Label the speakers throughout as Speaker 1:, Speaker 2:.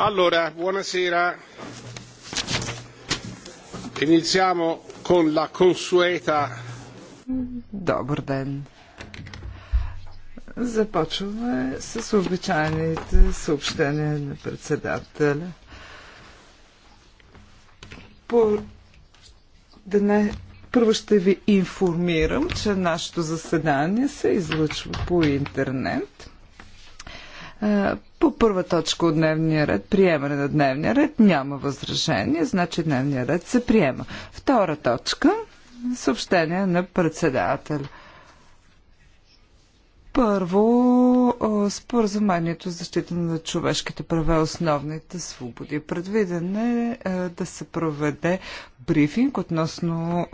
Speaker 1: Allora, buonasera. Iniziamo con la consueta. Добър ден.
Speaker 2: Започваме с обичайните съобщения на председателя. По дне първо ще ви информирам, че нашето заседание се излъчва по интернет. По първа точка от дневния ред, приемане на дневния ред, няма възражение, значи дневния ред се приема. Втора точка, съобщение на председателя. Първо, споразумението за защита на човешките права и основните свободи. Предвиден е да се проведе брифинг относно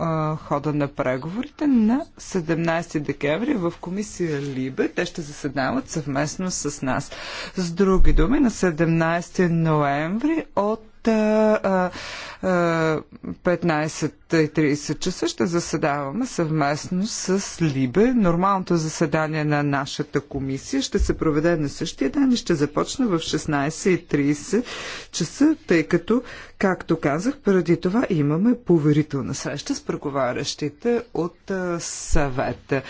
Speaker 2: хода на преговорите на 17 декември в комисия Либе. Те ще заседават съвместно с нас. С други думи, на 17 ноември от 15.30 часа ще заседаваме съвместно с Либе. Нормалното заседание на нашата комисия ще се проведе на същия ден и ще започне в 16.30 часа, тъй като, както казах, преди това имаме поверителна среща с преговарящите от съвета.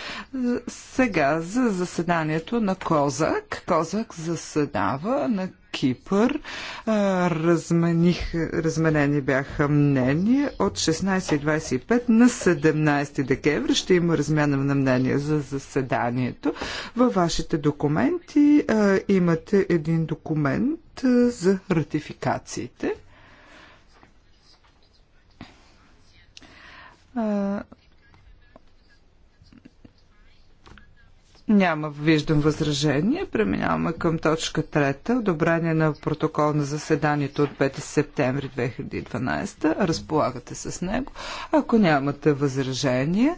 Speaker 2: Сега за заседанието на Козак. Козак заседава на Кипър. Размених, разменени бяха мнения от 16.25 на 17 декември. Ще има размяна на мнения за заседанието. Във вашите документи а, имате един документ а, за ратификациите. А, Няма, виждам възражение. Преминаваме към точка трета. Одобрение на протокол на заседанието от 5 септември 2012. Разполагате с него. Ако нямате възражение,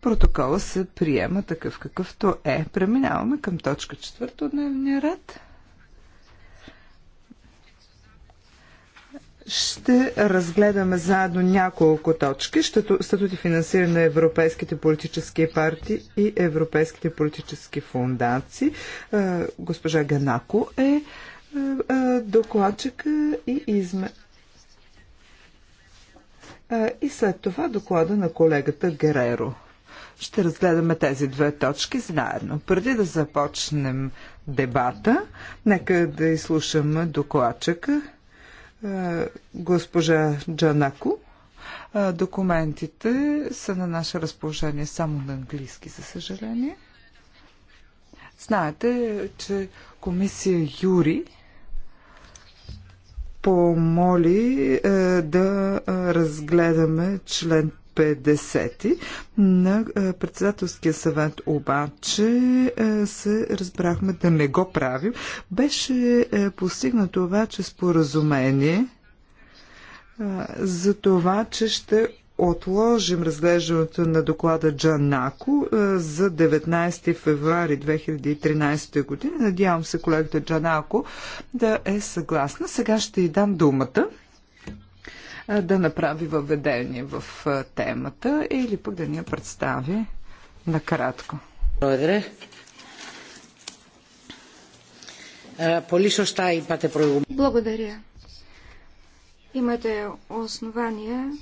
Speaker 2: протокола се приема такъв какъвто е. Преминаваме към точка четвърта от дневния ред. ще разгледаме заедно няколко точки. Статут и финансиране на европейските политически партии и европейските политически фундации. Е, госпожа Ганако е, е, е докладчик и изме... И след това доклада на колегата Гереро. Ще разгледаме тези две точки заедно. Преди да започнем дебата, нека да изслушаме докладчика. Е, госпожа Джанако. Е, документите са на наше разположение само на английски, за съжаление. Знаете, че комисия Юри помоли е, да разгледаме член 50 на е, председателския съвет обаче е, се разбрахме да не го правим. Беше е, постигнато обаче споразумение за това, че ще отложим разглеждането на доклада Джанако за 19 февруари 2013 година. Надявам се колегата Джанако да е съгласна. Сега ще й дам думата да направи въведение в темата или пък да ни я представи накратко.
Speaker 3: Благодаря.
Speaker 4: Благодаря. Имате основания,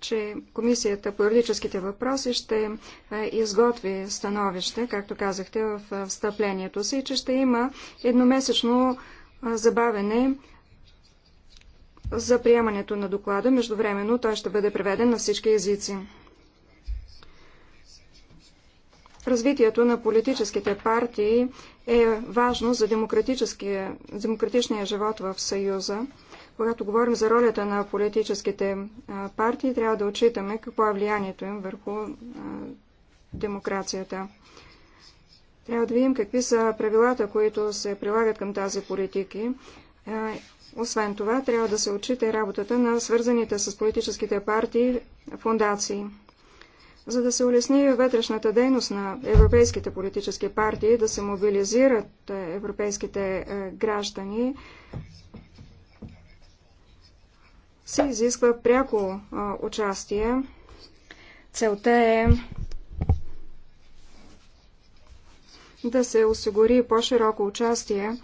Speaker 4: че Комисията по юридическите въпроси ще изготви становище, както казахте в встъплението си, че ще има едномесечно забавене за приемането на доклада. Междувременно той ще бъде преведен на всички езици. Развитието на политическите партии е важно за демократичния живот в Съюза. Когато говорим за ролята на политическите партии, трябва да отчитаме какво е влиянието им върху демокрацията. Трябва да видим какви са правилата, които се прилагат към тази политики освен това, трябва да се отчита и работата на свързаните с политическите партии фундации. За да се улесни вътрешната дейност на европейските политически партии, да се мобилизират е, европейските е, граждани, се изисква пряко е, участие. Целта е да се осигури по-широко участие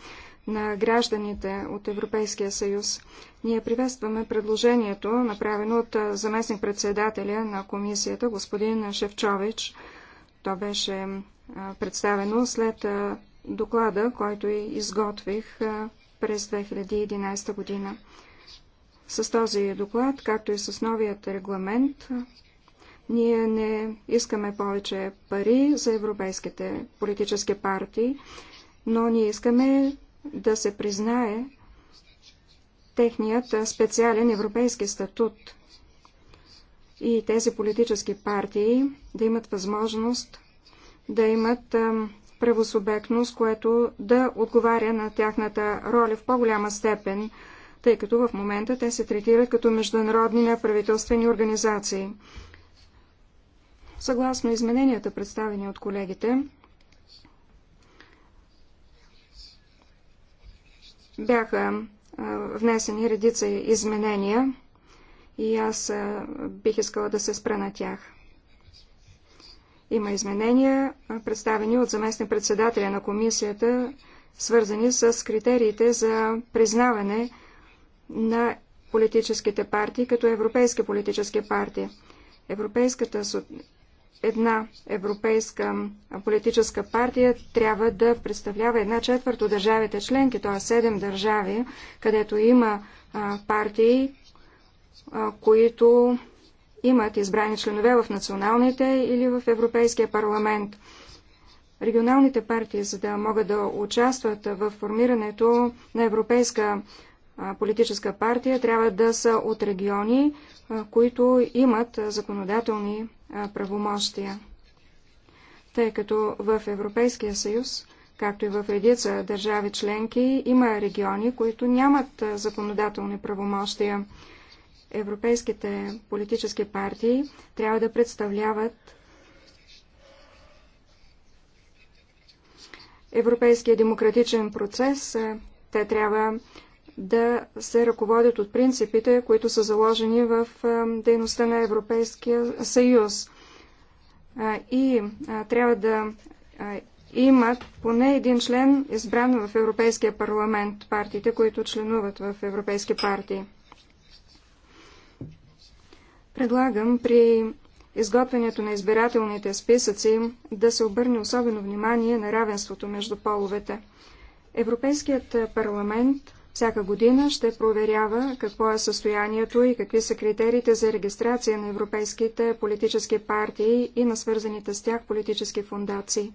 Speaker 4: на гражданите от Европейския съюз. Ние приветстваме предложението, направено от заместник-председателя на комисията, господин Шевчович. То беше представено след доклада, който изготвих през 2011 година. С този доклад, както и с новият регламент, ние не искаме повече пари за европейските политически партии, но ние искаме да се признае техният специален европейски статут и тези политически партии да имат възможност да имат правосубектност, което да отговаря на тяхната роля в по-голяма степен, тъй като в момента те се третират като международни неправителствени организации. Съгласно измененията, представени от колегите, Бяха внесени редица изменения и аз бих искала да се спра на тях. Има изменения, представени от заместник председателя на комисията, свързани с критериите за признаване на политическите партии като европейски политически партии. Европейската една европейска политическа партия трябва да представлява една четвърт от държавите членки, т.е. седем държави, където има партии, които имат избрани членове в националните или в Европейския парламент. Регионалните партии, за да могат да участват в формирането на европейска политическа партия, трябва да са от региони, които имат законодателни правомощия. Тъй като в Европейския съюз, както и в редица държави членки, има региони, които нямат законодателни правомощия. Европейските политически партии трябва да представляват европейския демократичен процес. Те трябва да се ръководят от принципите, които са заложени в дейността на Европейския съюз. И трябва да имат поне един член избран в Европейския парламент, партиите, които членуват в Европейски партии. Предлагам при изготвянето на избирателните списъци да се обърне особено внимание на равенството между половете. Европейският парламент всяка година ще проверява какво е състоянието и какви са критериите за регистрация на европейските политически партии и на свързаните с тях политически фундации.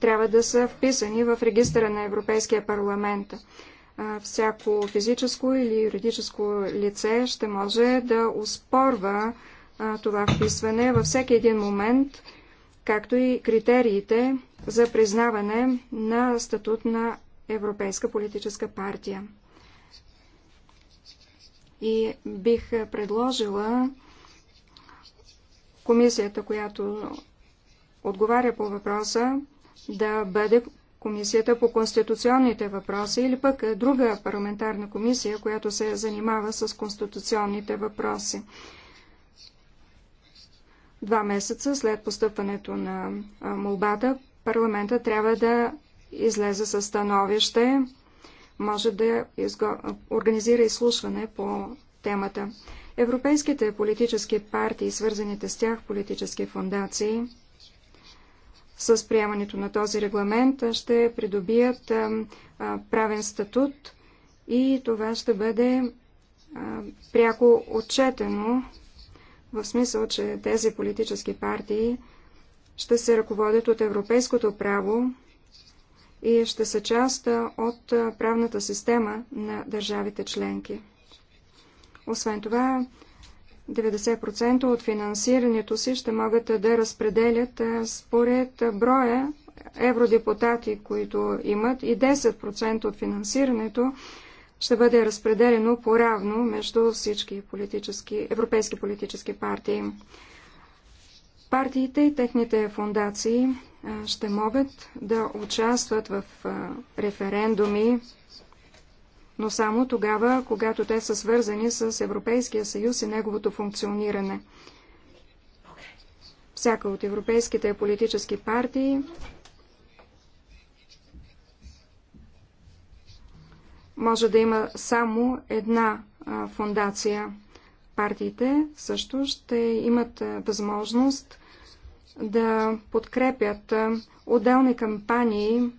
Speaker 4: Трябва да са вписани в регистъра на Европейския парламент. Всяко физическо или юридическо лице ще може да успорва това вписване във всеки един момент – както и критериите за признаване на статут на Европейска политическа партия. И бих предложила комисията, която отговаря по въпроса, да бъде Комисията по конституционните въпроси или пък друга парламентарна комисия, която се занимава с конституционните въпроси. Два месеца след постъпването на молбата, парламента трябва да излезе със становище, може да изго... организира изслушване по темата. Европейските политически партии и свързаните с тях политически фундации с приемането на този регламент ще придобият правен статут и това ще бъде пряко отчетено в смисъл, че тези политически партии ще се ръководят от европейското право и ще са част от правната система на държавите членки. Освен това, 90% от финансирането си ще могат да разпределят според броя евродепутати, които имат, и 10% от финансирането ще бъде разпределено поравно между всички политически, европейски политически партии. Партиите и техните фундации ще могат да участват в референдуми, но само тогава, когато те са свързани с Европейския съюз и неговото функциониране. Всяка от европейските политически партии може да има само една фундация. Партиите също ще имат възможност да подкрепят отделни кампании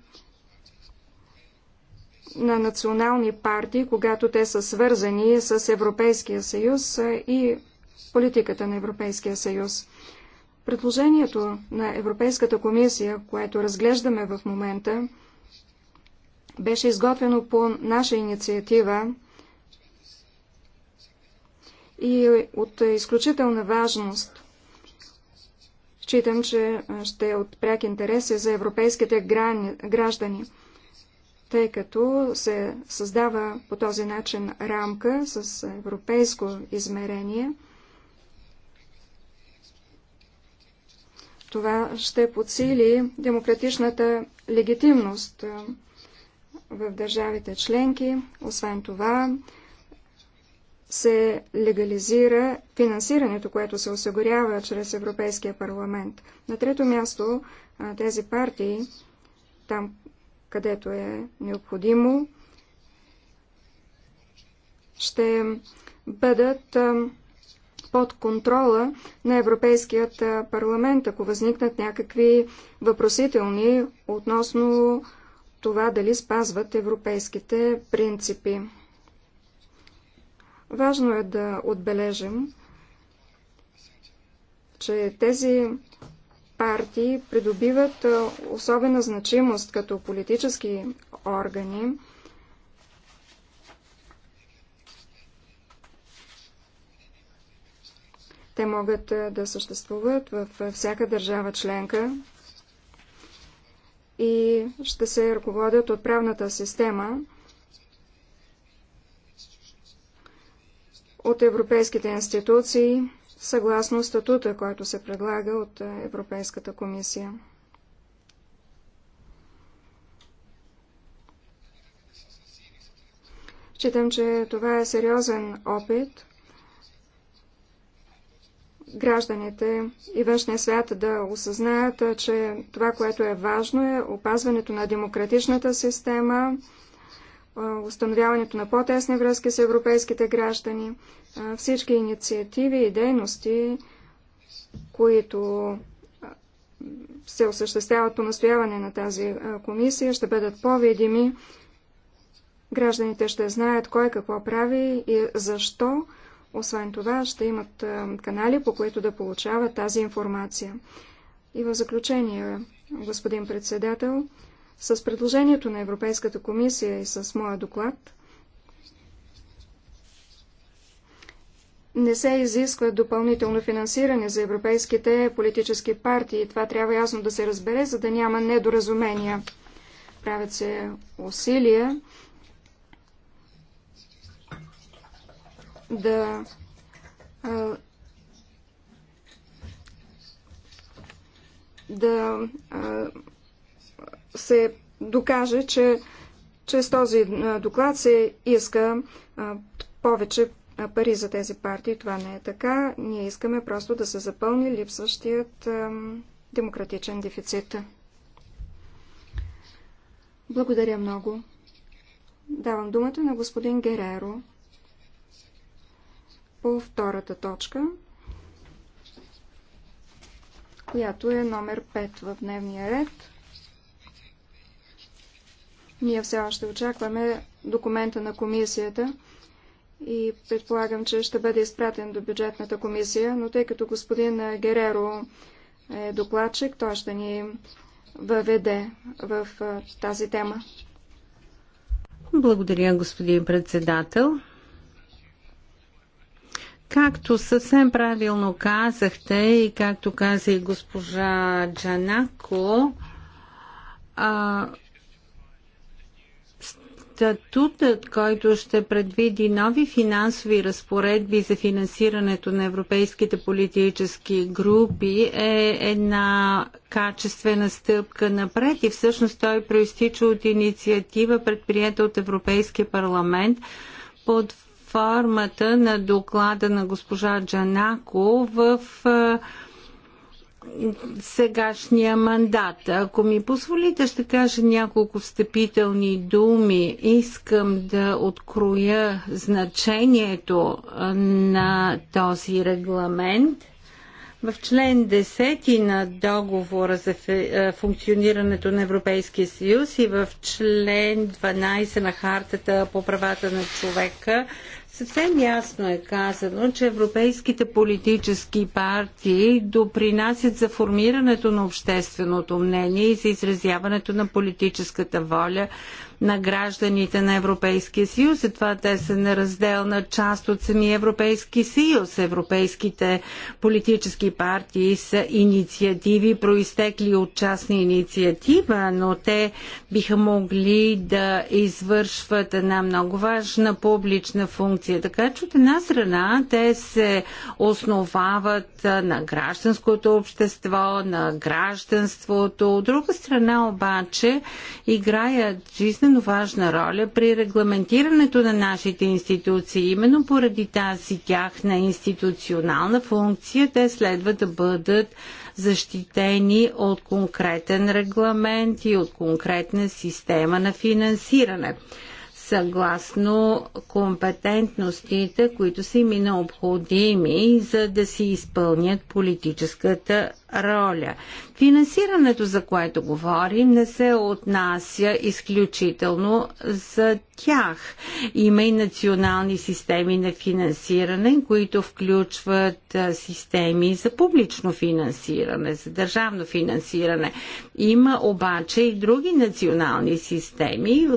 Speaker 4: на национални партии, когато те са свързани с Европейския съюз и политиката на Европейския съюз. Предложението на Европейската комисия, което разглеждаме в момента, беше изготвено по наша инициатива и е от изключителна важност. Считам, че ще е от пряк интерес за европейските граждани, тъй като се създава по този начин рамка с европейско измерение. Това ще подсили демократичната легитимност в държавите членки. Освен това, се легализира финансирането, което се осигурява чрез Европейския парламент. На трето място, тези партии, там където е необходимо, ще бъдат под контрола на Европейският парламент, ако възникнат някакви въпросителни относно това дали спазват европейските принципи. Важно е да отбележим, че тези партии придобиват особена значимост като политически органи. Те могат да съществуват във всяка държава членка, и ще се ръководят от правната система от европейските институции, съгласно статута, който се предлага от е, Европейската комисия. Считам, че това е сериозен опит, гражданите и външния свят да осъзнаят, че това, което е важно е опазването на демократичната система, установяването на по-тесни връзки с европейските граждани, всички инициативи и дейности, които се осъществяват по настояване на тази комисия, ще бъдат по-видими. Гражданите ще знаят кой какво прави и защо освен това, ще имат е, канали, по които да получават тази информация. И в заключение, господин председател, с предложението на Европейската комисия и с моя доклад, не се изисква допълнително финансиране за европейските политически партии. Това трябва ясно да се разбере, за да няма недоразумения. Правят се усилия да да се докаже, че чрез този доклад се иска повече пари за тези партии. Това не е така. Ние искаме просто да се запълни липсващият демократичен дефицит. Благодаря много. Давам думата на господин Гереро по втората точка, която е номер 5 в дневния ред. Ние все още очакваме документа на комисията и предполагам, че ще бъде изпратен до бюджетната комисия, но тъй като господин Гереро е докладчик, той ще ни въведе в тази тема.
Speaker 3: Благодаря, господин председател. Както съвсем правилно казахте и както каза и госпожа Джанако, а, статутът, който ще предвиди нови финансови разпоредби за финансирането на европейските политически групи е една качествена стъпка напред и всъщност той проистича от инициатива, предприята от Европейския парламент под формата на доклада на госпожа Джанако в сегашния мандат. Ако ми позволите, ще кажа няколко встъпителни думи. Искам да откроя значението на този регламент. В член 10 на договора за функционирането на Европейския съюз и в член 12 на хартата по правата на човека Съвсем ясно е казано, че европейските политически партии допринасят за формирането на общественото мнение и за изразяването на политическата воля на гражданите на Европейския съюз, затова те са неразделна част от самия Европейски съюз. Европейските политически партии са инициативи, проистекли от частна инициатива, но те биха могли да извършват една много важна публична функция. Така че от една страна те се основават на гражданското общество, на гражданството. От друга страна обаче играят жизнен изключително важна роля при регламентирането на нашите институции. Именно поради тази тяхна институционална функция те следва да бъдат защитени от конкретен регламент и от конкретна система на финансиране съгласно компетентностите, които са им необходими, за да си изпълнят политическата роля. Финансирането, за което говорим, не се отнася изключително за тях. Има и национални системи на финансиране, които включват системи за публично финансиране, за държавно финансиране. Има обаче и други национални системи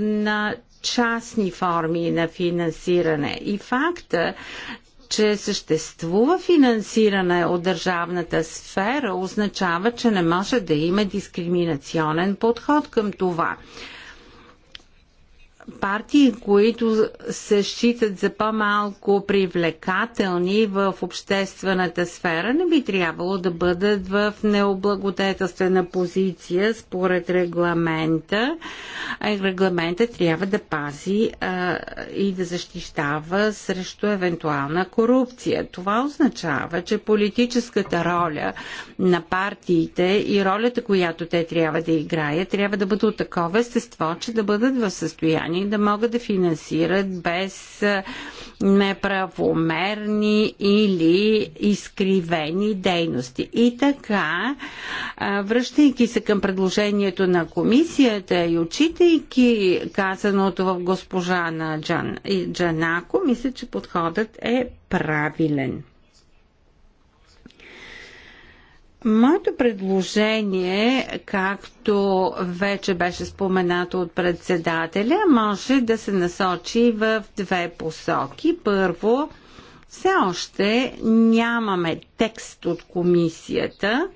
Speaker 3: на частни форми на финансиране. И факта, че съществува финансиране от държавната сфера, означава, че не може да има дискриминационен подход към това партии, които се считат за по-малко привлекателни в обществената сфера, не би трябвало да бъдат в необлагодетелствена позиция според регламента. Регламента трябва да пази а, и да защищава срещу евентуална корупция. Това означава, че политическата роля на партиите и ролята, която те трябва да играят, трябва да бъде от такова естество, че да бъдат в състояние страни да могат да финансират без неправомерни или изкривени дейности. И така, връщайки се към предложението на комисията и отчитайки казаното в госпожа на Джан, Джанако, мисля, че подходът е правилен. Моето предложение, както вече беше споменато от председателя, може да се насочи в две посоки. Първо, все още нямаме текст от комисията.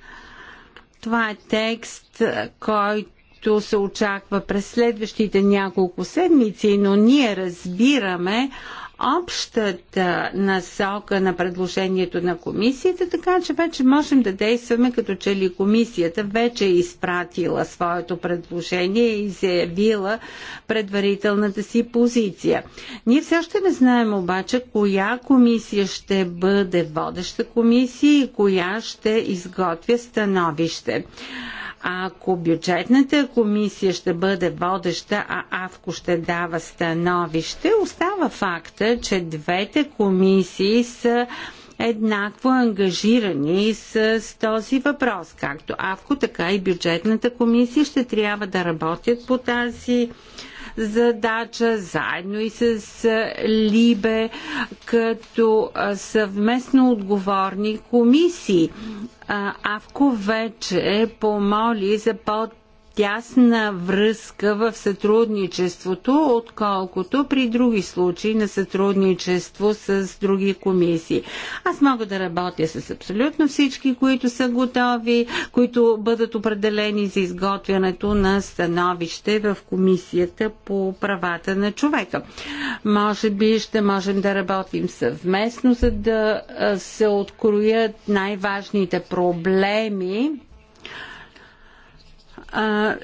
Speaker 3: Това е текст, който се очаква през следващите няколко седмици, но ние разбираме общата насока на предложението на комисията, така че вече можем да действаме като че ли комисията вече е изпратила своето предложение и заявила предварителната си позиция. Ние все още не знаем обаче коя комисия ще бъде водеща комисия и коя ще изготвя становище. Ако бюджетната комисия ще бъде водеща, а АВКО ще дава становище, остава факта, че двете комисии са еднакво ангажирани с, с този въпрос. Както АВКО, така и бюджетната комисия ще трябва да работят по тази задача, заедно и с Либе, като съвместно отговорни комисии. Ако вече помоли за под тясна връзка в сътрудничеството, отколкото при други случаи на сътрудничество с други комисии. Аз мога да работя с абсолютно всички, които са готови, които бъдат определени за изготвянето на становище в комисията по правата на човека. Може би ще можем да работим съвместно, за да се откроят най-важните проблеми,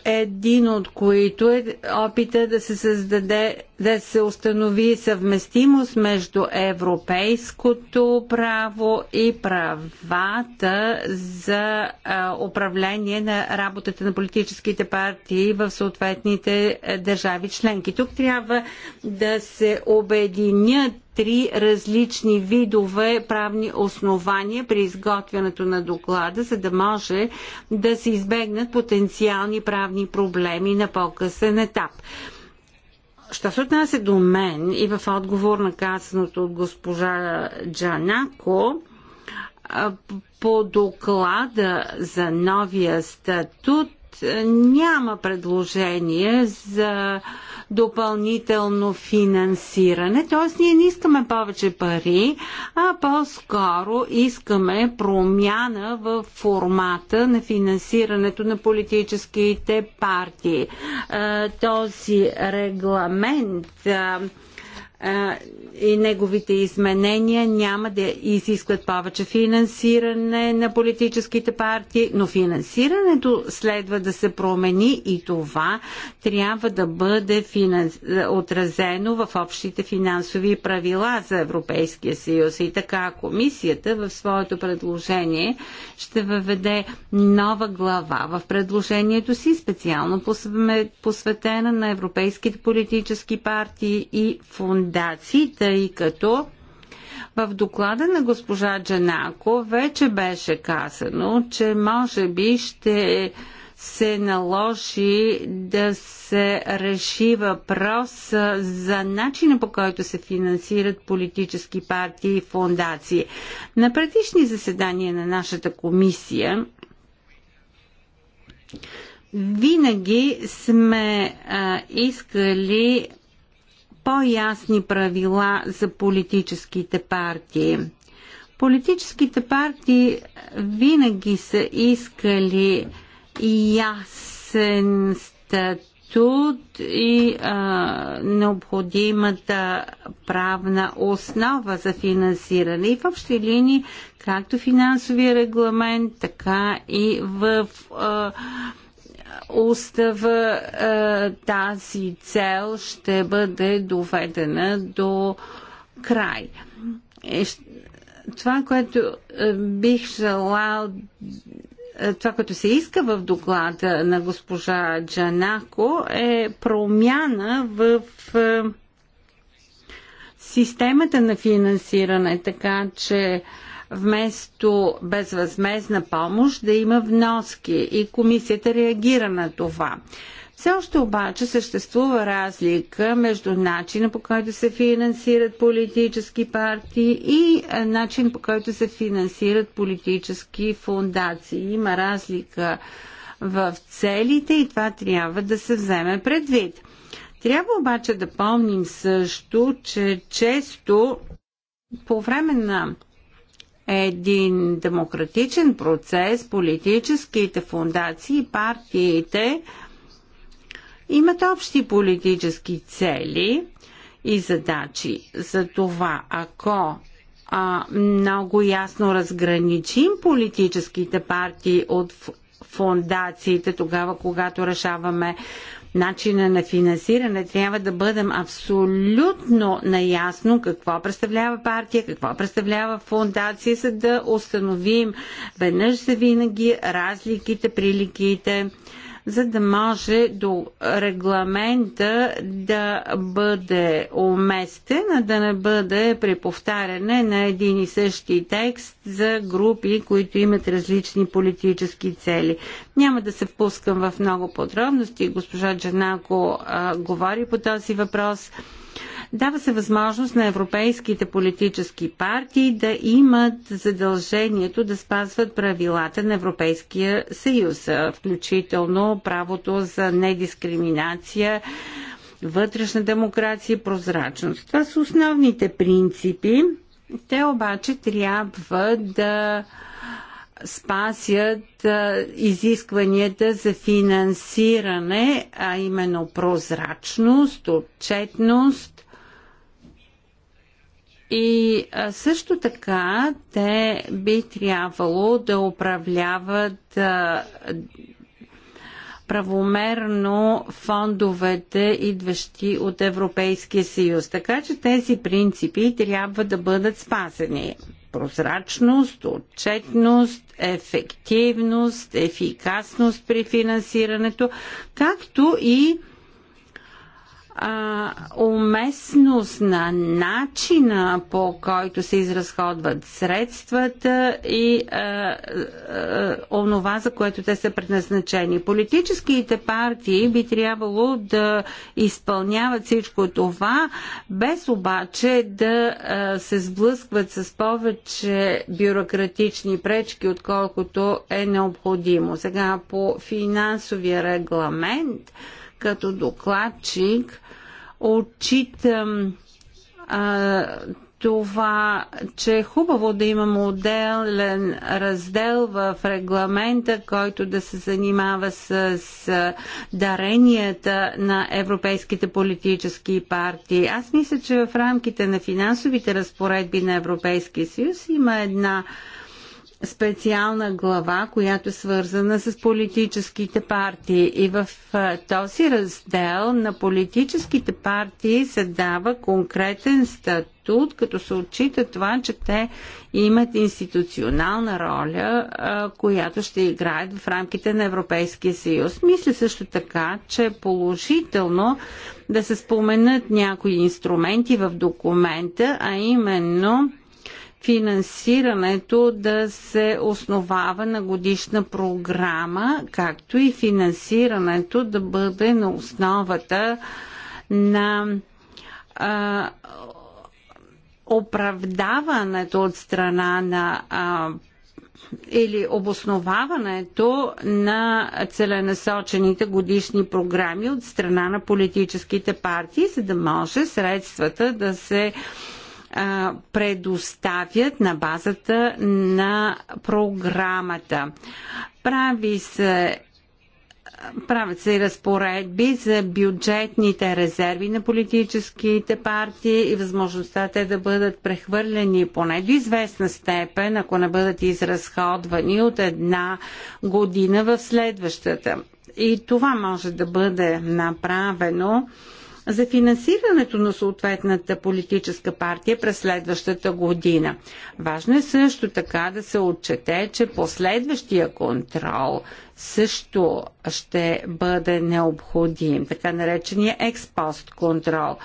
Speaker 3: един от които е опита да се създаде да се установи съвместимост между европейското право и правата за управление на работата на политическите партии в съответните държави членки. Тук трябва да се обединят три различни видове правни основания при изготвянето на доклада, за да може да се избегнат потенциални правни проблеми на по-късен етап. Що се отнася до мен и в отговор на казаното от госпожа Джанако, по доклада за новия статут няма предложение за допълнително финансиране. Т.е. ние не искаме повече пари, а по-скоро искаме промяна в формата на финансирането на политическите партии. Е, този регламент е, и неговите изменения няма да изискват повече финансиране на политическите партии, но финансирането следва да се промени и това трябва да бъде финанс... отразено в общите финансови правила за Европейския съюз. И така комисията в своето предложение ще въведе нова глава в предложението си, специално посветена на европейските политически партии и фундации рекомендации, тъй като в доклада на госпожа Джанако вече беше казано, че може би ще се наложи да се реши въпрос за начина по който се финансират политически партии и фундации. На предишни заседания на нашата комисия винаги сме а, искали по-ясни правила за политическите партии. Политическите партии винаги са искали ясен статут и а, необходимата правна основа за финансиране. И в общи линии, както финансовия регламент, така и в а, устава тази цел ще бъде доведена до край. Е, това, което бих желал това, което се иска в доклада на госпожа Джанако е промяна в системата на финансиране, така че вместо безвъзмезна помощ да има вноски и комисията реагира на това. Все още обаче съществува разлика между начина по който се финансират политически партии и е, начин по който се финансират политически фундации. Има разлика в целите и това трябва да се вземе предвид. Трябва обаче да помним също, че често по време на един демократичен процес, политическите фундации партиите имат общи политически цели и задачи. Затова, ако а, много ясно разграничим политическите партии от фундациите, тогава, когато решаваме начина на финансиране, трябва да бъдем абсолютно наясно какво представлява партия, какво представлява фундация, за да установим веднъж за винаги разликите, приликите, за да може до регламента да бъде уместен, а да не бъде при повтаряне на един и същи текст за групи, които имат различни политически цели. Няма да се впускам в много подробности. Госпожа Джанако а, говори по този въпрос. Дава се възможност на европейските политически партии да имат задължението да спазват правилата на Европейския съюз, включително правото за недискриминация, вътрешна демокрация и прозрачност. Това са основните принципи. Те обаче трябва да спасят изискванията за финансиране, а именно прозрачност, отчетност и също така те би трябвало да управляват правомерно фондовете, идващи от Европейския съюз. Така че тези принципи трябва да бъдат спазени. Прозрачност, отчетност, ефективност, ефикасност при финансирането, както и а, уместност на начина по който се изразходват средствата и а, а, онова, за което те са предназначени. Политическите партии би трябвало да изпълняват всичко това, без обаче да а, се сблъскват с повече бюрократични пречки, отколкото е необходимо. Сега по финансовия регламент като докладчик отчитам а, това, че е хубаво да има отделен раздел в регламента, който да се занимава с, с даренията на европейските политически партии. Аз мисля, че в рамките на финансовите разпоредби на Европейския съюз има една специална глава, която е свързана с политическите партии. И в този раздел на политическите партии се дава конкретен статут, като се отчита това, че те имат институционална роля, която ще играят в рамките на Европейския съюз. Мисля също така, че е положително да се споменат някои инструменти в документа, а именно финансирането да се основава на годишна програма, както и финансирането да бъде на основата на а, оправдаването от страна на а, или обосноваването на целенасочените годишни програми от страна на политическите партии, за да може средствата да се а, а, предоставят на базата на програмата. Прави се правят се и разпоредби за бюджетните резерви на политическите партии и възможността те да бъдат прехвърлени поне до известна степен, ако не бъдат изразходвани от една година в следващата. И това може да бъде направено за финансирането на съответната политическа партия през следващата година. Важно е също така да се отчете, че последващия контрол също ще бъде необходим, така наречения експост контрол,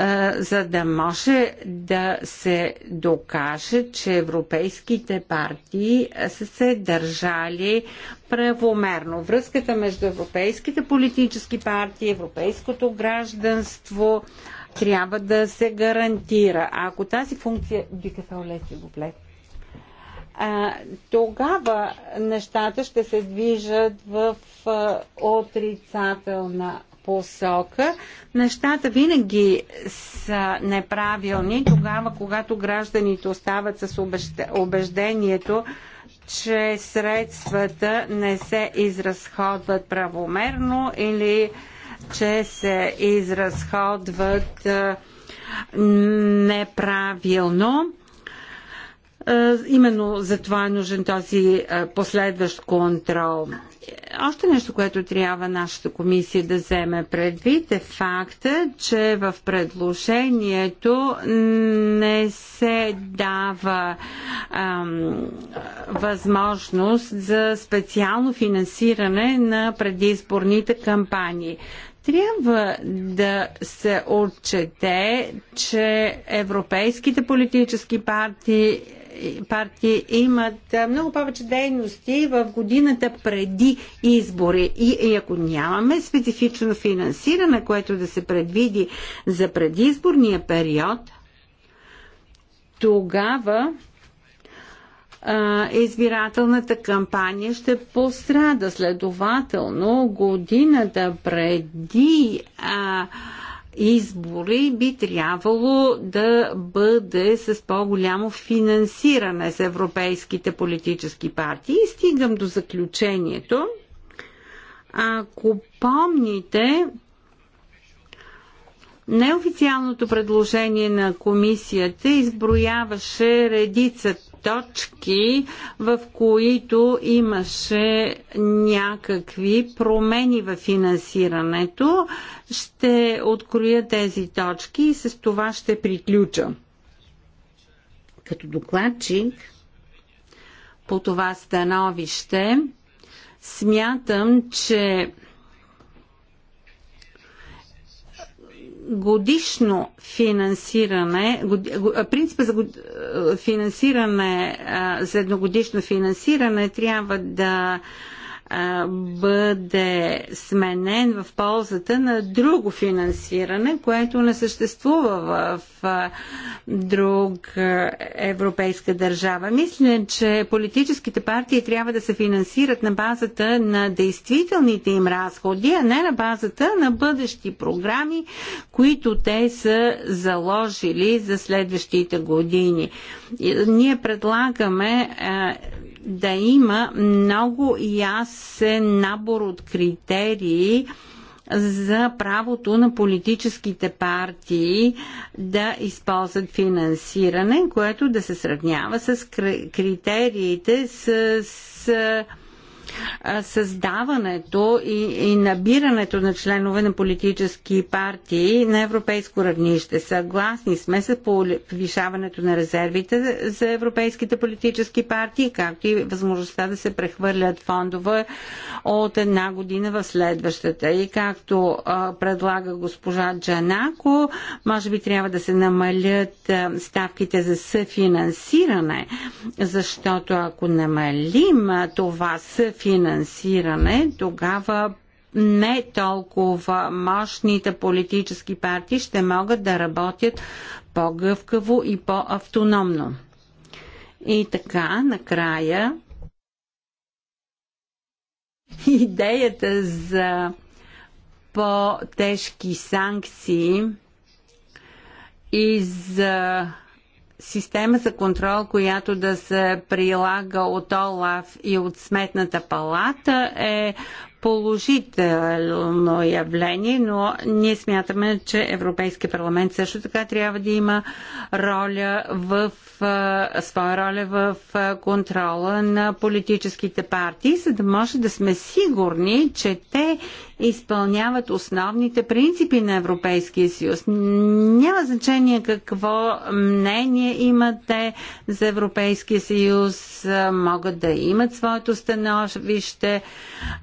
Speaker 3: е, за да може да се докаже, че европейските партии са се държали правомерно. Връзката между европейските политически партии, европейското гражданство трябва да се гарантира. А ако тази функция... Бикафел, лети го, блед а, тогава нещата ще се движат в а, отрицателна посока. Нещата винаги са неправилни тогава, когато гражданите остават с убеждението, че средствата не се изразходват правомерно или че се изразходват неправилно. Е, именно за това е нужен този е, последващ контрол. Още нещо, което трябва нашата комисия да вземе предвид е факта, че в предложението не се дава ам, възможност за специално финансиране на предизборните кампании трябва да се отчете, че европейските политически партии партии имат много повече дейности в годината преди избори. И, и ако нямаме специфично финансиране, което да се предвиди за предизборния период, тогава избирателната кампания ще пострада. Следователно, годината преди а, избори би трябвало да бъде с по-голямо финансиране с европейските политически партии. И стигам до заключението. Ако помните, неофициалното предложение на комисията изброяваше редица точки, в които имаше някакви промени в финансирането. Ще откроя тези точки и с това ще приключа. Като докладчик по това становище, смятам, че годишно финансиране, принципа за финансиране, за едногодишно финансиране трябва да бъде сменен в ползата на друго финансиране, което не съществува в а, друг а, европейска държава. Мисля, че политическите партии трябва да се финансират на базата на действителните им разходи, а не на базата на бъдещи програми, които те са заложили за следващите години. Ние предлагаме да има много ясен набор от критерии, за правото на политическите партии да използват финансиране, което да се сравнява с критериите с, с създаването и, и набирането на членове на политически партии на европейско равнище. Съгласни сме с повишаването на резервите за европейските политически партии, както и възможността да се прехвърлят фондове от една година в следващата. И както а, предлага госпожа Джанако, може би трябва да се намалят а, ставките за съфинансиране, защото ако намалим а, това съфинансиране, финансиране, тогава не толкова мощните политически партии ще могат да работят по-гъвкаво и по-автономно. И така, накрая, идеята за по-тежки санкции и за система за контрол, която да се прилага от ОЛАФ и от Сметната палата е положително явление, но ние смятаме, че Европейския парламент също така трябва да има роля в, своя роля в контрола на политическите партии, за да може да сме сигурни, че те изпълняват основните принципи на Европейския съюз. Няма значение какво мнение имате за Европейския съюз, могат да имат своето становище,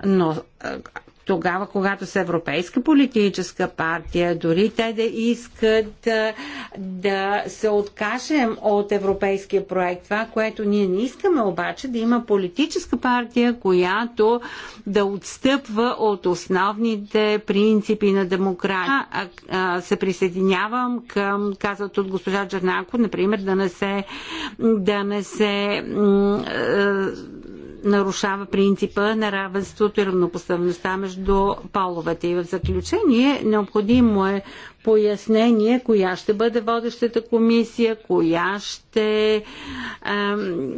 Speaker 3: но тогава, когато са европейска политическа партия, дори те да искат да се откажем от европейския проект. Това, което ние не искаме обаче, да има политическа партия, която да отстъпва от основните принципи на демокрация. Се присъединявам към казват от госпожа Джернако, например, да не се да не се нарушава принципа на равенството и равнопоставеността между половете. И в заключение, необходимо е пояснение, коя ще бъде водещата комисия, коя ще ам,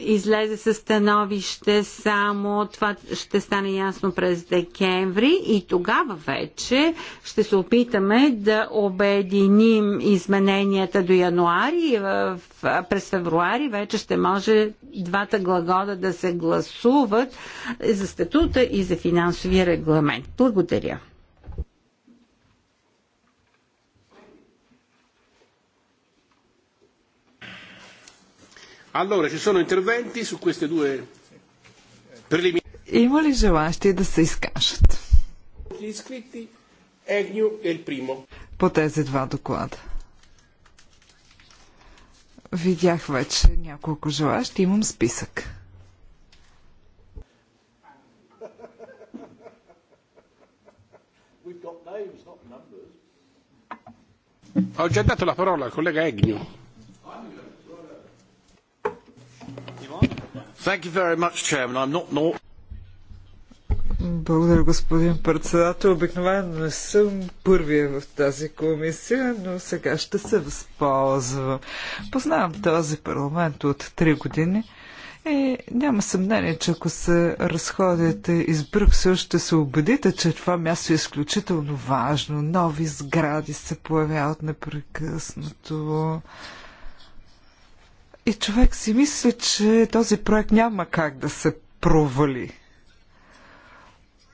Speaker 3: излезе със становище само. Това ще стане ясно през декември и тогава вече ще се опитаме да обединим измененията до януари и в, през февруари вече ще може двата глагода да се гласуват за статута и за финансовия регламент. Благодаря.
Speaker 1: Allora, ci sono interventi su queste due preliminari.
Speaker 2: Има ли желащи да се изкажат? По тези два доклада. Видях вече няколко желащи. Имам списък.
Speaker 1: Ho già dato la parola al collega Egnu.
Speaker 2: Благодаря, господин председател. Обикновено не съм първия в тази комисия, но сега ще се възползвам. Познавам този парламент от три години. И няма съмнение, че ако се разходите из Брюксел, ще се убедите, че това място е изключително важно. Нови сгради се появяват непрекъснато. И човек си мисли, че този проект няма как да се провали.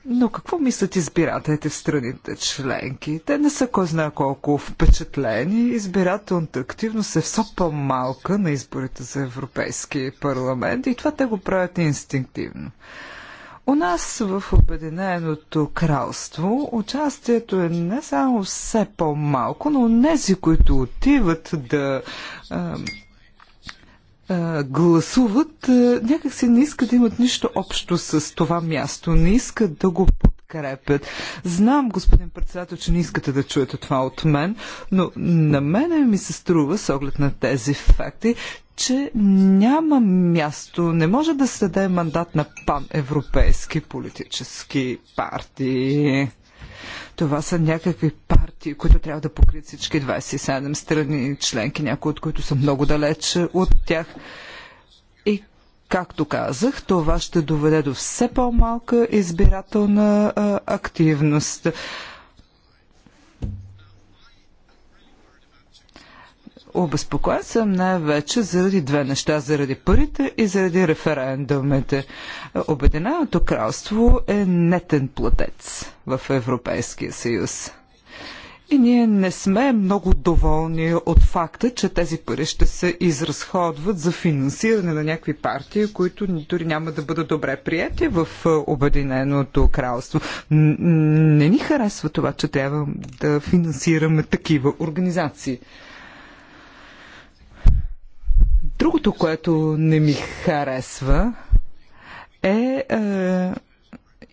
Speaker 2: Но какво мислят избирателите в страните членки? Те не са кой знае колко впечатлени. Избирателната активност е все по-малка на изборите за Европейски парламент и това те го правят инстинктивно. У нас в Обединеното кралство участието е не само все по-малко, но нези, които отиват да гласуват, Някак си не искат да имат нищо общо с това място, не искат да го подкрепят. Знам, господин председател, че не искате да чуете това от мен, но на мене ми се струва, с оглед на тези факти, че няма място, не може да се даде мандат на паневропейски политически партии. Това са някакви партии, които трябва да покрият всички 27 страни членки, някои от които са много далече от тях. И Както казах, това ще доведе до все по-малка избирателна активност. Обезпокоен съм най-вече заради две неща. Заради парите и заради референдумите. Обединеното кралство е нетен платец в Европейския съюз. И ние не сме много доволни от факта, че тези пари ще се изразходват за финансиране на някакви партии, които дори няма да бъдат добре прияти в е, Обединеното кралство. Не ни харесва това, че трябва да финансираме такива организации. Другото, което не ми харесва е, е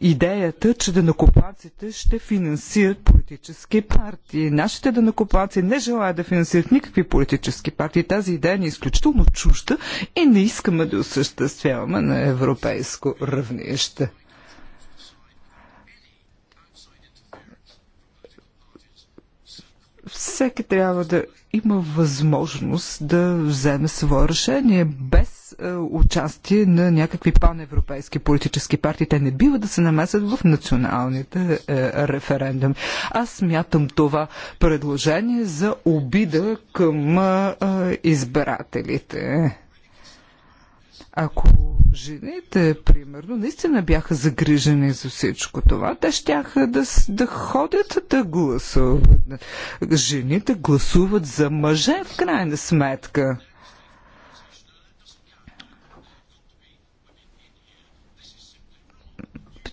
Speaker 2: идеята, че денокопаците ще финансират политически партии. Нашите денокопаци не желаят да финансират никакви политически партии. Тази идея ни е изключително чужда и не искаме да осъществяваме на европейско равнище. всеки трябва да има възможност да вземе свое решение без е, участие на някакви паневропейски политически партии. Те не бива да се намесят в националните е, референдуми. Аз смятам това предложение за обида към е, избирателите. Ако жените, примерно, наистина бяха загрижени за всичко това, те щяха да, да ходят да гласуват. Жените гласуват за мъже, в крайна сметка.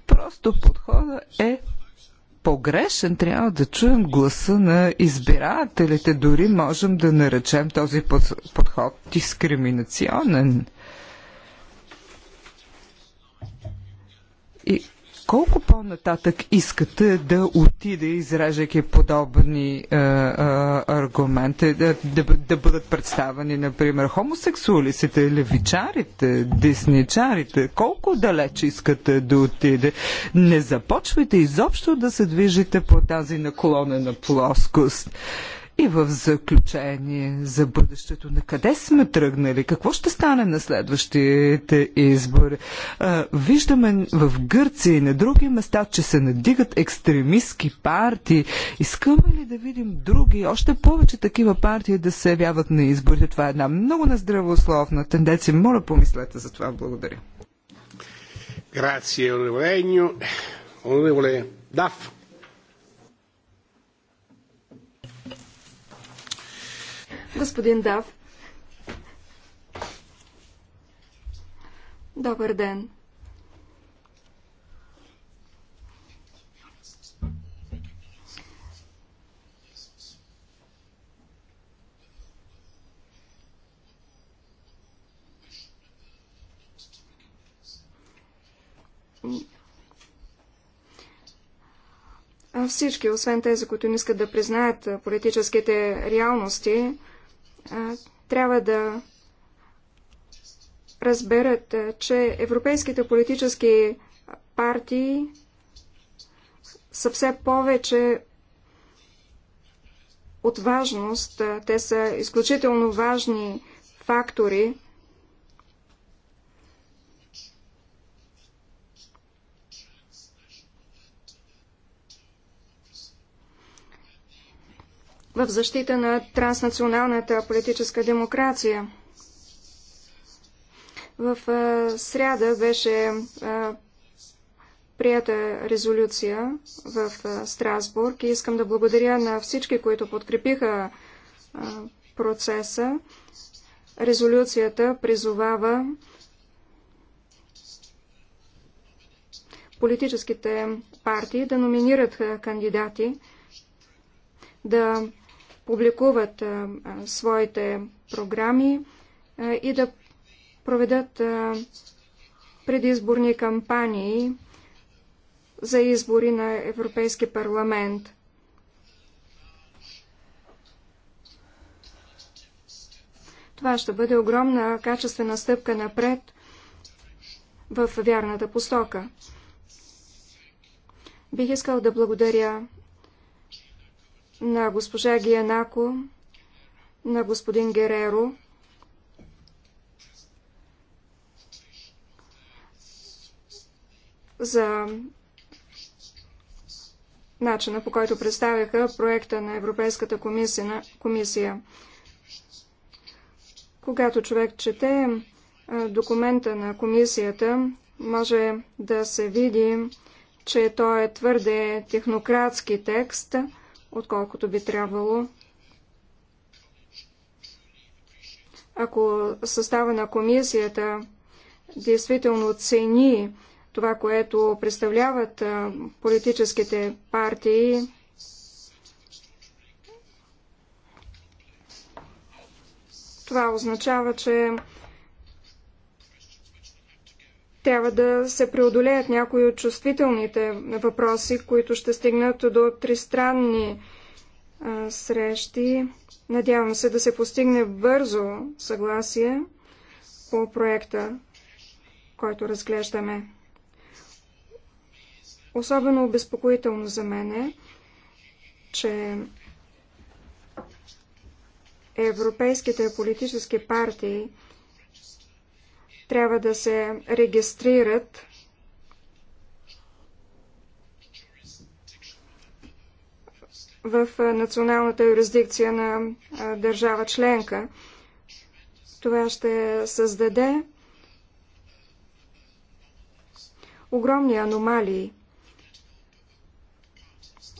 Speaker 2: Просто подхода е погрешен, трябва да чуем гласа на избирателите. Дори можем да наречем този подход дискриминационен. И колко по-нататък искате да отиде, изражайки подобни а, е, а, е, аргументи, да, да, да бъдат представени, например, хомосексуалистите, левичарите, десничарите? Колко далеч искате да отиде? Не започвайте изобщо да се движите по тази наклонена плоскост. И в заключение за бъдещето, на къде сме тръгнали, какво ще стане на следващите избори. Виждаме в Гърция и на други места, че се надигат екстремистски партии. Искаме ли да видим други, още повече такива партии да се явяват на изборите? Това е една много нездравословна тенденция. Моля, помислете за това. Благодаря.
Speaker 1: Grazie, onorevole Regno. Onorevole Daff.
Speaker 4: Господин Дав. Добър ден. всички, освен тези, които не искат да признаят политическите реалности, трябва да разберат, че европейските политически партии са все повече от важност. Те са изключително важни фактори в защита на транснационалната политическа демокрация. В сряда беше прията резолюция в Страсбург и искам да благодаря на всички, които подкрепиха процеса. Резолюцията призовава политическите партии да номинират кандидати, да публикуват своите програми и да проведат предизборни кампании за избори на Европейски парламент. Това ще бъде огромна качествена стъпка напред в вярната посока. Бих искал да благодаря на госпожа Гианако, на господин Гереро. за начина по който представяха проекта на Европейската комисия. комисия. Когато човек чете документа на комисията, може да се види, че той е твърде технократски текст – отколкото би трябвало. Ако състава на комисията действително цени това, което представляват политическите партии, това означава, че трябва да се преодолеят някои от чувствителните въпроси, които ще стигнат до тристранни а, срещи. Надявам се да се постигне бързо съгласие по проекта, който разглеждаме. Особено обезпокоително за мен е, че европейските политически партии трябва да се регистрират в националната юрисдикция на държава членка. Това ще създаде огромни аномалии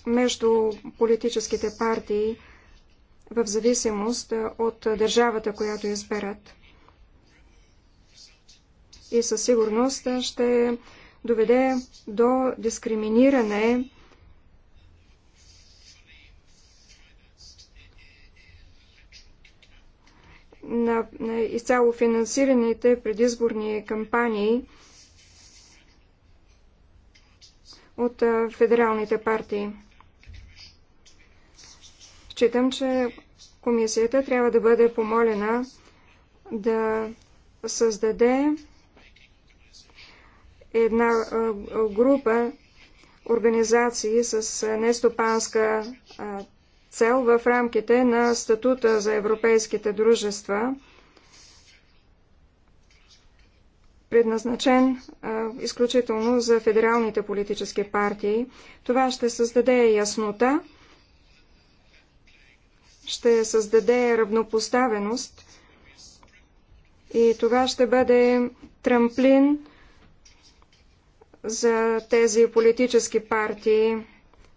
Speaker 4: между политическите партии в зависимост от държавата, която изберат и със сигурност ще доведе до дискриминиране на, изцяло финансираните предизборни кампании от федералните партии. Считам, че комисията трябва да бъде помолена да създаде една група организации с нестопанска цел в рамките на статута за европейските дружества, предназначен изключително за федералните политически партии. Това ще създаде яснота, ще създаде равнопоставеност и това ще бъде трамплин за тези политически партии,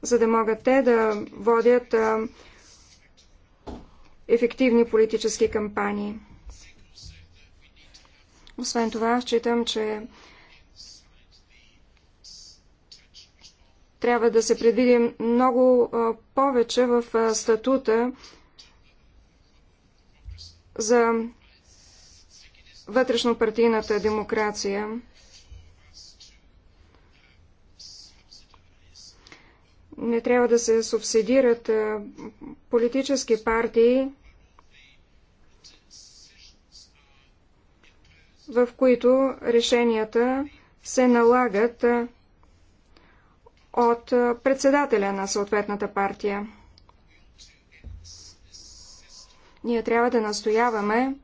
Speaker 4: за да могат те да водят ефективни политически кампании. Освен това, считам, че трябва да се предвидим много повече в статута за вътрешно партийната демокрация. не трябва да се субсидират политически партии, в които решенията се налагат от председателя на съответната партия. Ние трябва да настояваме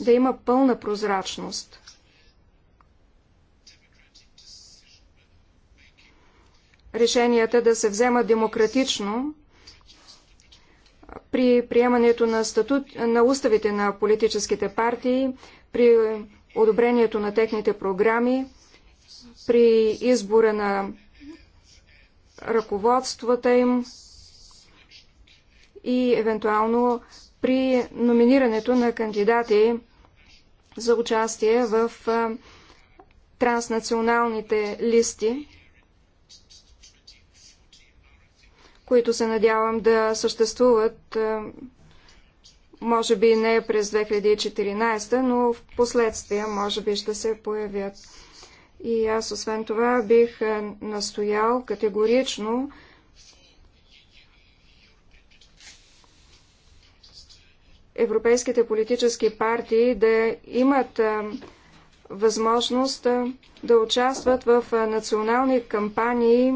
Speaker 4: да има пълна прозрачност. решенията да се вземат демократично при приемането на, статут, на уставите на политическите партии, при одобрението на техните програми, при избора на ръководствата им и евентуално при номинирането на кандидати за участие в транснационалните листи. които се надявам да съществуват, е, може би не през 2014, но в последствие може би ще се появят. И аз освен това бих е, настоял категорично европейските политически партии да имат е, възможност да участват в национални кампании,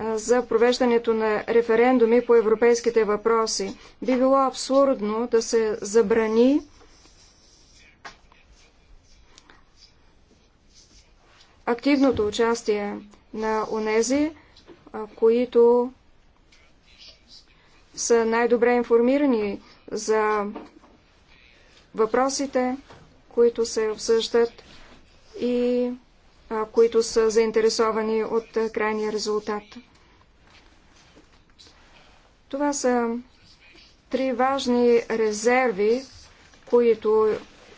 Speaker 4: за провеждането на референдуми по европейските въпроси. Би било абсурдно да се забрани активното участие на онези, които са най-добре информирани за въпросите, които се обсъждат и които са заинтересовани от крайния резултат. Това са три важни резерви, които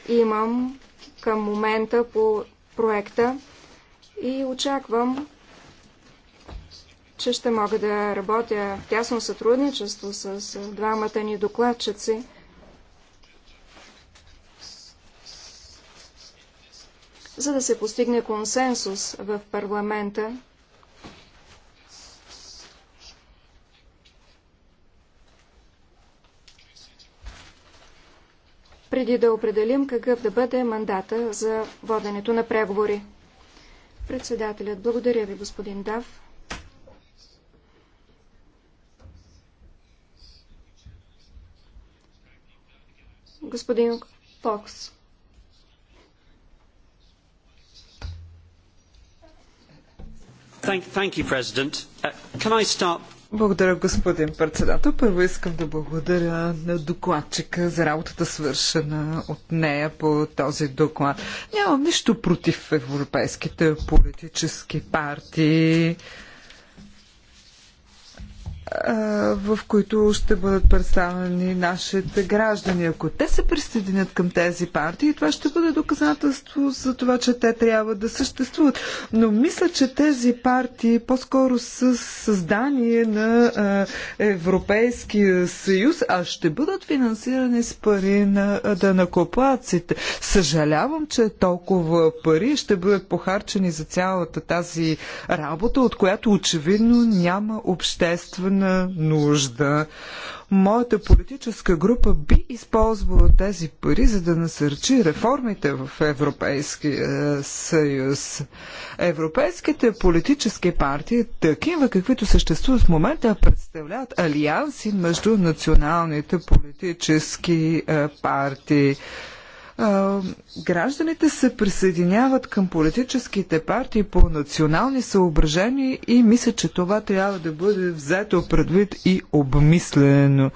Speaker 4: имам към момента по проекта и очаквам, че ще мога да работя в тясно сътрудничество с двамата ни докладчици – за да се постигне консенсус в парламента преди да определим какъв да бъде мандата за воденето на преговори. Председателят, благодаря ви, господин Дав. Господин Фокс.
Speaker 3: Uh,
Speaker 2: благодаря, господин председател. Първо искам да благодаря на докладчика за работата свършена от нея по този доклад. Нямам нищо против европейските политически партии в които ще бъдат представени нашите граждани. Ако те се присъединят към тези партии, това ще бъде доказателство за това, че те трябва да съществуват. Но мисля, че тези партии по-скоро са създание на Европейския съюз, а ще бъдат финансирани с пари на данакоплаците. Съжалявам, че толкова пари ще бъдат похарчени за цялата тази работа, от която очевидно няма обществено особена нужда. Моята политическа група би използвала тези пари, за да насърчи реформите в Европейския е, съюз. Европейските политически партии, такива каквито съществуват в момента, представляват алианси между националните политически е, партии гражданите се присъединяват към политическите партии по национални съображения и мисля, че това трябва да бъде взето предвид и обмислено.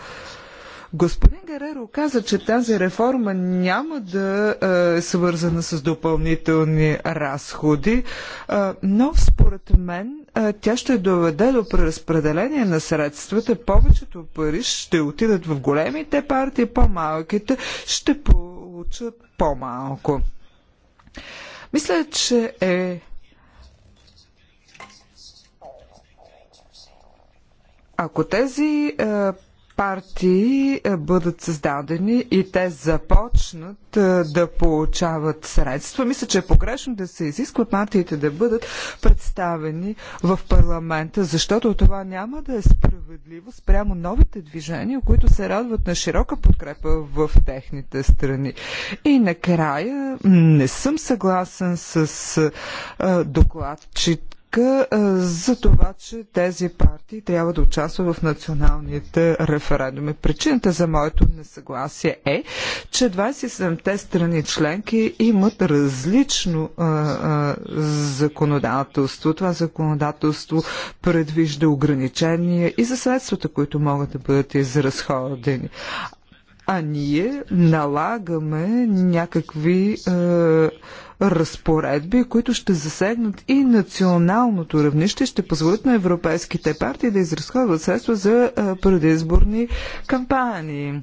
Speaker 2: Господин Гареро каза, че тази реформа няма да е свързана с допълнителни разходи, но според мен тя ще доведе до преразпределение на средствата. Повечето пари ще отидат в големите партии, по-малките ще по получат по-малко. Мисля, че е ако тези е, партии е, бъдат създадени и те започнат е, да получават средства. Мисля, че е погрешно да се изисква партиите да бъдат представени в парламента, защото това няма да е справедливо спрямо новите движения, които се радват на широка подкрепа в техните страни. И накрая не съм съгласен с че сметка за това, че тези партии трябва да участват в националните референдуми. Причината за моето несъгласие е, че 27-те страни членки имат различно а, а, законодателство. Това законодателство предвижда ограничения и за средствата, които могат да бъдат изразходени. А ние налагаме някакви е, разпоредби, които ще засегнат и националното равнище, ще позволят на европейските партии да изразходват средства за предизборни кампании.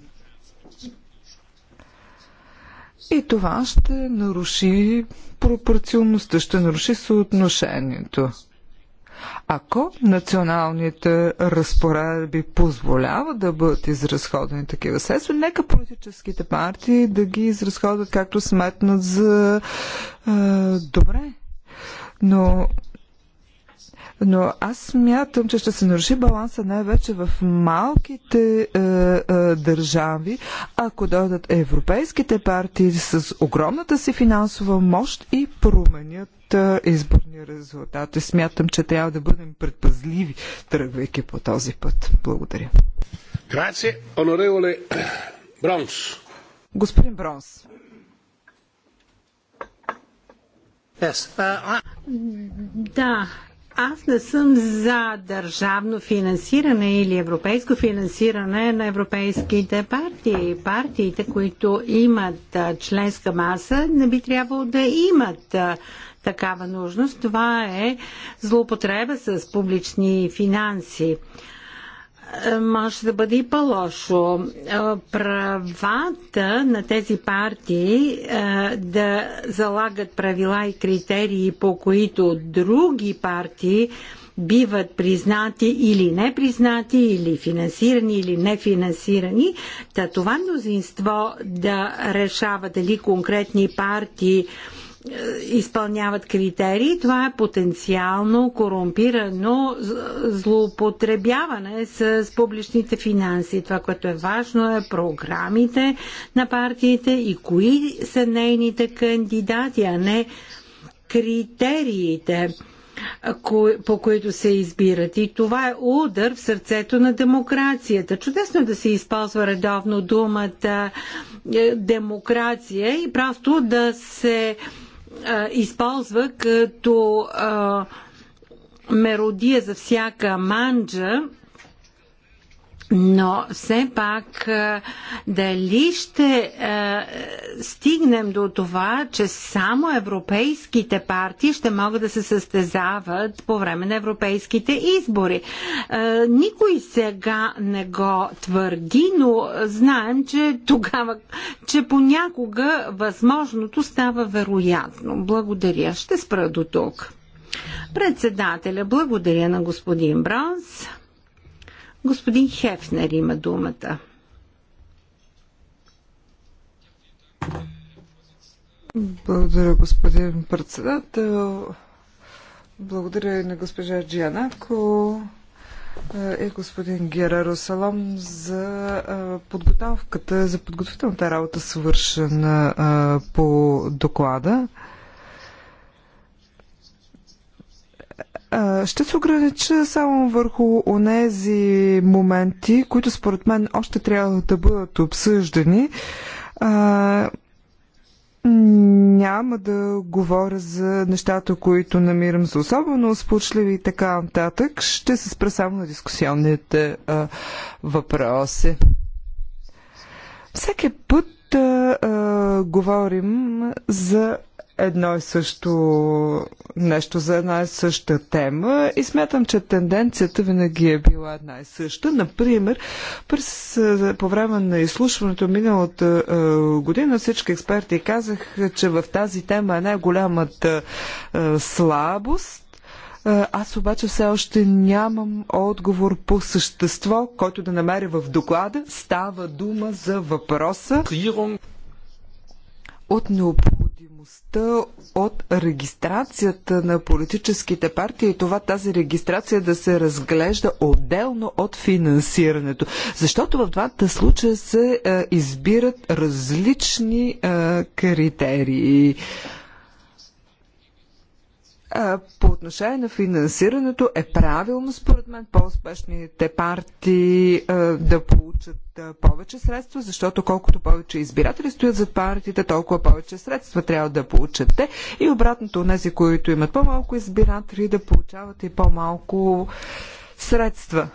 Speaker 2: И това ще наруши пропорционността, ще наруши съотношението. Ако националните разпоредби позволяват да бъдат изразходени такива средства, нека политическите партии да ги изразходят както сметнат за е, добре. Но но аз смятам, че ще се наруши баланса най-вече в малките е, е, държави, ако дойдат европейските партии с огромната си финансова мощ и променят изборни резултати. Смятам, че трябва да бъдем предпазливи, тръгвайки по този път. Благодаря. Грация, онореволе Бронс. Господин Бронс.
Speaker 4: Uh,
Speaker 3: да, аз не съм за държавно финансиране или европейско финансиране на европейските партии. Партиите, които имат членска маса, не би трябвало да имат такава нужност. Това е злоупотреба с публични финанси е, може да бъде и по-лошо. Е, правата на тези партии е, да залагат правила и критерии, по които други партии биват признати или не признати, или финансирани, или не финансирани, та това мнозинство да решава дали конкретни партии е, изпълняват критерии, това е потенциално корумпирано злоупотребяване с публичните финанси. Това, което е важно е програмите на партиите и кои са нейните кандидати, а не критериите по които се избират. И това е удар в сърцето на демокрацията. Чудесно е да се използва редовно думата е, демокрация и просто да се използва като меродия за всяка манджа но все пак е, дали ще е, стигнем до това, че само европейските партии ще могат да се състезават по време на европейските избори. Е, никой сега не го твърди, но знаем, че тогава, че понякога възможното става вероятно. Благодаря. Ще спра до тук. Председателя, благодаря на господин Бронс. Господин Хефнер има думата.
Speaker 2: Благодаря, господин председател. Благодаря и на госпожа Джианако е, и господин Гера Русалом за подготовката, за подготовителната работа, свършена по доклада. Ще се огранича само върху онези моменти, които според мен още трябва да бъдат обсъждани. Няма да говоря за нещата, които намирам за особено спочливи, и така нататък. Ще се спра само на дискусионните а, въпроси. Всеки път а, а, говорим за едно и също нещо за една и съща тема и смятам, че тенденцията винаги е била една и съща. Например, през, е, по време на изслушването миналата е, година всички експерти казаха, че в тази тема е най-голямата е, слабост аз обаче все още нямам отговор по същество, който да намеря в доклада. Става дума за въпроса от необходимост необходимостта от регистрацията на политическите партии и това тази регистрация да се разглежда отделно от финансирането. Защото в двата случая се е, избират различни е, критерии по отношение на финансирането е правилно, според мен, по-успешните партии да получат повече средства, защото колкото повече избиратели стоят зад партиите, толкова повече средства трябва да получат те. И обратното, тези, които имат по-малко избиратели, да получават и по-малко средства.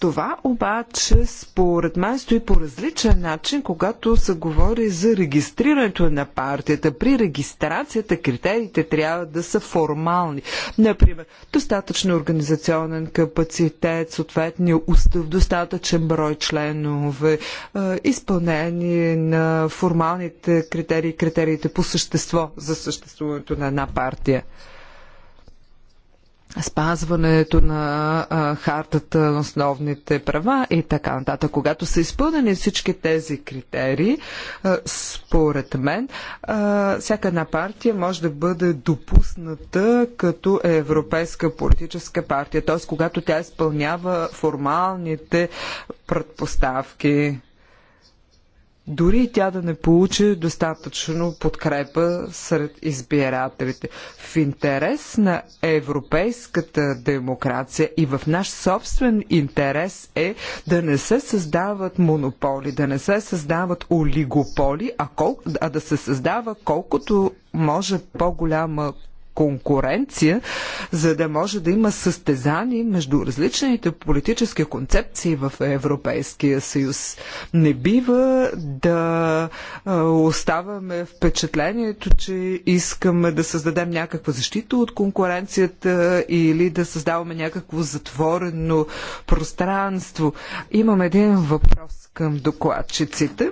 Speaker 2: Това обаче, според мен, стои по различен начин, когато се говори за регистрирането на партията. При регистрацията критериите трябва да са формални. Например, достатъчно организационен капацитет, съответния устав, достатъчен брой членове, е, изпълнение на формалните критерии, критериите по същество за съществуването на една партия спазването на а, хартата на основните права и така нататък. Когато са изпълнени всички тези критерии, а, според мен, а, всяка една партия може да бъде допусната като европейска политическа партия, т.е. когато тя изпълнява формалните предпоставки дори и тя да не получи достатъчно подкрепа сред избирателите. В интерес на европейската демокрация и в наш собствен интерес е да не се създават монополи, да не се създават олигополи, а, кол... а да се създава колкото може по-голяма конкуренция, за да може да има състезание между различните политически концепции в Европейския съюз. Не бива да оставаме впечатлението, че искаме да създадем някаква защита от конкуренцията или да създаваме някакво затворено пространство. Имам един въпрос към докладчиците.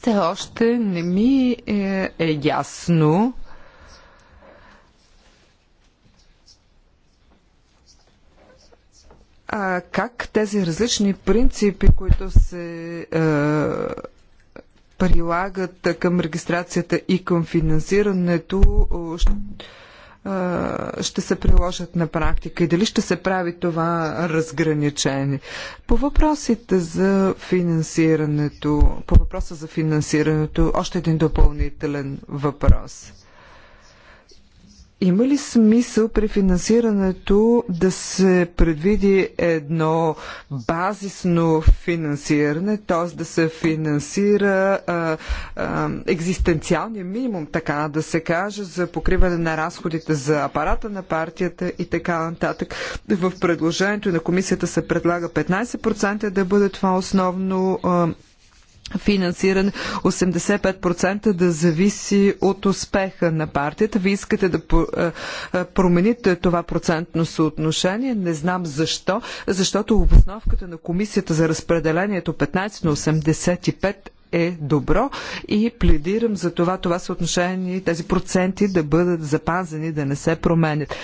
Speaker 2: Все още не ми е, е ясно а, как тези различни принципи, които се а, е, прилагат към регистрацията и към финансирането, е, ще се приложат на практика и дали ще се прави това разграничение. По въпросите за финансирането, по въпроса за финансирането, още един допълнителен въпрос. Има ли смисъл при финансирането да се предвиди едно базисно финансиране, т.е. да се финансира а, а, екзистенциалния минимум, така да се каже, за покриване на разходите за апарата на партията и така нататък? В предложението на комисията се предлага 15% да бъде това основно а, финансиране 85% да зависи от успеха на партията. Вие искате да промените това процентно съотношение. Не знам защо, защото обосновката на комисията за разпределението 15 на 85 е добро и пледирам за това това съотношение и тези проценти да бъдат запазени, да не се променят.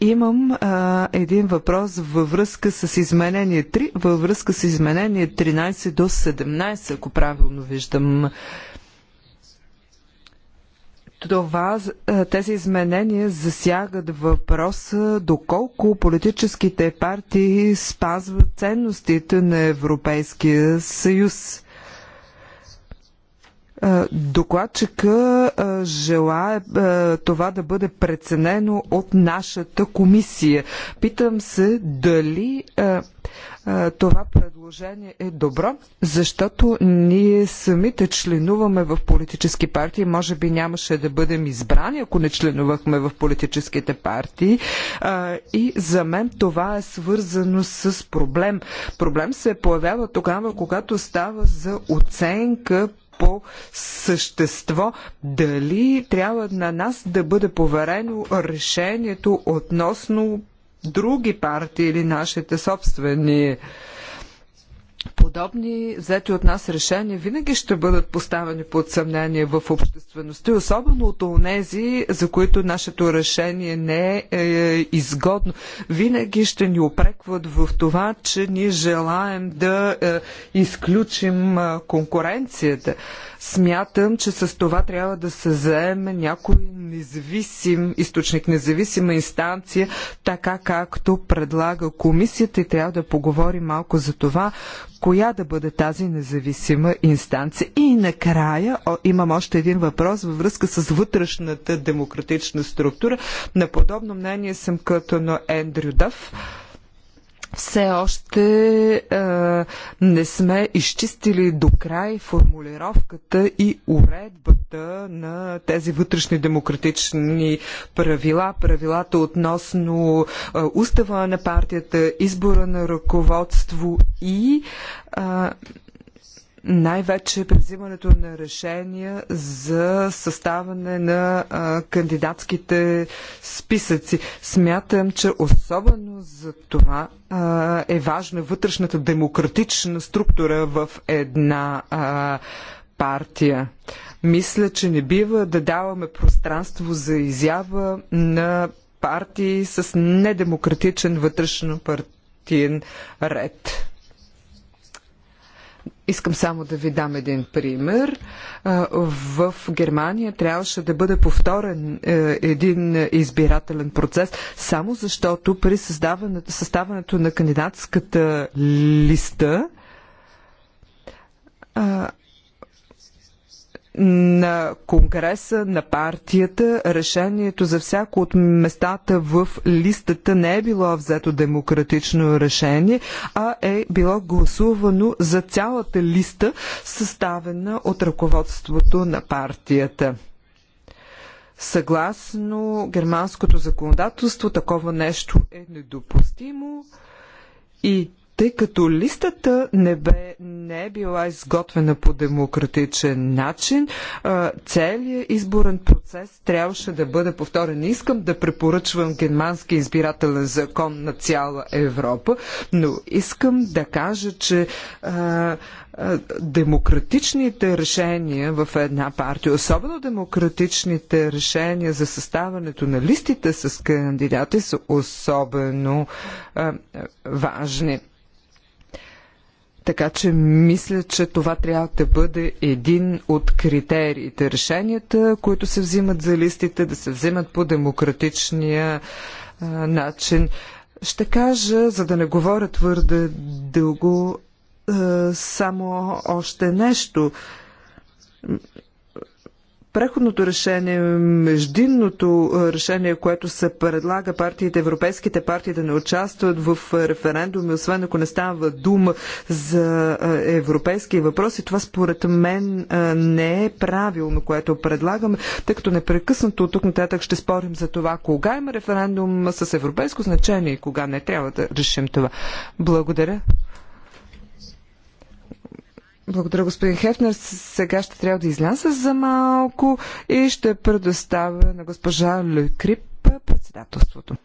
Speaker 2: Имам а, един въпрос във връзка с изменение 3, във връзка с изменение 13 до 17, ако правилно виждам. Това, тези изменения засягат въпроса доколко политическите партии спазват ценностите на Европейския съюз. Е, докладчика е, желая е, това да бъде преценено от нашата комисия. Питам се дали това предложение е добро, защото ние самите членуваме в политически партии. Може би нямаше да бъдем избрани, ако не членувахме в политическите партии. И за мен това е свързано с проблем. Проблем се появява тогава, когато става за оценка по същество дали трябва на нас да бъде поверено решението относно други партии или нашите собствени подобни взети от нас решения винаги ще бъдат поставени под съмнение в обществеността, особено от онези, за които нашето решение не е, е изгодно. Винаги ще ни опрекват в това, че ние желаем да е, изключим е, конкуренцията. Смятам, че с това трябва да се заеме някой независим източник, независима инстанция, така както предлага комисията и трябва да поговорим малко за това, коя да бъде тази независима инстанция. И накрая о, имам още един въпрос във връзка с вътрешната демократична структура. На подобно мнение съм като на Ендрю Дъв все още е, не сме изчистили до край формулировката и уредбата на тези вътрешни демократични правила, правилата относно е, устава на партията, избора на ръководство и е, най-вече при взимането на решения за съставане на а, кандидатските списъци. Смятам, че особено за това а, е важна вътрешната демократична структура в една а, партия. Мисля, че не бива да даваме пространство за изява на партии с недемократичен вътрешно партиен ред. Искам само да ви дам един пример. В Германия трябваше да бъде повторен е, един избирателен процес, само защото при създаването, съставането на кандидатската листа на Конгреса, на партията, решението за всяко от местата в листата не е било взето демократично решение, а е било гласувано за цялата листа, съставена от ръководството на партията. Съгласно германското законодателство, такова нещо е недопустимо и тъй като листата не, бе, не е била изготвена по демократичен начин, целият изборен процес трябваше да бъде повторен. Не искам да препоръчвам германски избирателен закон на цяла Европа, но искам да кажа, че демократичните решения в една партия, особено демократичните решения за съставането на листите с кандидати са особено важни. Така че мисля, че това трябва да бъде един от критериите. Решенията, които се взимат за листите, да се взимат по демократичния а, начин. Ще кажа, за да не говоря твърде дълго, а, само още нещо преходното решение, междинното е, решение, което се предлага партиите, европейските партии да не участват в референдуми, освен ако не става дума за е, европейски въпроси, това според мен е, не е правилно, което предлагаме, тъй като непрекъснато от тук нататък ще спорим за това кога има референдум с европейско значение и кога не трябва да решим това. Благодаря. Благодаря, господин Хефнер. Сега ще трябва да изляза за малко и ще предоставя на госпожа Крип председателството.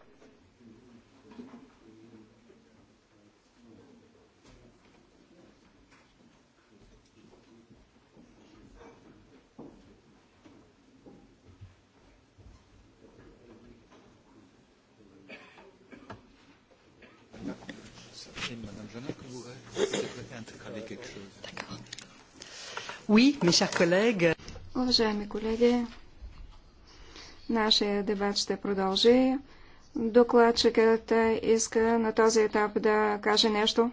Speaker 2: Oui, mes chers collègues.
Speaker 4: Уважаеми колеги, нашия дебат ще продължи. Докладчикът иска на този етап да каже нещо.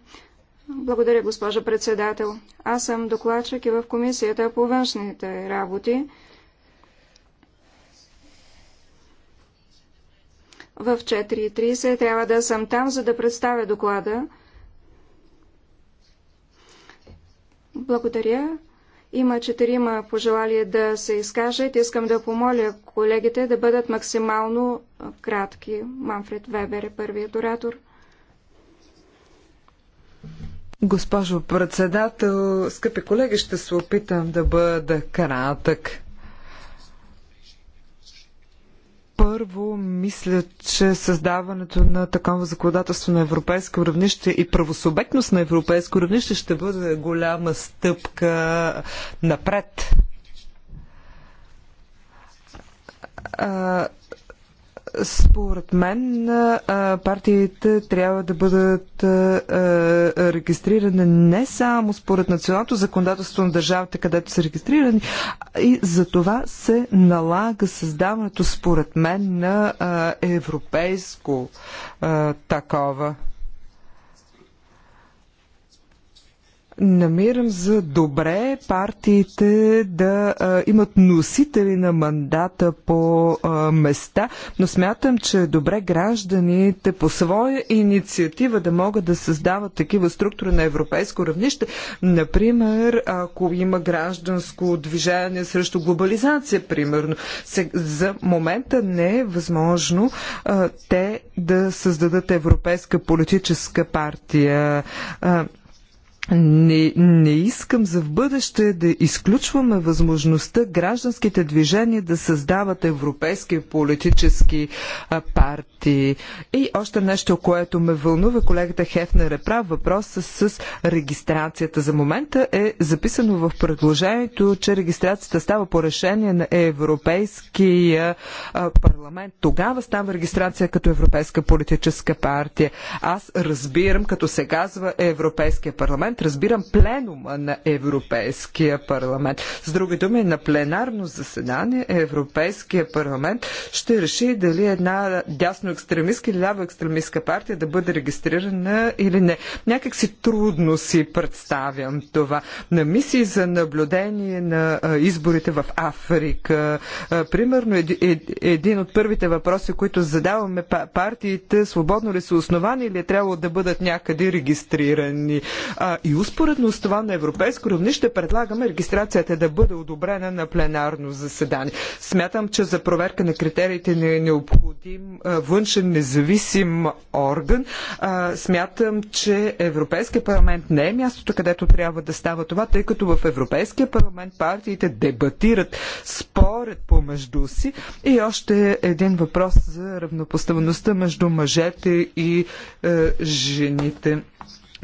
Speaker 4: Благодаря, госпожа председател. Аз съм докладчик и в Комисията по външните работи. В 4.30 трябва да съм там, за да представя доклада. Благодаря. Има четирима пожелали да се изкажат. Искам да помоля колегите да бъдат максимално кратки. Манфред Вебер е първият оратор.
Speaker 2: Госпожо председател, скъпи колеги, ще се опитам да бъда кратък. Първо, мисля, че създаването на такова законодателство на европейско равнище и правосубектност на европейско равнище ще бъде голяма стъпка напред според мен партиите трябва да бъдат регистрирани не само според националното законодателство на държавите, където са регистрирани, и за това се налага създаването, според мен, на европейско такова. намирам за добре партиите да а, имат носители на мандата по а, места, но смятам, че е добре гражданите по своя инициатива да могат да създават такива структури на европейско равнище. Например, ако има гражданско движение срещу глобализация, примерно. За момента не е възможно а, те да създадат Европейска политическа партия. А, не, не искам за в бъдеще да изключваме възможността гражданските движения да създават европейски политически а, партии. И още нещо, което ме вълнува, колегата Хефнер е прав, въпросът с регистрацията. За момента е записано в предложението, че регистрацията става по решение на Европейския а, парламент. Тогава става регистрация като Европейска политическа партия. Аз разбирам, като се казва Европейския парламент, парламент разбирам пленума на Европейския парламент. С други думи, на пленарно заседание Европейския парламент ще реши дали една дясно екстремистка или ляво екстремистка партия да бъде регистрирана или не. Някак си трудно си представям това. На мисии за наблюдение на изборите в Африка, примерно е, един от първите въпроси, които задаваме партиите, свободно ли са основани или е трябвало да бъдат някъде регистрирани. И успоредно с това на европейско равнище предлагаме регистрацията да бъде одобрена на пленарно заседание. Смятам, че за проверка на критериите не е необходим външен независим орган. Смятам, че Европейския парламент не е мястото, където трябва да става това, тъй като в Европейския парламент партиите дебатират, според помежду си. И още един въпрос за равнопоставеността между мъжете и е, жените.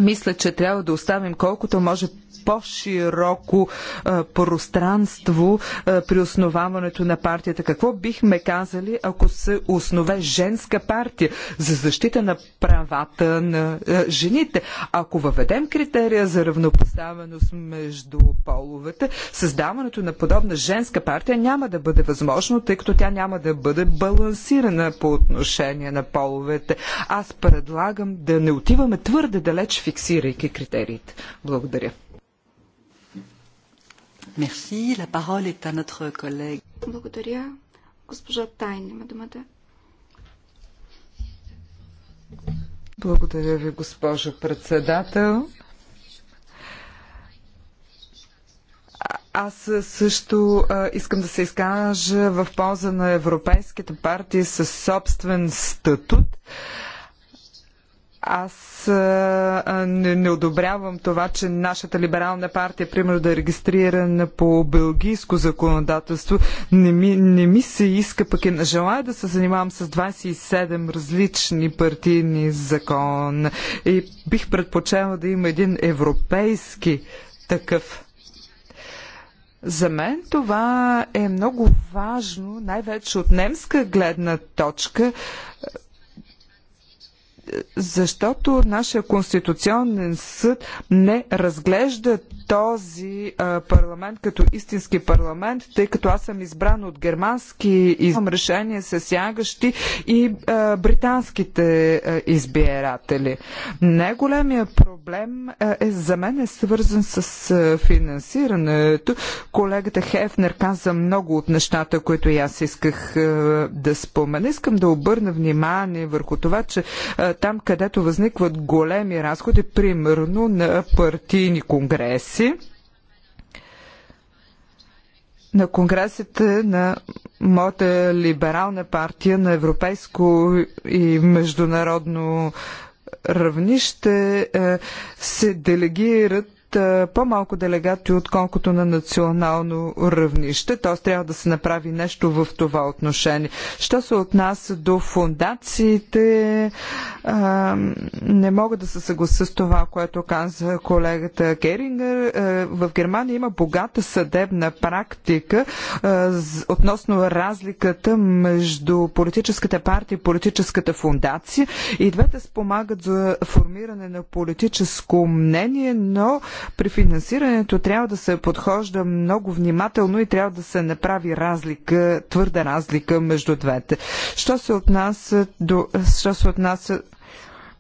Speaker 2: Мисля, че трябва да оставим колкото може по-широко пространство а, при основаването на партията. Какво бихме казали, ако се основе женска партия за защита на правата на а, жените? Ако въведем критерия за равнопоставеност между половете, създаването на подобна женска партия няма да бъде възможно, тъй като тя няма да бъде балансирана по отношение на половете. Аз предлагам да не отиваме твърде далеч, фиксирайки критериите. Благодаря.
Speaker 3: Merci. La parole
Speaker 2: est à notre collègue.
Speaker 4: Благодаря. Госпожа Тайн има думата.
Speaker 2: Благодаря ви, госпожо председател. Аз също а, искам да се изкажа в полза на европейските партии със собствен статут. А, аз не, не одобрявам това, че нашата либерална партия, примерно да е регистрирана по белгийско законодателство, не ми, не ми се иска, пък и не желая да се занимавам с 27 различни партийни закон. И бих предпочела да има един европейски такъв. За мен това е много важно, най-вече от немска гледна точка, защото нашия конституционен съд не разглежда този парламент като истински парламент, тъй като аз съм избран от германски и решение, с сягащи и британските избиратели. Най-големия проблем е за мен е свързан с финансирането. Колегата Хефнер каза много от нещата, които и аз исках да спомена. Искам да обърна внимание върху това, че там, където възникват големи разходи, примерно на партийни конгреси, си на конгресите на моята либерална партия на европейско и международно равнище е, се делегират е, по-малко делегати, отколкото на национално равнище. Т.е. трябва да се направи нещо в това отношение. Що се отнася до фундациите, е, не мога да се съгласа с това, което каза колегата Герингер. Е, в Германия има богата съдебна практика относно разликата между политическата партия и политическата фундация. И двете спомагат за формиране на политическо мнение, но при финансирането трябва да се подхожда много внимателно и трябва да се направи разлика, твърда разлика между двете. Що се отнася до, що се отнася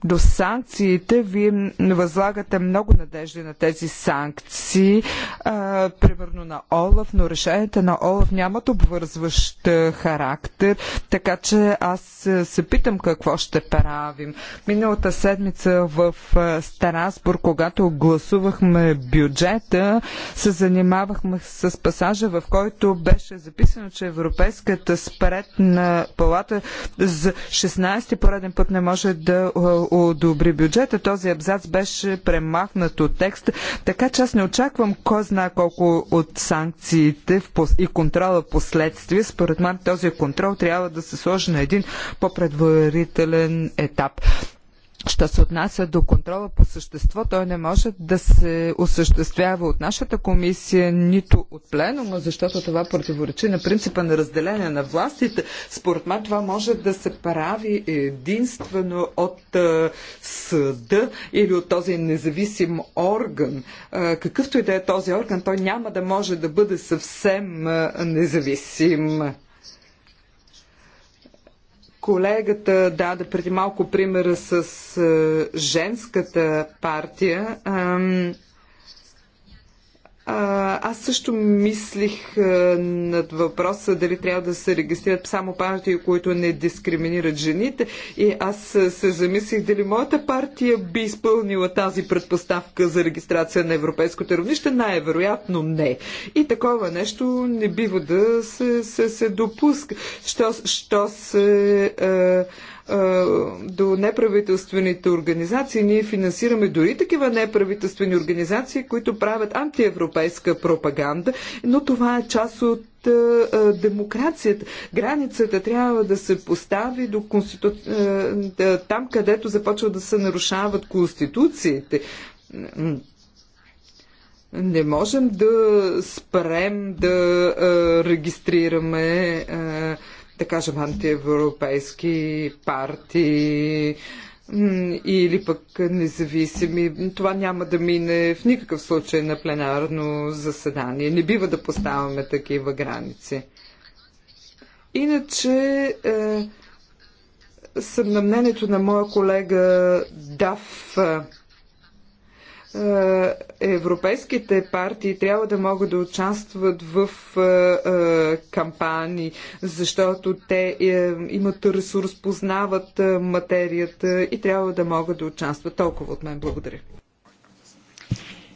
Speaker 2: до санкциите, вие възлагате много надежди на тези санкции, а, примерно на Олаф, но решенията на Олаф нямат обвързващ характер, така че аз се питам какво ще правим. Миналата седмица в Старасбург, когато гласувахме бюджета, се занимавахме с пасажа, в който беше записано, че Европейската на палата за 16 ти пореден път не може да одобри бюджета, този абзац беше премахнат от текста, така че аз не очаквам кой знае колко от санкциите и контрола последствие. Според мен този контрол трябва да се сложи на един по-предварителен етап. Що се отнася до контрола по същество, той не може да се осъществява от нашата комисия, нито от пленума, защото това противоречи на принципа на разделение на властите. Според мен това може да се прави единствено от е, съда или от този независим орган. Е, какъвто и да е този орган, той няма да може да бъде съвсем е, независим. Колегата даде преди малко примера с е, женската партия. А, аз също мислих а, над въпроса дали трябва да се регистрират само партии, които не дискриминират жените. И аз се замислих дали моята партия би изпълнила тази предпоставка за регистрация на европейското равнище. Най-вероятно не. И такова нещо не бива да се, се, се допуска. Що, що се. А, до неправителствените организации. Ние финансираме дори такива неправителствени организации, които правят антиевропейска пропаганда, но това е част от демокрацията. Границата трябва да се постави до конститу... там, където започват да се нарушават конституциите. Не можем да спрем да регистрираме да кажем, антиевропейски партии или пък независими. Това няма да мине в никакъв случай на пленарно заседание. Не бива да поставяме такива граници. Иначе е, съм на мнението на моя колега Даф. Е, е, европейските партии трябва да могат да участват в е, е, кампании, защото те имат ресурс, познават материята и трябва да могат да участват. Толкова от мен. Благодаря.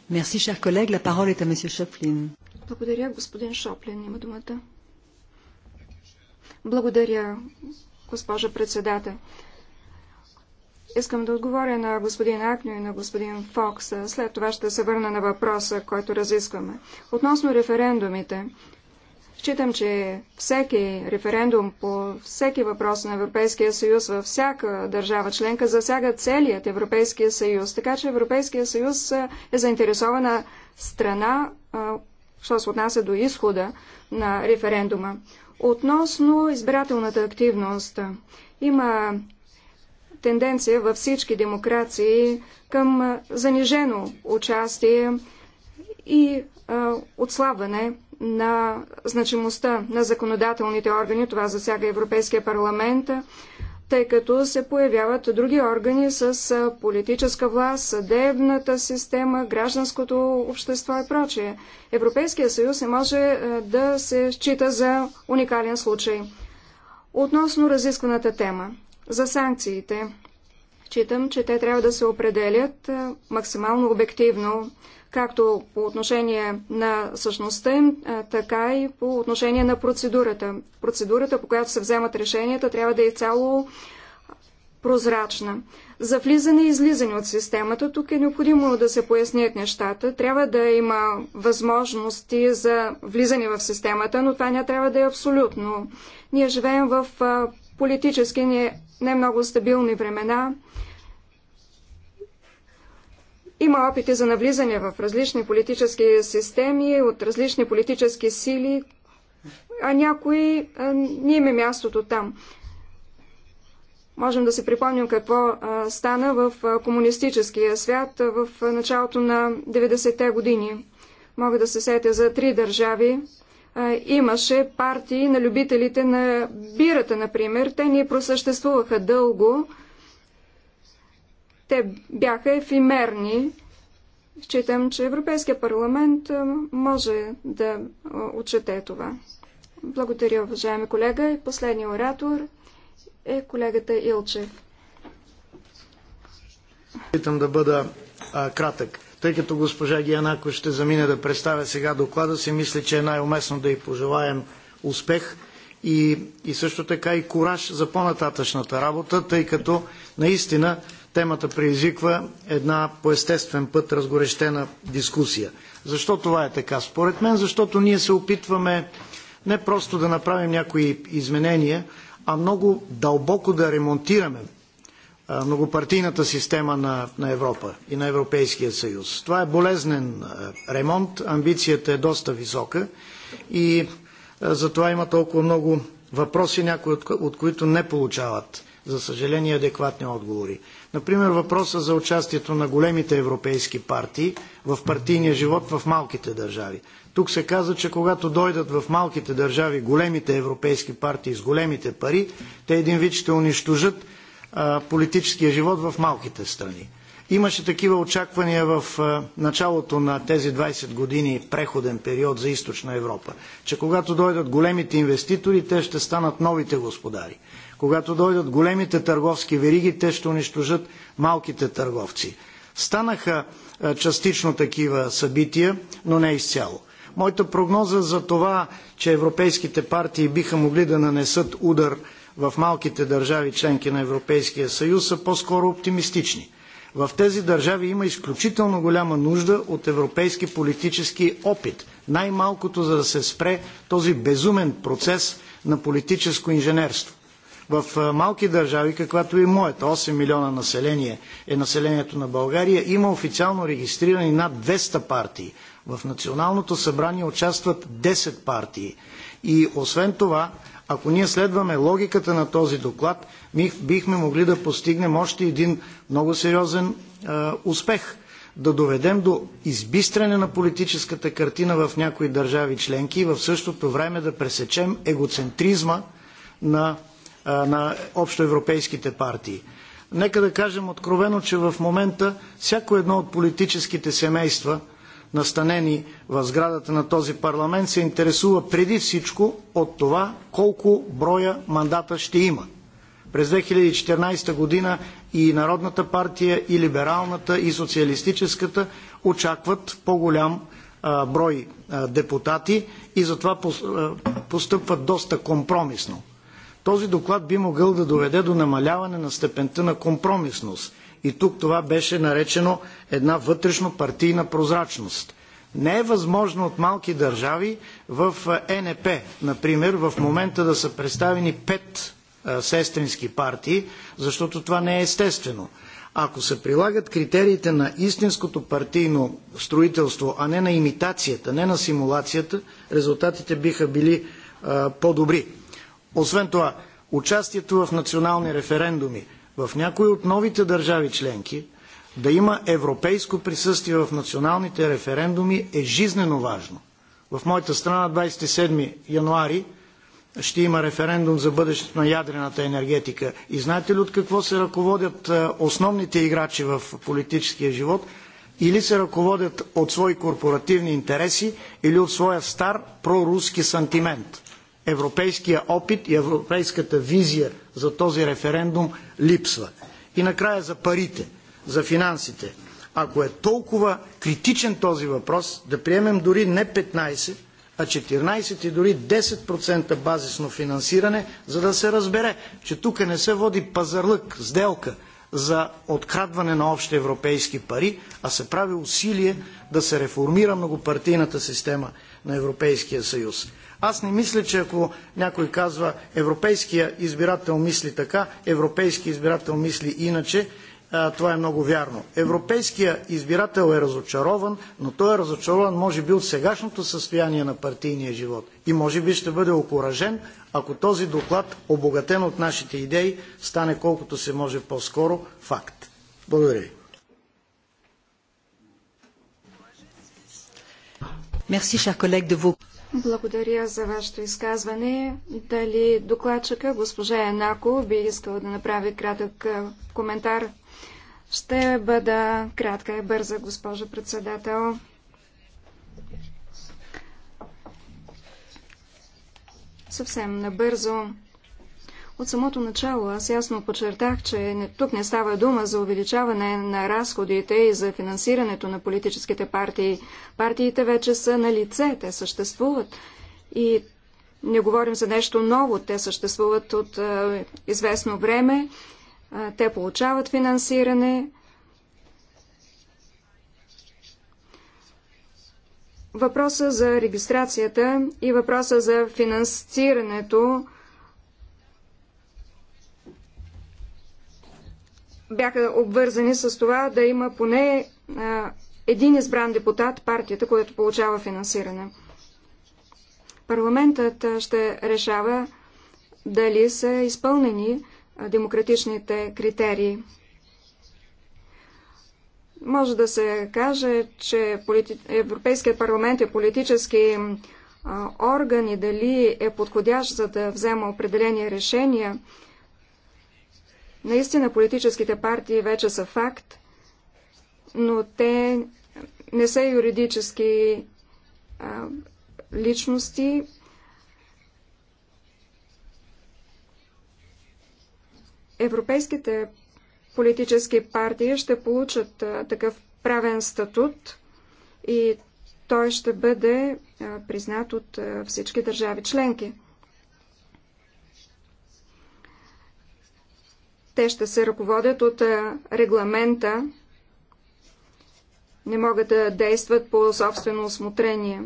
Speaker 2: Мерси, cher колег. Ла парол est à Шоплин.
Speaker 4: Благодаря, господин Шоплин. Има думата. Благодаря, госпожа председател. Искам да отговоря на господин Акню и на господин Фокс. След това ще се върна на въпроса, който разискваме. Относно референдумите, считам, че всеки референдум по всеки въпрос на Европейския съюз във всяка държава членка засяга целият Европейския съюз. Така че Европейския съюз е заинтересована страна, що се отнася до изхода на референдума. Относно избирателната активност, има тенденция във всички демокрации към занижено участие и а, отслабване на значимостта на законодателните органи. Това засяга Европейския парламент, тъй като се появяват други органи с политическа власт, съдебната система, гражданското общество и прочее. Европейския съюз не може да се счита за уникален случай. Относно разискваната тема, за санкциите. Читам, че те трябва да се определят е, максимално обективно, както по отношение на същността им, е, така и по отношение на процедурата. Процедурата, по която се вземат решенията, трябва да е цяло прозрачна. За влизане и излизане от системата тук е необходимо да се пояснят нещата. Трябва да има възможности за влизане в системата, но това не трябва да е абсолютно. Ние живеем в е, политически не много стабилни времена. Има опити за навлизане в различни политически системи, от различни политически сили, а някои не има е мястото там. Можем да си припомним какво а, стана в а, комунистическия свят а, в началото на 90-те години. Мога да се сетя за три държави, имаше партии на любителите на бирата, например. Те ни просъществуваха дълго. Те бяха ефимерни. Считам, че Европейския парламент може да отчете това. Благодаря, уважаеми колега. И последният оратор е колегата Илчев.
Speaker 1: Питам да бъда а, кратък. Тъй като госпожа Гианако ще замине да представя сега доклада си, мисля, че е най-уместно да й пожелаем успех и, и също така и кураж за по-нататъчната работа, тъй като наистина темата предизвиква една по естествен път разгорещена дискусия. Защо това е така? Според мен, защото ние се опитваме не просто да направим някои изменения, а много дълбоко да ремонтираме многопартийната система на, на Европа и на Европейския съюз. Това е болезнен ремонт, амбицията е доста висока и затова има толкова много въпроси, някои от, от които не получават, за съжаление, адекватни отговори. Например, въпроса за участието на големите европейски партии в партийния живот в малките държави. Тук се каза, че когато дойдат в малките държави големите европейски партии с големите пари, те един вид ще унищожат политическия живот в малките страни. Имаше такива очаквания в началото на тези 20 години преходен период за източна Европа, че когато дойдат големите инвеститори, те ще станат новите господари. Когато дойдат големите търговски вериги, те ще унищожат малките търговци. Станаха частично такива събития, но не изцяло. Моята прогноза за това, че европейските партии биха могли да нанесат удар в малките държави членки на Европейския съюз са по-скоро оптимистични. В тези държави има изключително голяма нужда от европейски политически опит, най-малкото за да се спре този безумен процес на политическо инженерство. В малки държави, каквато и е моята, 8 милиона население е населението на България, има официално регистрирани над 200 партии. В Националното събрание участват 10 партии. И освен това, ако ние следваме логиката на този доклад, бихме могли да постигнем още един много сериозен успех да доведем до избистране на политическата картина в някои държави членки и в същото време да пресечем егоцентризма на, на общоевропейските партии. Нека да кажем откровено, че в момента всяко едно от политическите семейства – настанени в сградата на този парламент, се интересува преди всичко от това колко броя мандата ще има. През 2014 година и Народната партия, и Либералната, и Социалистическата очакват по-голям брой депутати и затова постъпват доста компромисно. Този доклад би могъл да доведе до намаляване на степента на компромисност – и тук това беше наречено една вътрешно партийна прозрачност. Не е възможно от малки държави в ЕНП, например, в момента да са представени пет е, сестрински партии, защото това не е естествено. Ако се прилагат критериите на истинското партийно строителство, а не на имитацията, не на симулацията, резултатите биха били е, по-добри. Освен това, участието в национални референдуми – в някои от новите държави членки да има европейско присъствие в националните референдуми е жизнено важно. В моята страна 27 януари ще има референдум за бъдещето на ядрената енергетика. И знаете ли от какво се ръководят основните играчи в политическия живот? Или се ръководят от свои корпоративни интереси, или от своя стар проруски сантимент европейския опит и европейската визия за този референдум липсва. И накрая за парите, за финансите. Ако е толкова критичен този въпрос, да приемем дори не 15, а 14 и дори 10% базисно финансиране, за да се разбере, че тук не се води пазарлък, сделка за открадване на общи европейски пари, а се прави усилие да се реформира многопартийната система на Европейския съюз. Аз не мисля, че ако някой казва европейския избирател мисли така, европейския избирател мисли иначе, това е много вярно. Европейският избирател е разочарован, но той е разочарован може би от сегашното състояние на партийния живот и може би ще бъде окоръжен, ако този доклад, обогатен от нашите идеи, стане колкото се може по-скоро факт. Благодаря ви. Merci, chers collègues, de vos...
Speaker 4: Благодаря за вашето изказване. Дали докладчика госпожа Янако би искала да направи кратък коментар? Ще бъда кратка и бърза, госпожа председател. Съвсем набързо от самото начало аз ясно подчертах, че тук не става дума за увеличаване на разходите и за финансирането на политическите партии. Партиите вече са на лице, те съществуват. И не говорим за нещо ново, те съществуват от а, е, известно време, а, е, те получават финансиране. Въпроса за регистрацията и въпроса за финансирането бяха обвързани с това да има поне един избран депутат партията, която получава финансиране. Парламентът ще решава дали са изпълнени демократичните критерии. Може да се каже, че Европейският парламент е политически орган и дали е подходящ за да взема определени решения. Наистина политическите партии вече са факт, но те не са юридически а, личности. Европейските политически партии ще получат а, такъв правен статут и той ще бъде а, признат от а, всички държави членки. Те ще се ръководят от регламента, не могат да действат по собствено осмотрение.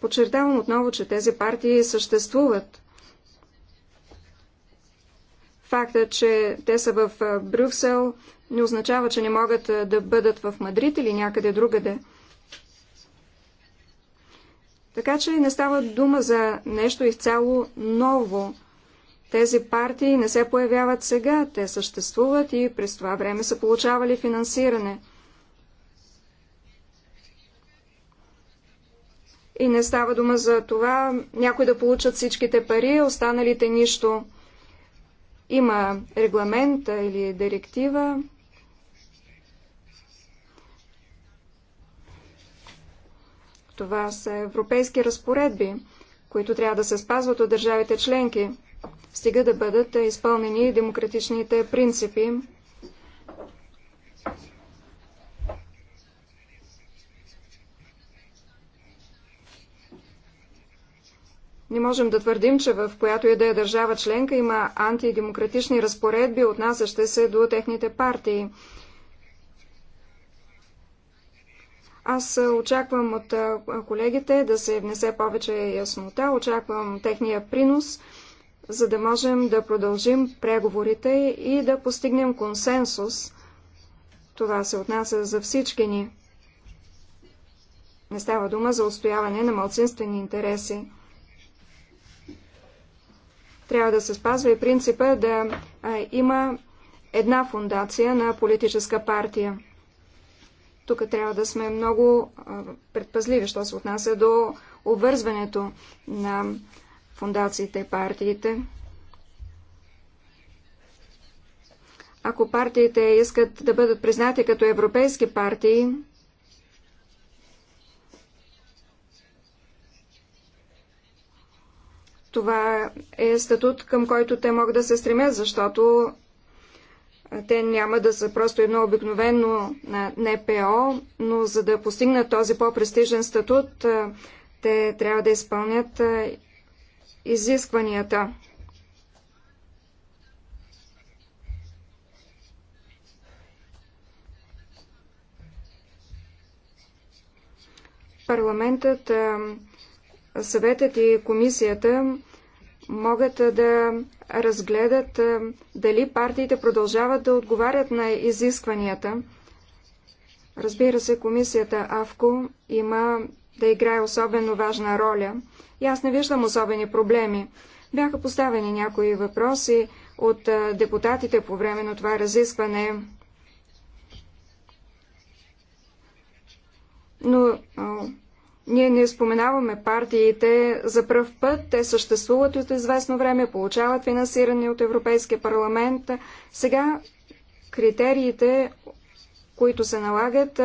Speaker 4: Подчертавам отново, че тези партии съществуват. Факта, че те са в Брюксел, не означава, че не могат да бъдат в Мадрид или някъде другаде. Така че не става дума за нещо изцяло ново. Тези партии не се появяват сега, те съществуват и през това време са получавали финансиране. И не става дума за това някой да получат всичките пари, останалите нищо. Има регламента или директива. Това са европейски разпоредби, които трябва да се спазват от държавите членки стига да бъдат изпълнени демократичните принципи. Не можем да твърдим, че в която и да е държава членка има антидемократични разпоредби, отнасящи се до техните партии. Аз очаквам от колегите да се внесе повече яснота, очаквам техния принос – за да можем да продължим преговорите и да постигнем консенсус. Това се отнася за всички ни. Не става дума за устояване на малцинствени интереси. Трябва да се спазва и принципа да а, има една фундация на политическа партия. Тук трябва да сме много предпазливи, що се отнася до обвързването на фундациите, партиите. Ако партиите искат да бъдат признати като европейски партии, това е статут, към който те могат да се стремят, защото те няма да са просто едно обикновено НПО, но за да постигнат този по-престижен статут, те трябва да изпълнят изискванията. Парламентът, съветът и комисията могат да разгледат дали партиите продължават да отговарят на изискванията. Разбира се, комисията АВКО има да играе особено важна роля. И аз не виждам особени проблеми. Бяха поставени някои въпроси от депутатите по време на това разискване. Но а, ние не споменаваме партиите за пръв път. Те съществуват от известно време, получават финансиране от Европейския парламент. Сега критериите, които се налагат,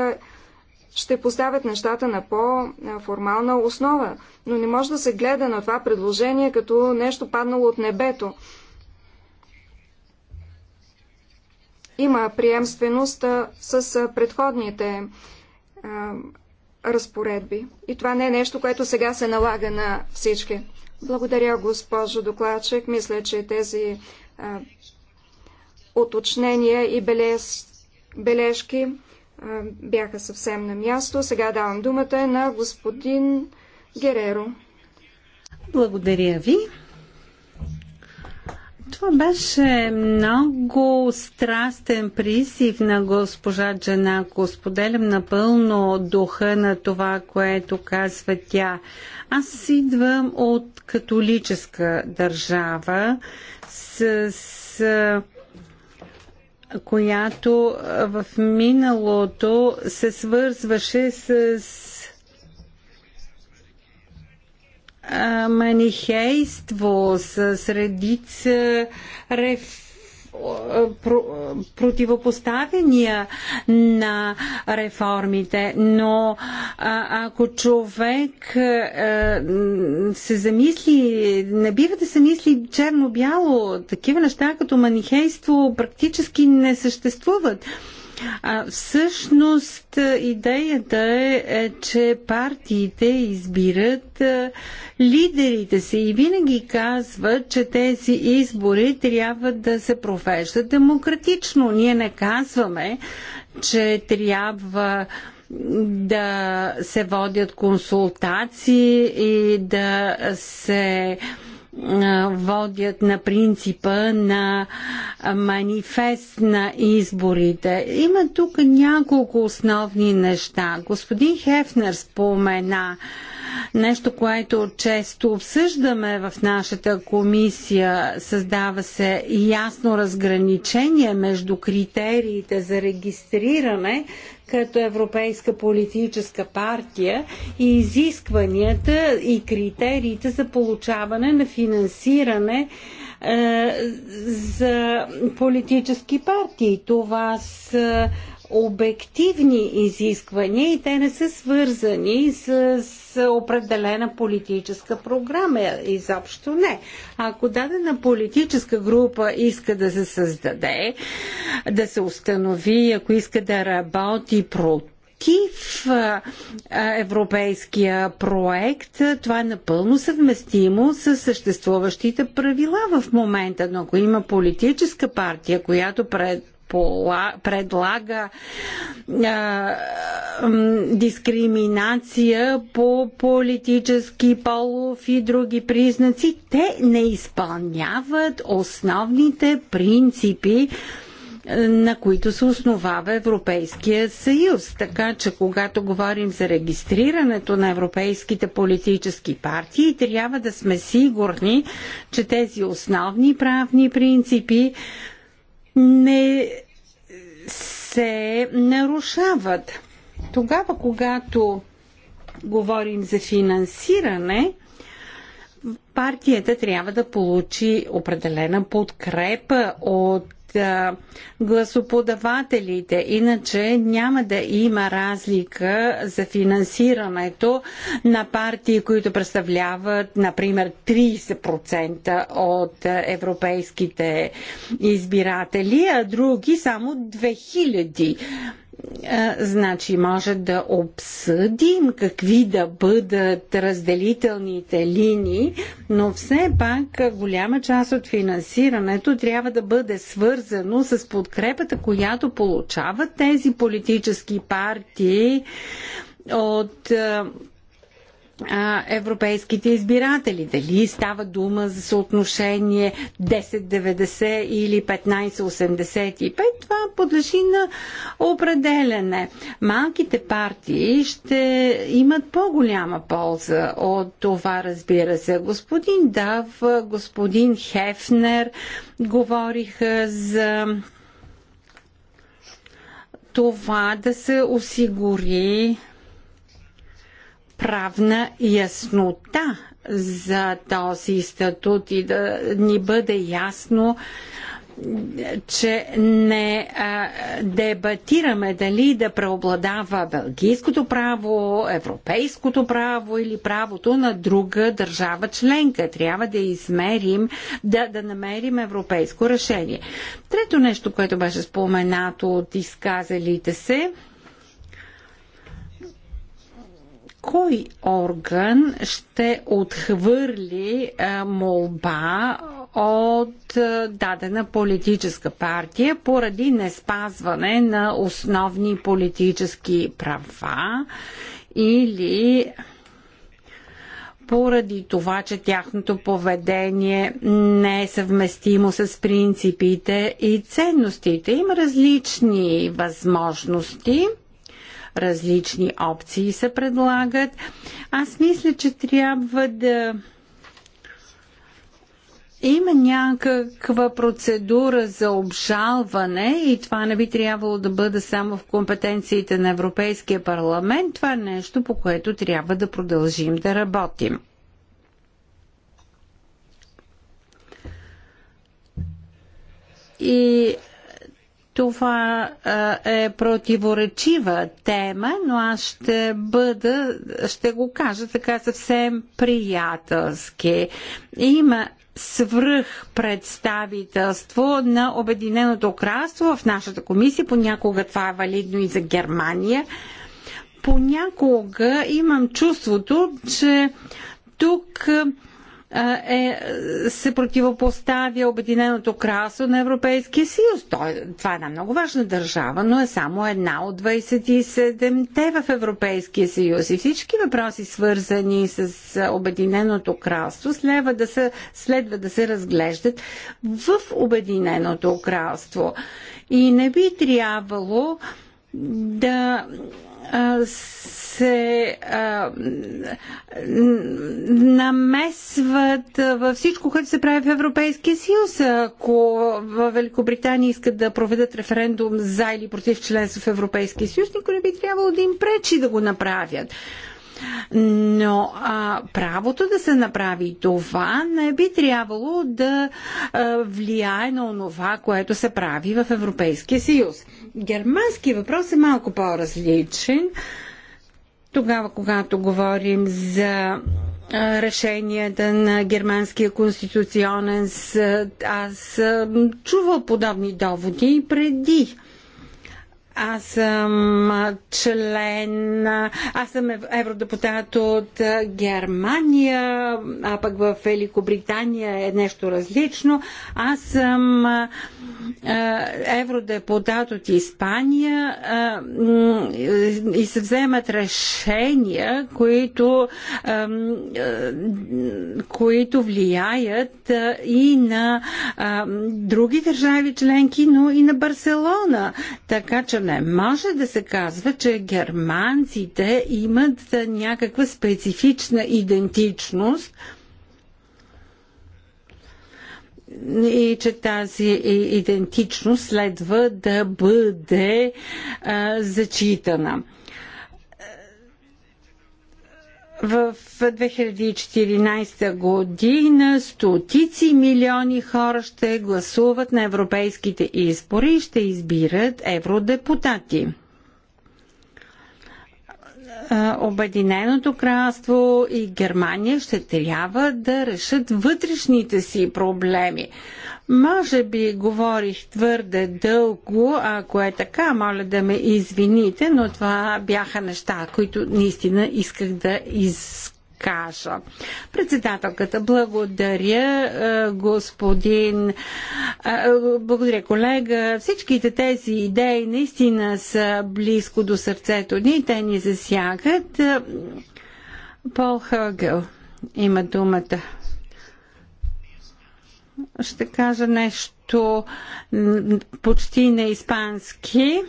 Speaker 4: ще поставят нещата на по-формална основа. Но не може да се гледа на това предложение като нещо паднало от небето. Има приемственост с предходните разпоредби. И това не е нещо, което сега се налага на всички. Благодаря, госпожо докладчик. Мисля, че тези а, уточнения и бележки бяха съвсем на място. Сега давам думата на господин Гереро. Благодаря ви. Това беше
Speaker 3: много страстен призив на госпожа Джанако. Споделям напълно духа на това, което казва тя. Аз идвам от католическа държава с, с която в миналото се свързваше с манихейство, с редица реф противопоставяния на реформите, но а, ако човек а, се замисли, не бива да се мисли черно-бяло, такива неща като манихейство практически не съществуват. А, всъщност идеята е, е, че партиите избират лидерите си и винаги казват, че тези избори трябва да се провеждат демократично. Ние не казваме, че трябва да се водят консултации и да се а, водят на принципа на манифест на изборите. Има тук няколко основни неща. Господин Хефнер спомена нещо, което често обсъждаме в нашата комисия. Създава се ясно разграничение между критериите за регистриране като Европейска политическа партия и изискванията и критериите за получаване на финансиране е, за политически партии. Това са обективни изисквания и те не са свързани с определена политическа програма. Изобщо не. Ако дадена политическа група иска да се създаде, да се установи, ако иска да работи против, против европейския проект, това е напълно съвместимо с съществуващите правила в момента. Но ако има политическа партия, която пред предлага а, дискриминация по политически полов и други признаци, те не изпълняват основните принципи, на които се основава Европейския съюз. Така че, когато говорим за регистрирането на европейските политически партии, трябва да сме сигурни, че тези основни правни принципи не се нарушават. Тогава, когато говорим за финансиране, партията трябва да получи определена подкрепа от е, гласоподавателите. Иначе няма да има разлика за финансирането на партии, които представляват, например, 30% от европейските избиратели, а други само 2000 значи може да обсъдим какви да бъдат разделителните линии, но все пак голяма част от финансирането трябва да бъде свързано с подкрепата, която получават тези политически партии от а, европейските избиратели. Дали става дума за съотношение 10-90 или 15-85, това подлежи на определене. Малките партии ще имат по-голяма полза от това, разбира се. Господин Дав, господин Хефнер говориха за това да се осигури правна яснота за този статут и да ни бъде ясно че не а, дебатираме дали да преобладава бългийското право, европейското право или правото на друга държава членка. Трябва да измерим, да, да намерим европейско решение. Трето нещо, което беше споменато от изказалите се, кой орган ще отхвърли молба от дадена политическа партия поради неспазване на основни политически права или поради това, че тяхното поведение не е съвместимо с принципите и ценностите. Има различни възможности различни опции се предлагат. Аз мисля, че трябва да има някаква процедура за обжалване и това не би трябвало да бъде само в компетенциите на Европейския парламент. Това е нещо, по което трябва да продължим да работим. И това е противоречива тема, но аз ще бъда, ще го кажа така съвсем приятелски. Има свръх представителство на Обединеното кралство в нашата комисия. Понякога това е валидно и за Германия. Понякога имам чувството, че тук е, се противопоставя Обединеното кралство на Европейския съюз. Той, това е една много важна държава, но е само една от 27-те в Европейския съюз. И всички въпроси, свързани с Обединеното кралство, следва да се, следва да се разглеждат в Обединеното кралство. И не би трябвало да се а, намесват във всичко, което се прави в Европейския съюз. Ако в Великобритания искат да проведат референдум за или против членство в Европейския съюз, никой не би трябвало да им пречи да го направят. Но а, правото да се направи това не би трябвало да а, влияе на онова, което се прави в Европейския съюз. Германски въпрос е малко по-различен. Тогава, когато говорим за решенията на Германския конституционен съд. Аз чувал подобни доводи и преди. Аз съм член, аз съм евродепутат от Германия, а пък в Великобритания е нещо различно. Аз съм евродепутат от Испания и се вземат решения, които, които влияят и на други държави членки, но и на Барселона. Така че не Може да се казва, че германците имат някаква специфична идентичност и че тази идентичност следва да бъде а, зачитана. В 2014 година стотици милиони хора ще гласуват на европейските избори и ще избират евродепутати. Обединеното кралство и Германия ще трябва да решат вътрешните си проблеми. Може би говорих твърде дълго, ако е така, моля да ме извините, но това бяха неща, които наистина исках да изкажа кажа. Председателката, благодаря е, господин, е, благодаря колега. Всичките тези идеи наистина са близко до сърцето ни. Те ни засягат. Е, Пол Хъгъл има думата. Ще кажа нещо почти на испански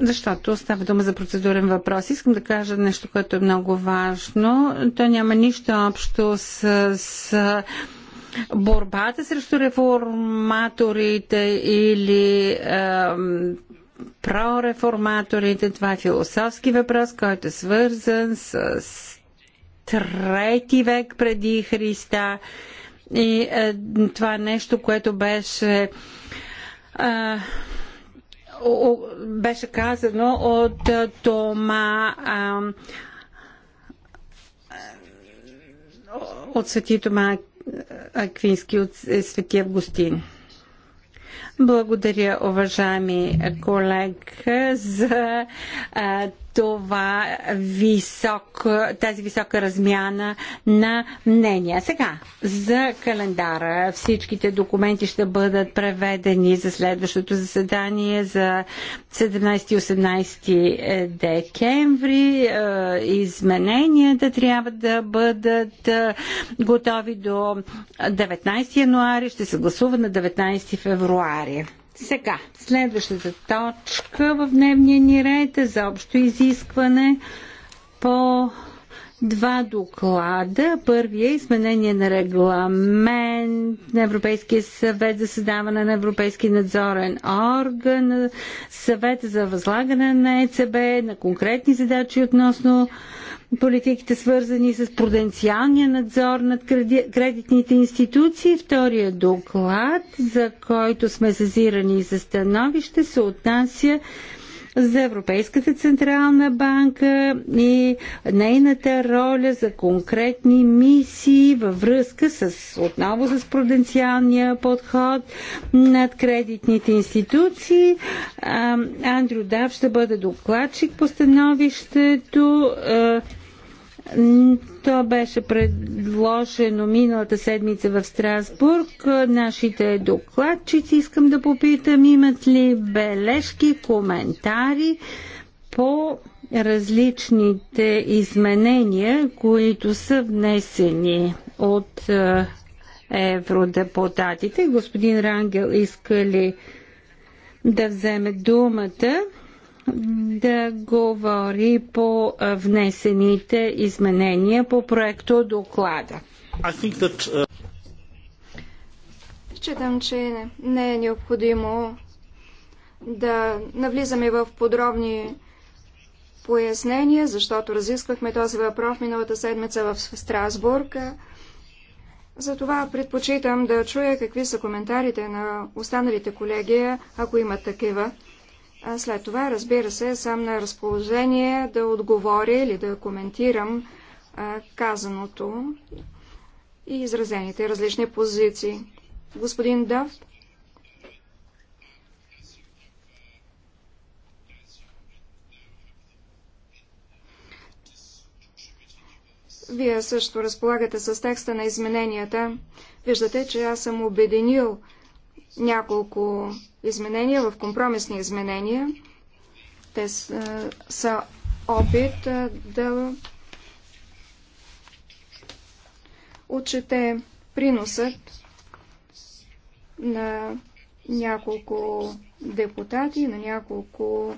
Speaker 3: защото става дума за процедурен въпрос. Искам да кажа нещо, което е много важно. То няма нищо общо с, с борбата срещу реформаторите или е, прореформаторите. Това е философски въпрос, който е свързан с, с трети век преди Христа. И е, това е нещо, което беше. Е, беше казано от Тома от свети Тома Аквински от е, свети Августин. Благодаря, уважаеми колега, за а, това висок, тази висока размяна на мнения. Сега, за календара. Всичките документи ще бъдат преведени за следващото заседание за 17-18 декември. Е, измененията трябва да бъдат е, готови до 19 януари. Ще се гласува на 19 февруари. Сега, следващата точка в дневния ни ред е за общо изискване по два доклада. Първия е изменение на регламент на Европейския съвет за създаване на Европейски надзорен орган, съвет за възлагане на ЕЦБ, на конкретни задачи относно политиките свързани с пруденциалния надзор над кредитните институции. Втория доклад, за който сме сезирани за становище, се отнася за Европейската централна банка и нейната роля за конкретни мисии във връзка с, отново с пруденциалния подход над кредитните институции. Андрю Дав ще бъде докладчик по становището. То беше предложено миналата седмица в Страсбург. Нашите докладчици искам да попитам имат ли бележки, коментари по различните изменения, които са внесени от е, евродепутатите. Господин Рангел иска ли да вземе думата? да говори по внесените изменения по проекто
Speaker 4: доклада.
Speaker 1: Uh,
Speaker 4: Считам, че не е необходимо да навлизаме в подробни пояснения, защото разисквахме този въпрос миналата седмица в Страсбург. Затова предпочитам да чуя какви са коментарите на останалите колеги, ако имат такива. А след това, разбира се, съм на разположение да отговоря или да коментирам а, казаното и изразените различни позиции. Господин Дав? Вие също разполагате с текста на измененията. Виждате, че аз съм обединил няколко изменения в компромисни изменения. Те са опит да отчете приносът на няколко депутати, на няколко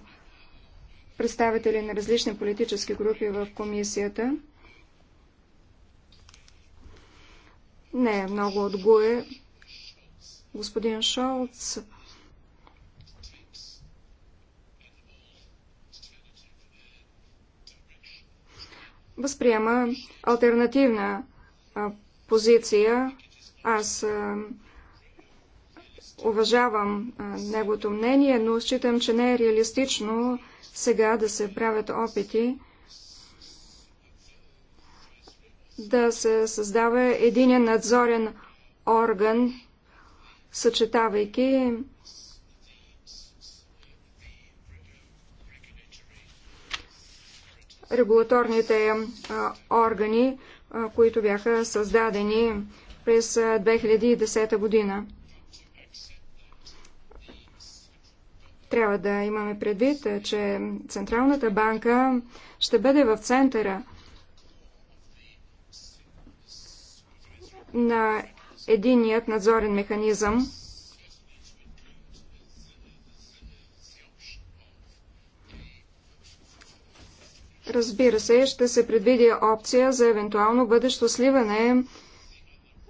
Speaker 4: представители на различни политически групи в комисията. Не е много от ГУЕ господин Шолц. Възприема альтернативна позиция. Аз уважавам неговото мнение, но считам, че не е реалистично сега да се правят опити да се създава един надзорен орган съчетавайки регулаторните органи, които бяха създадени през 2010 година. Трябва да имаме предвид, че Централната банка ще бъде в центъра на единият надзорен механизъм Разбира се, ще се предвиди опция за евентуално бъдещо сливане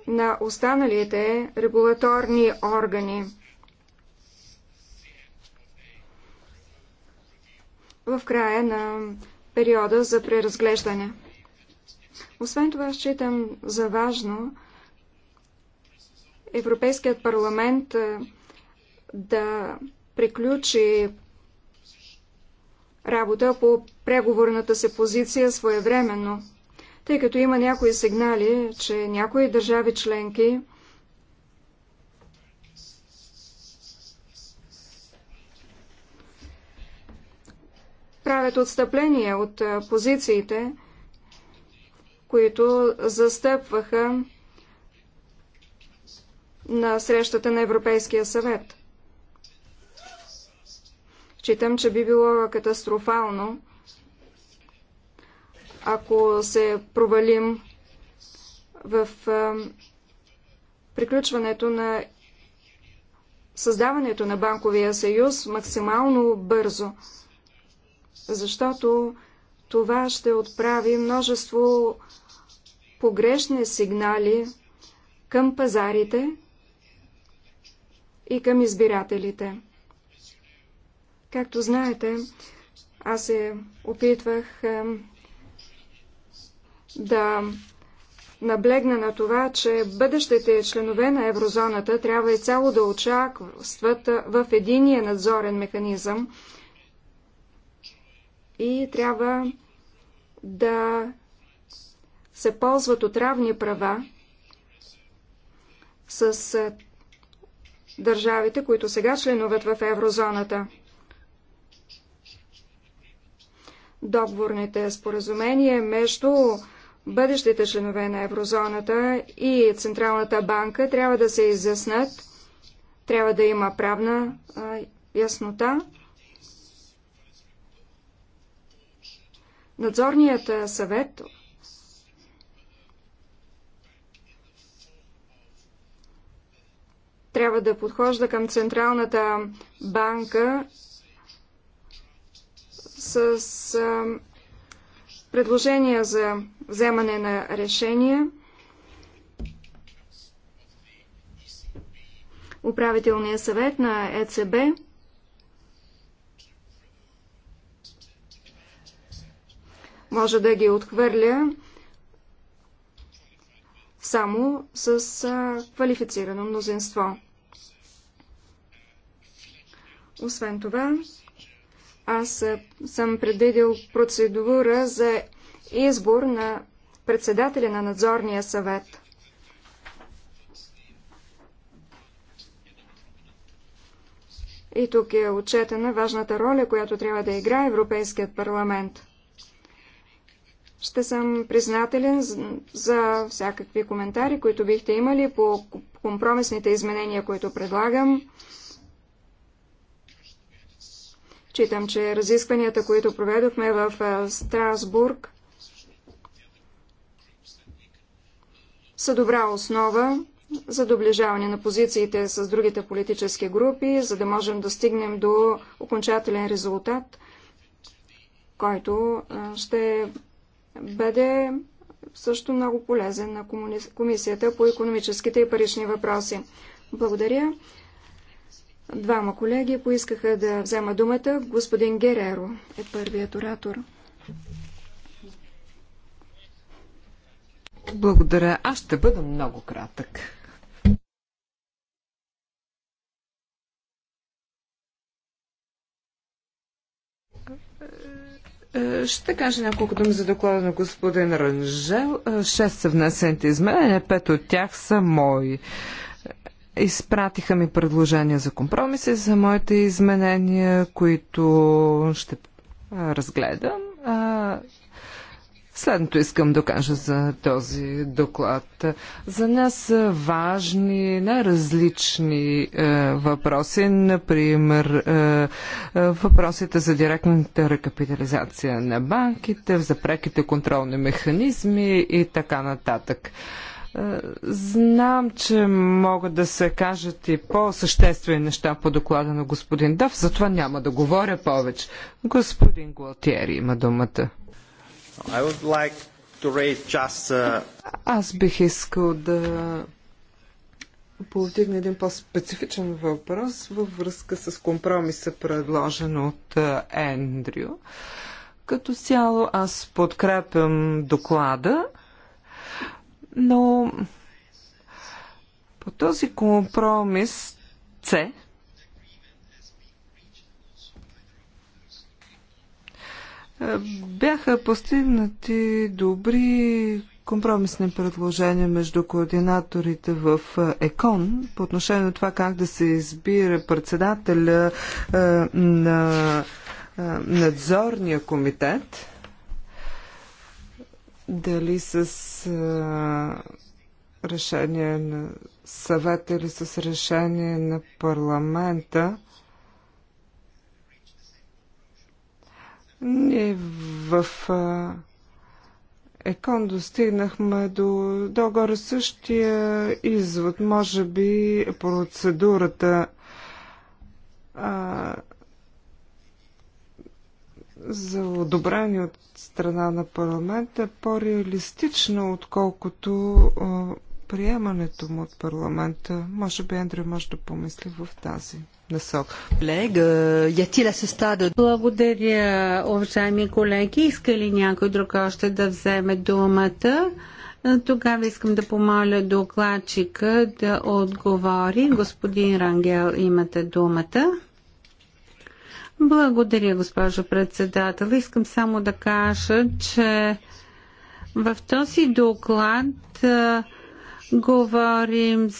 Speaker 4: на останалите регулаторни органи. в края на периода за преразглеждане. Освен това, считам за важно Европейският парламент е, да приключи работа по преговорната се позиция своевременно, тъй като има някои сигнали, че някои държави членки правят отстъпление от е, позициите, които застъпваха на срещата на Европейския съвет. Читам, че би било катастрофално, ако се провалим в приключването на създаването на банковия съюз максимално бързо, защото това ще отправи множество погрешни сигнали към пазарите и към избирателите. Както знаете, аз се опитвах да наблегна на това, че бъдещите членове на еврозоната трябва и цяло да очакват е, в единия надзорен механизъм и трябва да се ползват от равни права с е, държавите, които сега членуват в еврозоната. Договорните споразумения между бъдещите членове на еврозоната и Централната банка трябва да се изяснат, трябва да има правна а, яснота. Надзорният съвет трябва да подхожда към Централната банка с предложения за вземане на решения. Управителният съвет на ЕЦБ може да ги отхвърля само с а, квалифицирано мнозинство. Освен това, аз съм предвидил процедура за избор на председателя на надзорния съвет. И тук е отчетена важната роля, която трябва да играе Европейският парламент – ще съм признателен за всякакви коментари, които бихте имали по компромисните изменения, които предлагам. Читам, че разискванията, които проведохме в Страсбург, са добра основа за доближаване на позициите с другите политически групи, за да можем да стигнем до окончателен резултат, който ще бъде също много полезен на Комисията по економическите и парични въпроси. Благодаря. Двама колеги поискаха да взема думата. Господин Гереро е първият оратор.
Speaker 2: Благодаря. Аз ще бъда много кратък. Е, ще кажа няколко думи за доклада на господин Ранжел. Е, шест са внесените изменения, пет от тях са мои. Изпратиха ми предложения за компромиси, за моите изменения, които ще разгледам. Следното искам да кажа за този доклад. За нас са важни най-различни е, въпроси, например е, е, въпросите за директната рекапитализация на банките, за преките контролни механизми и така нататък. Е, знам, че могат да се кажат и по-съществени неща по доклада на господин Дав, затова няма да говоря повече. Господин Гуалтиери има думата.
Speaker 3: I would like to raise just, uh...
Speaker 2: Аз бих искал да повдигна един по-специфичен въпрос във връзка с компромиса, предложен от е, Ендрю. Като цяло аз подкрепям доклада, но по този компромис С Е, бяха постигнати добри компромисни предложения между координаторите в е, ЕКОН по отношение на това как да се избира председателя е, на надзорния комитет. Дали с решение на съвета или с решение на парламента Ние в Екон достигнахме до догоре същия извод. Може би процедурата а, за одобрение от страна на парламента е по-реалистична, отколкото а, приемането му от парламента. Може би Андрю може да помисли в
Speaker 3: тази насок. Е, Благодаря, уважаеми колеги. Иска ли някой друг още да вземе думата? Е, тогава искам да помоля докладчика да отговори. Господин Рангел, имате думата. Благодаря, госпожо председател. Искам само да кажа, че в този доклад е, говорим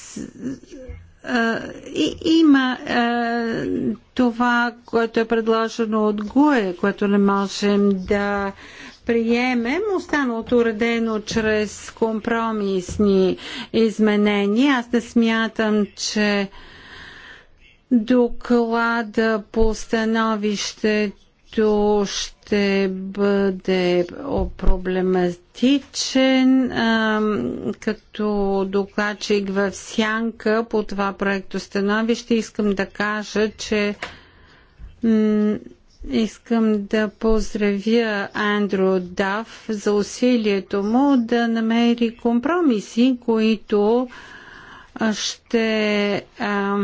Speaker 3: е, и, има е, това, което е предложено от ГУЕ, което не можем да приемем, останалото уредено чрез компромисни изменения. Аз не смятам, че доклада по становището който ще бъде проблематичен а, като докладчик в сянка по това проекто становище. Искам да кажа, че Искам да поздравя Андрю Дав за усилието му да намери компромиси, които ще а,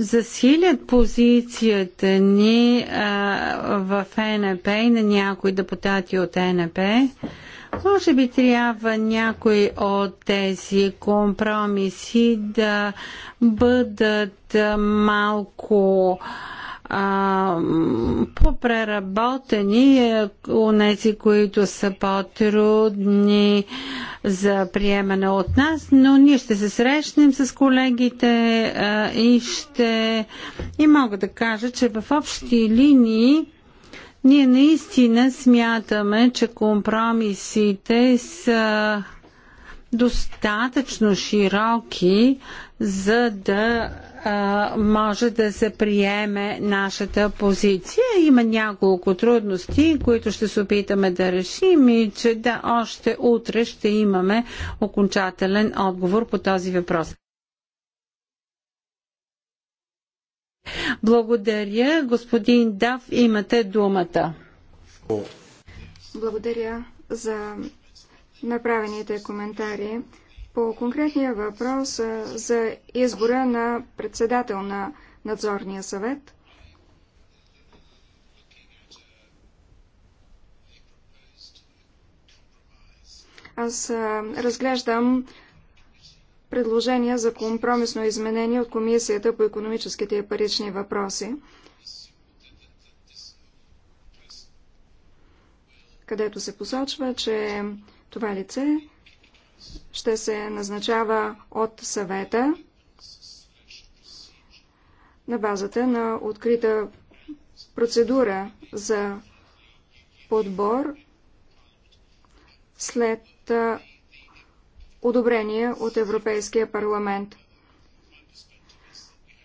Speaker 3: засилят позицията ни а, в НП и на някои депутати от НП, може би трябва някои от тези компромиси да бъдат малко а, Попреработени е у нези, които са по-трудни за приемане от нас, но ние ще се срещнем с колегите а, и ще... И мога да кажа, че в общи линии ние наистина смятаме, че компромисите са достатъчно широки, за да може да се приеме нашата позиция. Има няколко трудности, които ще се опитаме да решим и че да още утре ще имаме окончателен отговор по този въпрос. Благодаря. Господин Дав, имате думата.
Speaker 4: Благодаря за направените коментари. По конкретния въпрос за избора на председател на надзорния съвет, аз разглеждам предложения за компромисно изменение от Комисията по економическите и парични въпроси, където се посочва, че това лице ще се назначава от съвета на базата на открита процедура за подбор след одобрение от Европейския парламент.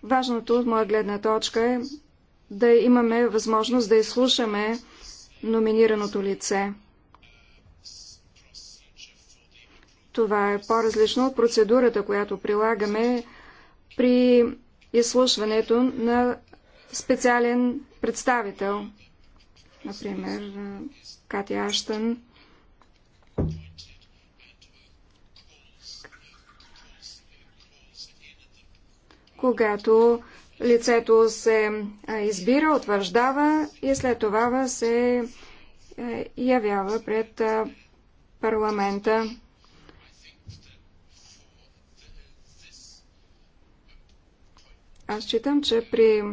Speaker 4: Важното от моя гледна точка е да имаме възможност да изслушаме номинираното лице. Това е по-различно от процедурата, която прилагаме при изслушването на специален представител. Например, Кати Аштън. Когато лицето се избира, утвърждава и след това се е, явява пред парламента. Аз считам, че при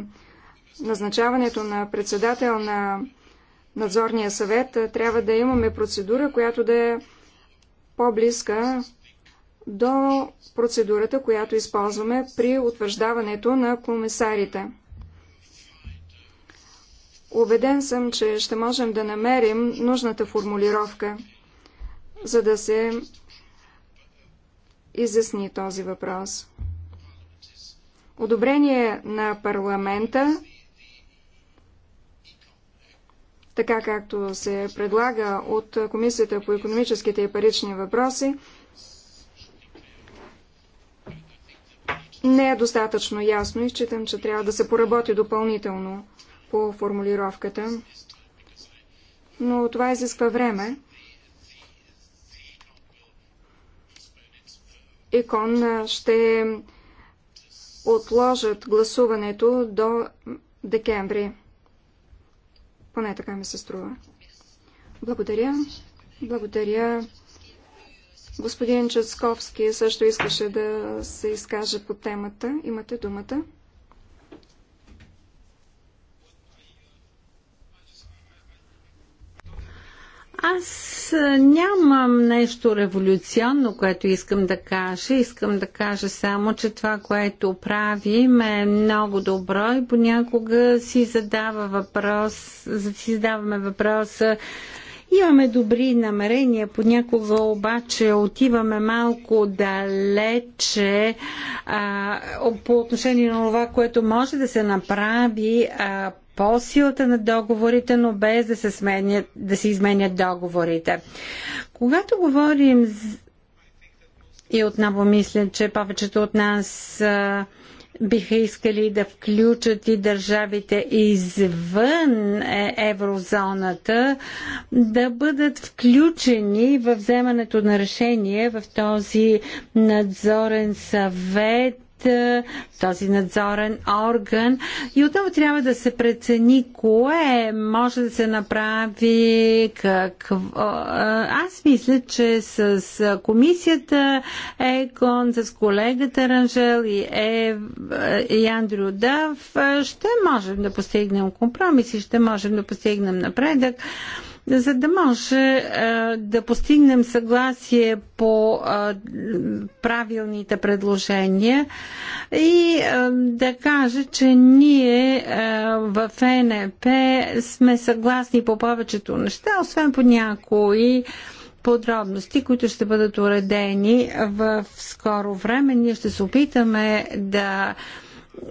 Speaker 4: назначаването на председател на надзорния съвет трябва да имаме процедура, която да е по-близка до процедурата, която използваме при утвърждаването на комисарите. Обеден съм, че ще можем да намерим нужната формулировка, за да се изясни този въпрос одобрение на парламента, така както се предлага от Комисията по економическите и парични въпроси, не е достатъчно ясно и считам, че трябва да се поработи допълнително по формулировката. Но това изисква време. Икон ще отложат гласуването до декември. Поне така ми се струва. Благодаря. Благодаря. Господин Чацковски също искаше да се изкаже по темата. Имате думата.
Speaker 3: Аз нямам нещо революционно, което искам да кажа. Искам да кажа само, че това, което правим е много добро и понякога си задава въпрос, си задаваме въпроса Имаме добри намерения, понякога обаче отиваме малко далече а, по отношение на това, което може да се направи а, по силата на договорите, но без да се, сменят, да се изменят договорите. Когато говорим и отново мисля, че повечето от нас а, биха искали да включат и държавите извън е, еврозоната да бъдат включени в вземането на решение в този надзорен съвет този надзорен орган. И отново трябва да се прецени кое може да се направи, какво. Аз мисля, че с комисията ЕКОН, с колегата Ранжел и, е, и Андрю Дав ще можем да постигнем компромиси, ще можем да постигнем напредък за да може да постигнем съгласие по правилните предложения и да кажа, че ние в ЕНП сме съгласни по повечето неща, освен по някои подробности, които ще бъдат уредени в скоро време. Ние ще се опитаме да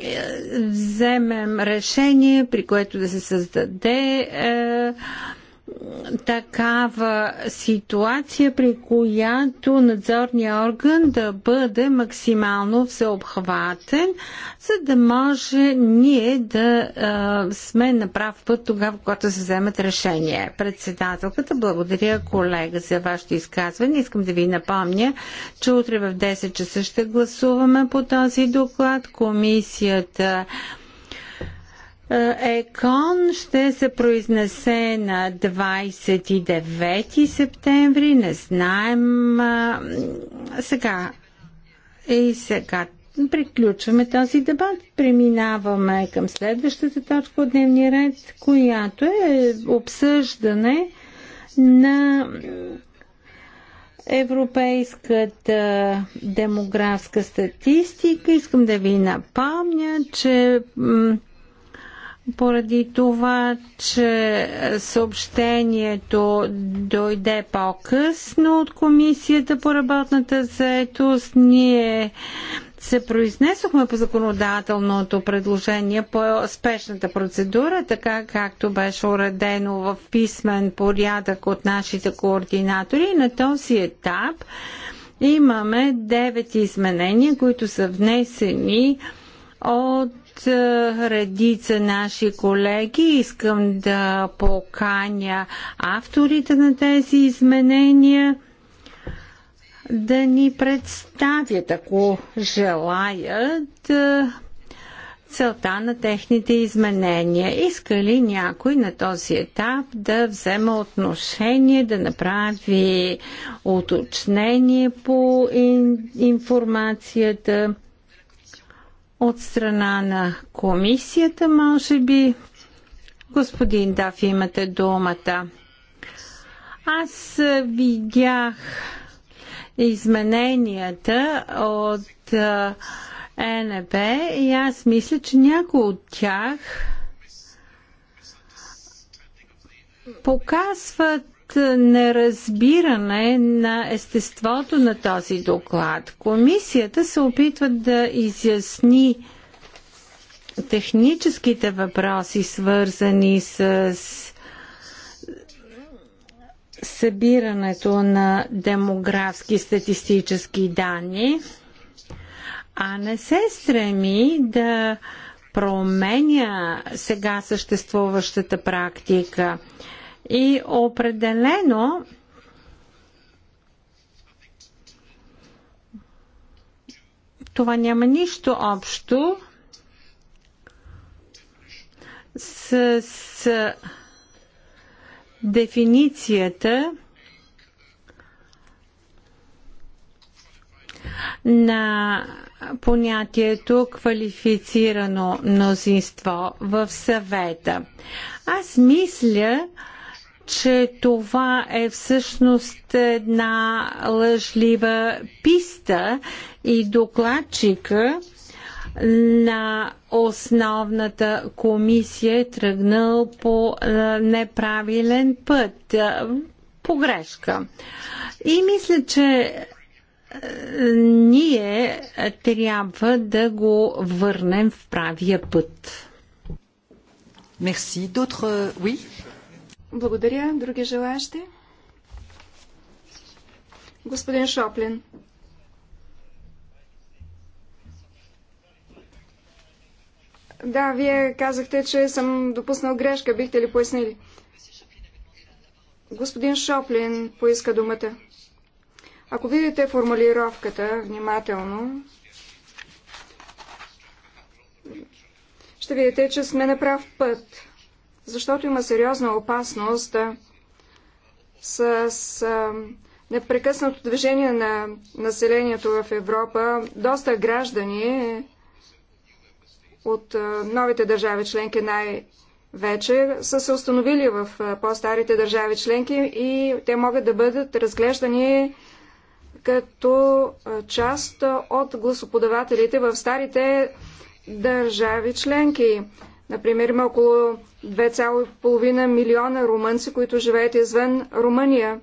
Speaker 3: е, вземем решение, при което да се създаде е, такава ситуация, при която надзорният орган да бъде максимално всеобхватен, за да може ние да а, сме на прав път тогава, когато се вземат решение. Председателката, благодаря колега за вашето изказване. Искам да ви напомня, че утре в 10 часа ще гласуваме по този доклад. Комисията ЕКОН ще се произнесе на 29 септември. Не знаем сега. И сега приключваме този дебат. Преминаваме към следващата точка от дневния ред, която е обсъждане на европейската демографска статистика. Искам да ви напомня, че поради това, че съобщението дойде по-късно от комисията по работната заетост, ние се произнесохме по законодателното предложение по спешната процедура, така както беше уредено в писмен порядък от нашите координатори. На този етап имаме 9 изменения, които са внесени от редица наши колеги. Искам да поканя авторите на тези изменения да ни представят, ако желаят, целта на техните изменения. Иска ли някой на този етап да вземе отношение, да направи уточнение по информацията? от страна на комисията, може би. Господин Дафи, имате думата. Аз видях измененията от НП и аз мисля, че някои от тях показват неразбиране на естеството на този доклад. Комисията се опитва да изясни техническите въпроси, свързани с събирането на демографски статистически данни, а не се стреми да променя сега съществуващата практика. И определено това няма нищо общо с, с дефиницията на понятието квалифицирано мнозинство в съвета. Аз мисля, че това е всъщност една лъжлива писта и докладчика на основната комисия е тръгнал по неправилен път, погрешка. И мисля, че ние трябва да го върнем в
Speaker 4: правия път. Мерси. Дотре, Oui? Благодаря. Други желаящи? Господин Шоплин. Да, вие казахте, че съм допуснал грешка. Бихте ли пояснили? Господин Шоплин поиска думата. Ако видите формулировката внимателно, ще видите, че сме на прав път защото има сериозна опасност да, с, с непрекъснато движение на населението в Европа. Доста граждани от новите държави членки най- вече са се установили в по-старите държави членки и те могат да бъдат разглеждани като част от гласоподавателите в старите държави членки. Например, има около 2,5 милиона румънци, които живеят извън Румъния.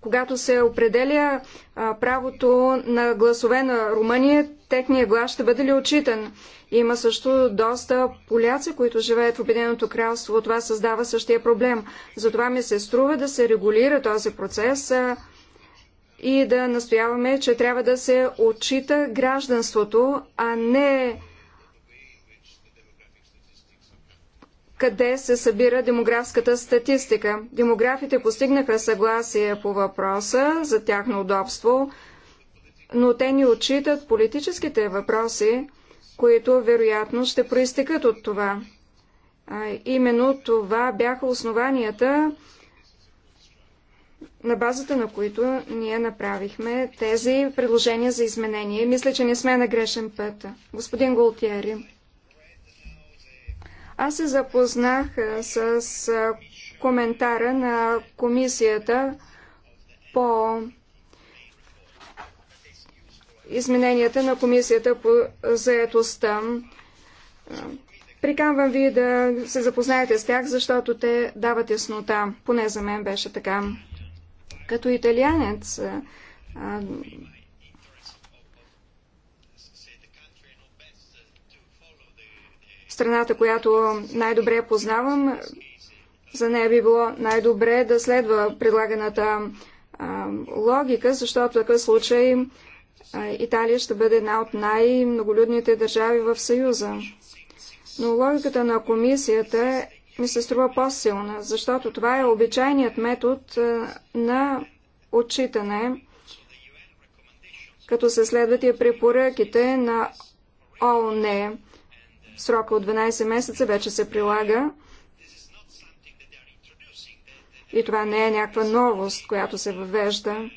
Speaker 4: Когато се определя а, правото на гласове на Румъния, техният глас ще бъде ли отчитан? Има също доста поляци, които живеят в Обединеното кралство. Това създава същия проблем. Затова ми се струва да се регулира този процес. А, и да настояваме, че трябва да се отчита гражданството, а не къде се събира демографската статистика. Демографите постигнаха съгласие по въпроса за тяхно удобство, но те ни отчитат политическите въпроси, които вероятно ще проистекат от това. А, именно това бяха основанията на базата на които ние направихме тези предложения за изменение. Мисля, че не сме на грешен път. Господин Голтиери, аз се запознах с коментара на комисията по измененията на комисията по заетостта. Приканвам ви да се запознаете с тях, защото те дават яснота. Поне за мен беше така. Като италианец, страната, която най-добре познавам, за нея би било най-добре да следва предлаганата логика, защото в такъв случай Италия ще бъде една от най-многолюдните държави в Съюза. Но логиката на комисията ми се струва по-силна, защото това е обичайният метод е, на отчитане, като се следват и препоръките на ООН. Срока от 12 месеца вече се прилага. И това не е някаква новост, която се въвежда.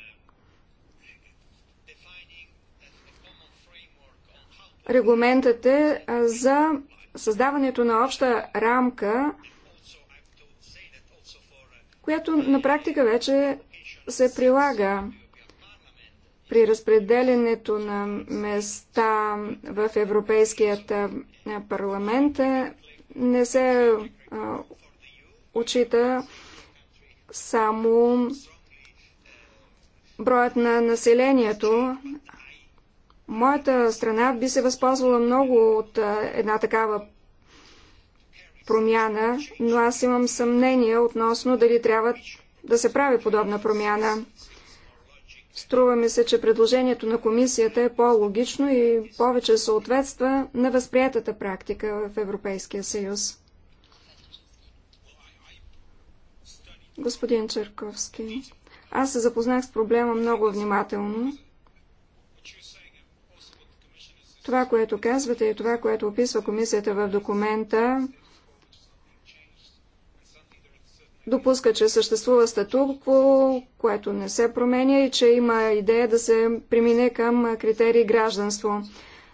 Speaker 4: Регламентът е за създаването на обща рамка, която на практика вече се прилага при разпределенето на места в Европейският парламент не се очита само броят на населението, Моята страна би се възползвала много от една такава промяна, но аз имам съмнение относно дали трябва да се прави подобна промяна. Струва ми се, че предложението на комисията е по-логично и повече съответства на възприятата практика в Европейския съюз. Господин Черковски, аз се запознах с проблема много внимателно. Това, което казвате и това, което описва комисията в документа, допуска, че съществува статукво, което не се променя и че има идея да се премине към критерии гражданство.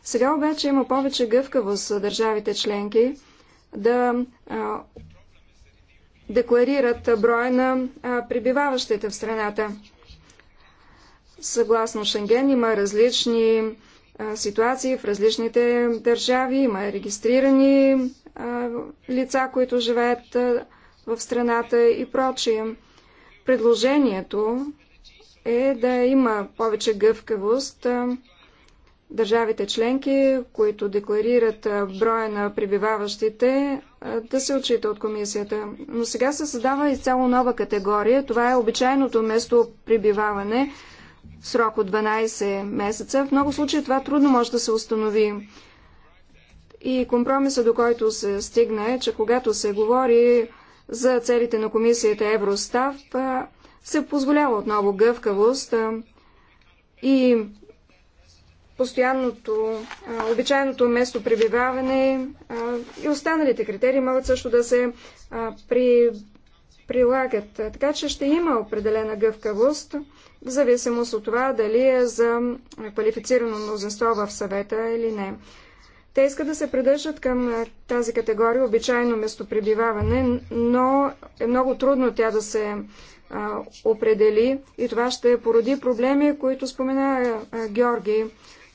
Speaker 4: Сега обаче има повече гъвкавост държавите членки да а, декларират броя на а, прибиваващите в страната. Съгласно Шенген има различни ситуации в различните държави. Има регистрирани лица, които живеят в страната и прочие. Предложението е да има повече гъвкавост. Държавите членки, които декларират броя на прибиваващите, да се отчита от комисията. Но сега се създава изцяло нова категория. Това е обичайното место прибиваване срок от 12 месеца. В много случаи това трудно може да се установи. И компромиса, до който се стигна е, че когато се говори за целите на комисията Евростав, се позволява отново гъвкавост и постоянното, обичайното пребиваване и останалите критерии могат също да се при прилагат. Така че ще има определена гъвкавост, в зависимост от това дали е за квалифицирано мнозинство в съвета или не. Те искат да се придържат към тази категория обичайно местопребиваване, но е много трудно тя да се а, определи и това ще породи проблеми, които спомена а, Георги.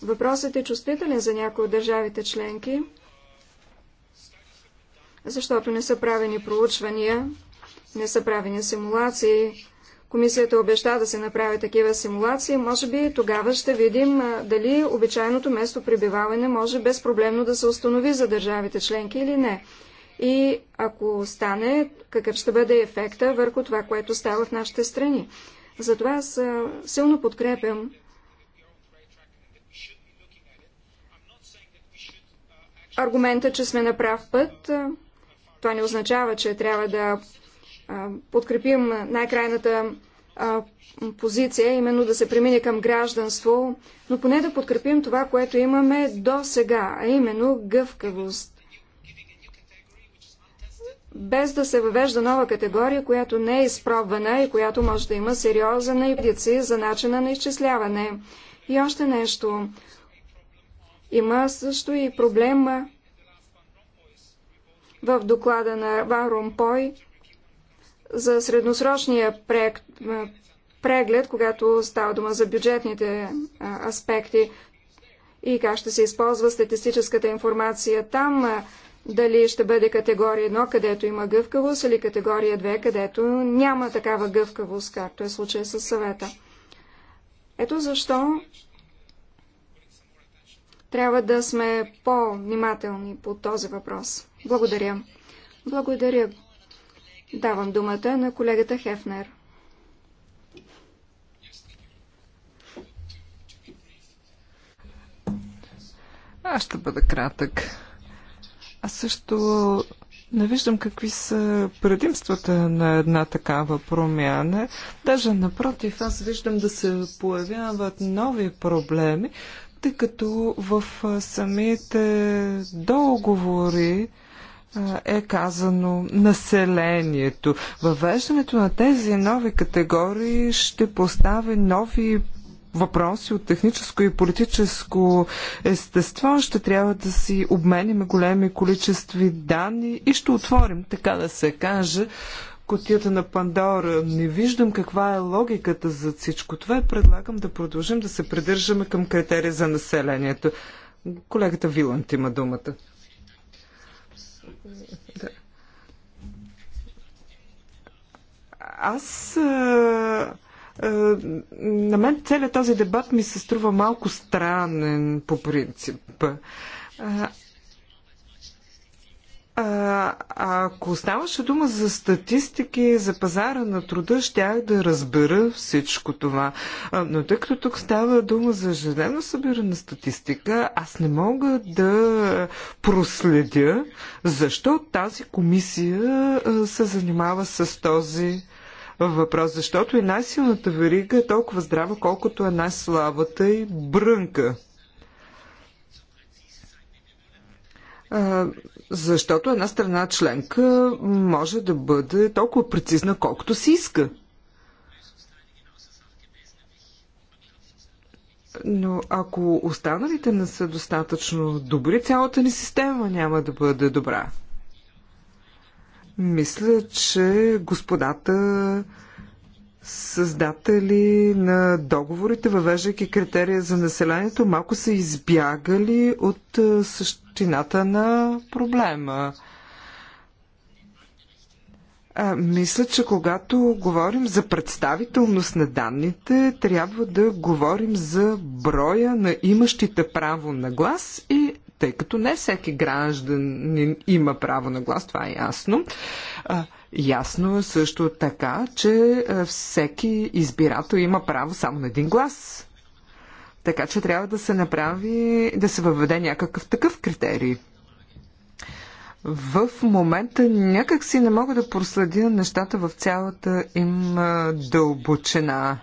Speaker 4: Въпросът е чувствителен за някои от държавите членки, защото не са правени проучвания не са правени симулации. Комисията обеща да се направи такива симулации. Може би тогава ще видим дали обичайното место пребиваване може безпроблемно да се установи за държавите членки или не. И ако стане, какъв ще бъде ефекта върху това, което става в нашите страни. Затова аз силно подкрепям аргумента, че сме на прав път. Това не означава, че трябва да подкрепим най-крайната позиция, именно да се премине към гражданство, но поне да подкрепим това, което имаме до сега, а именно гъвкавост. Без да се въвежда нова категория, която не е изпробвана и която може да има сериоза ипдици за начина на изчисляване. И още нещо. Има също и проблема в доклада на Ван Ромпой, за средносрочния преглед, когато става дума за бюджетните аспекти и как ще се използва статистическата информация там, дали ще бъде категория 1, където има гъвкавост, или категория 2, където няма такава гъвкавост, както е случай с съвета. Ето защо трябва да сме по-внимателни по този въпрос. Благодаря. Благодаря, Давам думата на колегата Хефнер.
Speaker 2: Аз ще бъда кратък. Аз също не виждам какви са предимствата на една такава промяна. Даже напротив, аз виждам да се появяват нови проблеми, тъй като в самите договори е казано населението. Въвеждането на тези нови категории ще постави нови въпроси от техническо и политическо естество. Ще трябва да си обменим големи количестви данни и ще отворим, така да се каже, котията на Пандора. Не виждам каква е логиката за всичко това и предлагам да продължим да се придържаме към критерия за населението. Колегата Виланд има думата. Да. Аз. А, а, на мен целият този дебат ми се струва малко странен по принцип. А, а, ако ставаше дума за статистики, за пазара на труда, щях да разбера всичко това. А, но тъй като тук става дума за ежедневно събиране на статистика, аз не мога да проследя защо тази комисия се занимава с този въпрос, защото и е най-силната верига е толкова здрава, колкото е най-слабата и брънка. Защото една страна членка може да бъде толкова прецизна, колкото си иска. Но ако останалите не са достатъчно добри, цялата ни система няма да бъде добра. Мисля, че господата създатели на договорите, въвеждайки критерия за населението, малко са избягали от е, същината на проблема. А, мисля, че когато говорим за представителност на данните, трябва да говорим за броя на имащите право на глас и тъй като не всеки гражданин има право на глас, това е ясно. Ясно е също така, че всеки избирател има право само на един глас. Така че трябва да се направи, да се въведе някакъв такъв критерий. В момента някак си не мога да проследя нещата в цялата им дълбочина.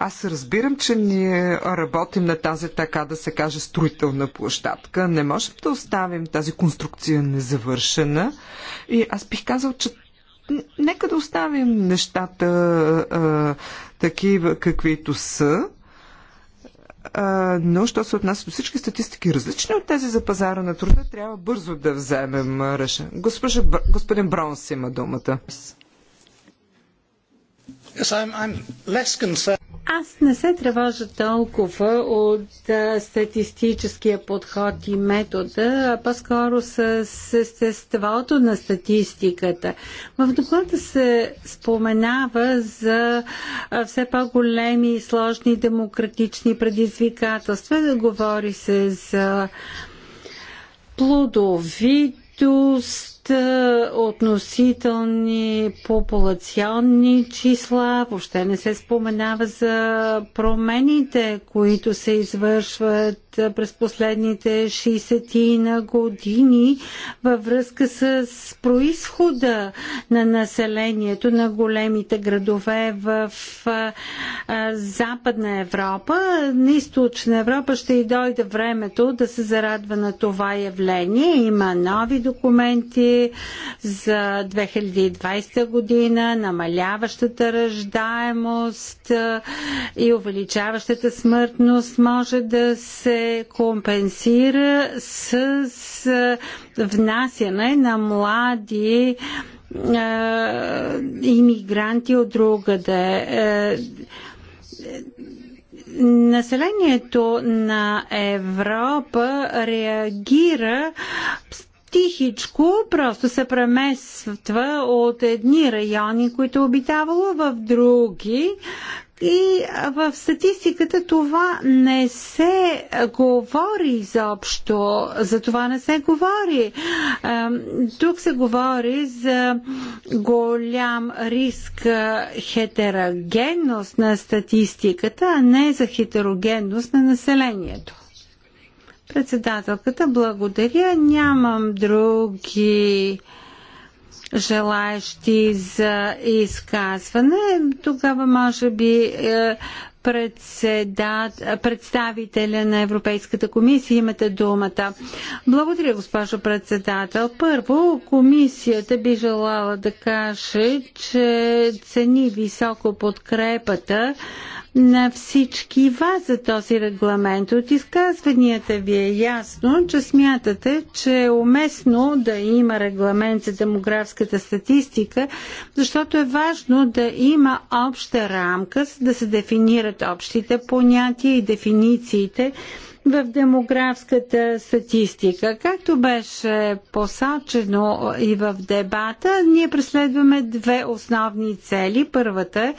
Speaker 2: Аз разбирам, че ние работим на тази, така да се каже, строителна площадка. Не можем да оставим тази конструкция незавършена. И аз бих казал, че нека да оставим нещата а, такива, каквито са но що се отнася до всички статистики, различни от тези за пазара на труда, трябва бързо да вземем решение. Госпожа, господин Браунс има думата.
Speaker 1: Yes, I'm, I'm
Speaker 3: аз не се тревожа толкова от а, статистическия подход и метода, а по-скоро с, естеството на статистиката. В доклада се споменава за а, все по-големи и сложни демократични предизвикателства. Да говори се за плодовитост, относителни популационни числа, въобще не се споменава за промените, които се извършват през последните 60 на години във връзка с происхода на населението на големите градове в Западна Европа. На Източна Европа ще и дойде времето да се зарадва на това явление. Има нови документи за 2020 година, намаляващата ръждаемост и увеличаващата смъртност може да се компенсира с внасяне на млади иммигранти от другаде. Е, населението на Европа реагира тихичко просто се премества от едни райони, които е обитавало в други, и в статистиката това не се говори изобщо, за това не се говори. Тук се говори за голям риск хетерогенност на статистиката, а не за хетерогенност на населението. Председателката, благодаря. Нямам други желаящи за изказване. Тогава може би е, председат, представителя на Европейската комисия. Имате думата. Благодаря, госпожо председател. Първо, комисията би желала да каже, че цени високо подкрепата на всички вас за този регламент. От изказванията ви е ясно, че смятате, че е уместно да има регламент за демографската статистика, защото е важно да има обща рамка, за да се дефинират общите понятия и дефинициите в демографската статистика. Както беше посочено и в дебата, ние преследваме две основни цели. Първата е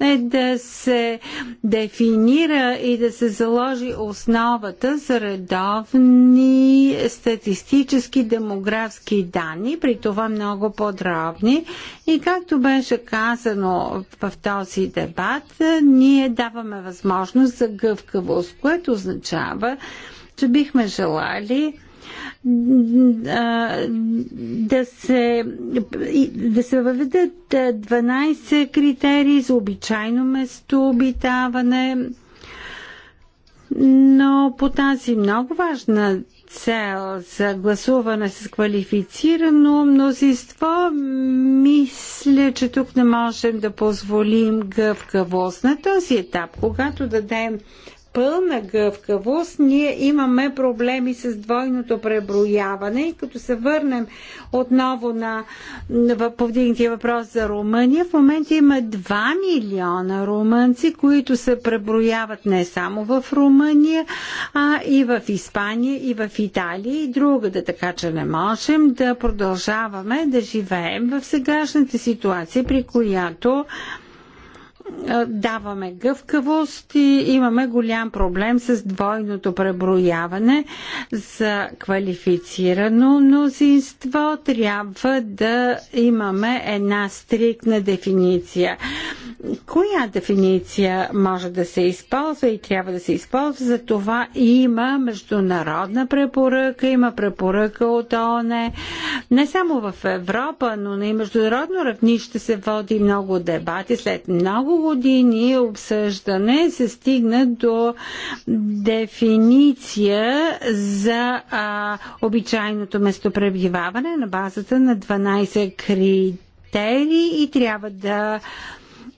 Speaker 3: е да се дефинира и да се заложи основата за редовни статистически демографски данни, при това много подробни. И както беше казано в този дебат, ние даваме възможност за гъвкавост, което означава, че бихме желали да се, да се въведат 12 критерии за обичайно место обитаване, но по тази много важна цел за гласуване с квалифицирано мнозинство, мисля, че тук не можем да позволим гъвкавост. На този етап, когато дадем пълна гъвкавост, ние имаме проблеми с двойното преброяване. И като се върнем отново на повдигнатия въпрос за Румъния, в момента има 2 милиона румънци, които се преброяват не само в Румъния, а и в Испания, и в Италия, и другата. Така че не можем да продължаваме да живеем в сегашната ситуация, при която е, даваме гъвкавост и имаме голям проблем с двойното преброяване за квалифицирано мнозинство. Трябва да имаме една стрикна дефиниция. Коя дефиниция може да се използва и трябва да се използва? За това има международна препоръка, има препоръка от ООН. Не само в Европа, но и международно равнище се води много дебати след много години обсъждане се стигна до дефиниция за а, обичайното местопребиваване на базата на 12 критерии и трябва да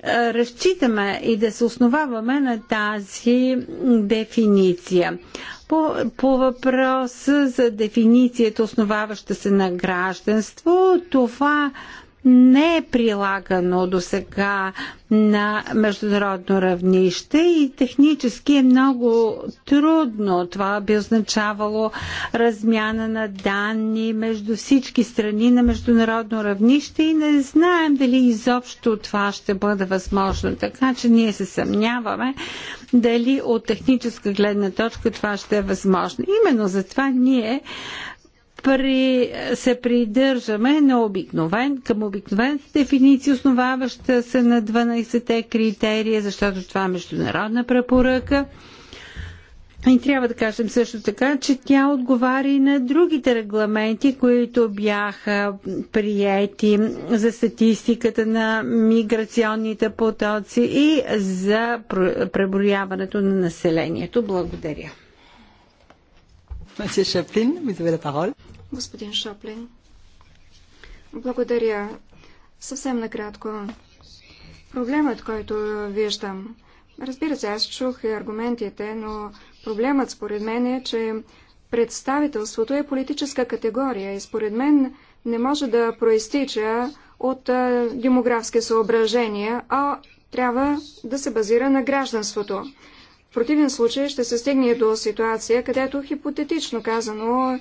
Speaker 3: разчитаме и да се основаваме на тази дефиниция. По, по въпроса за дефиницията, основаваща се на гражданство, това не е прилагано до сега на международно равнище и технически е много трудно. Това би означавало размяна на данни между всички страни на международно равнище и не знаем дали изобщо това ще бъде възможно. Така че ние се съмняваме дали от техническа гледна точка това ще е възможно. Именно затова ние при, се придържаме на обикновен, към обикновената дефиниция, основаваща се на 12-те критерия, защото това е международна препоръка. И трябва да кажем също така, че тя отговаря и на другите регламенти, които бяха приети за статистиката на миграционните потоци и за преброяването на населението. Благодаря. Monsieur Chaplin, vous avez la parole.
Speaker 4: Господин Шоплин. Благодаря. Съвсем накратко. Проблемът, който виждам. Разбира се, аз чух и аргументите, но проблемът според мен е, че представителството е политическа категория и според мен не може да проистича от демографски съображения, а трябва да се базира на гражданството. В противен случай ще се стигне до ситуация, където хипотетично казано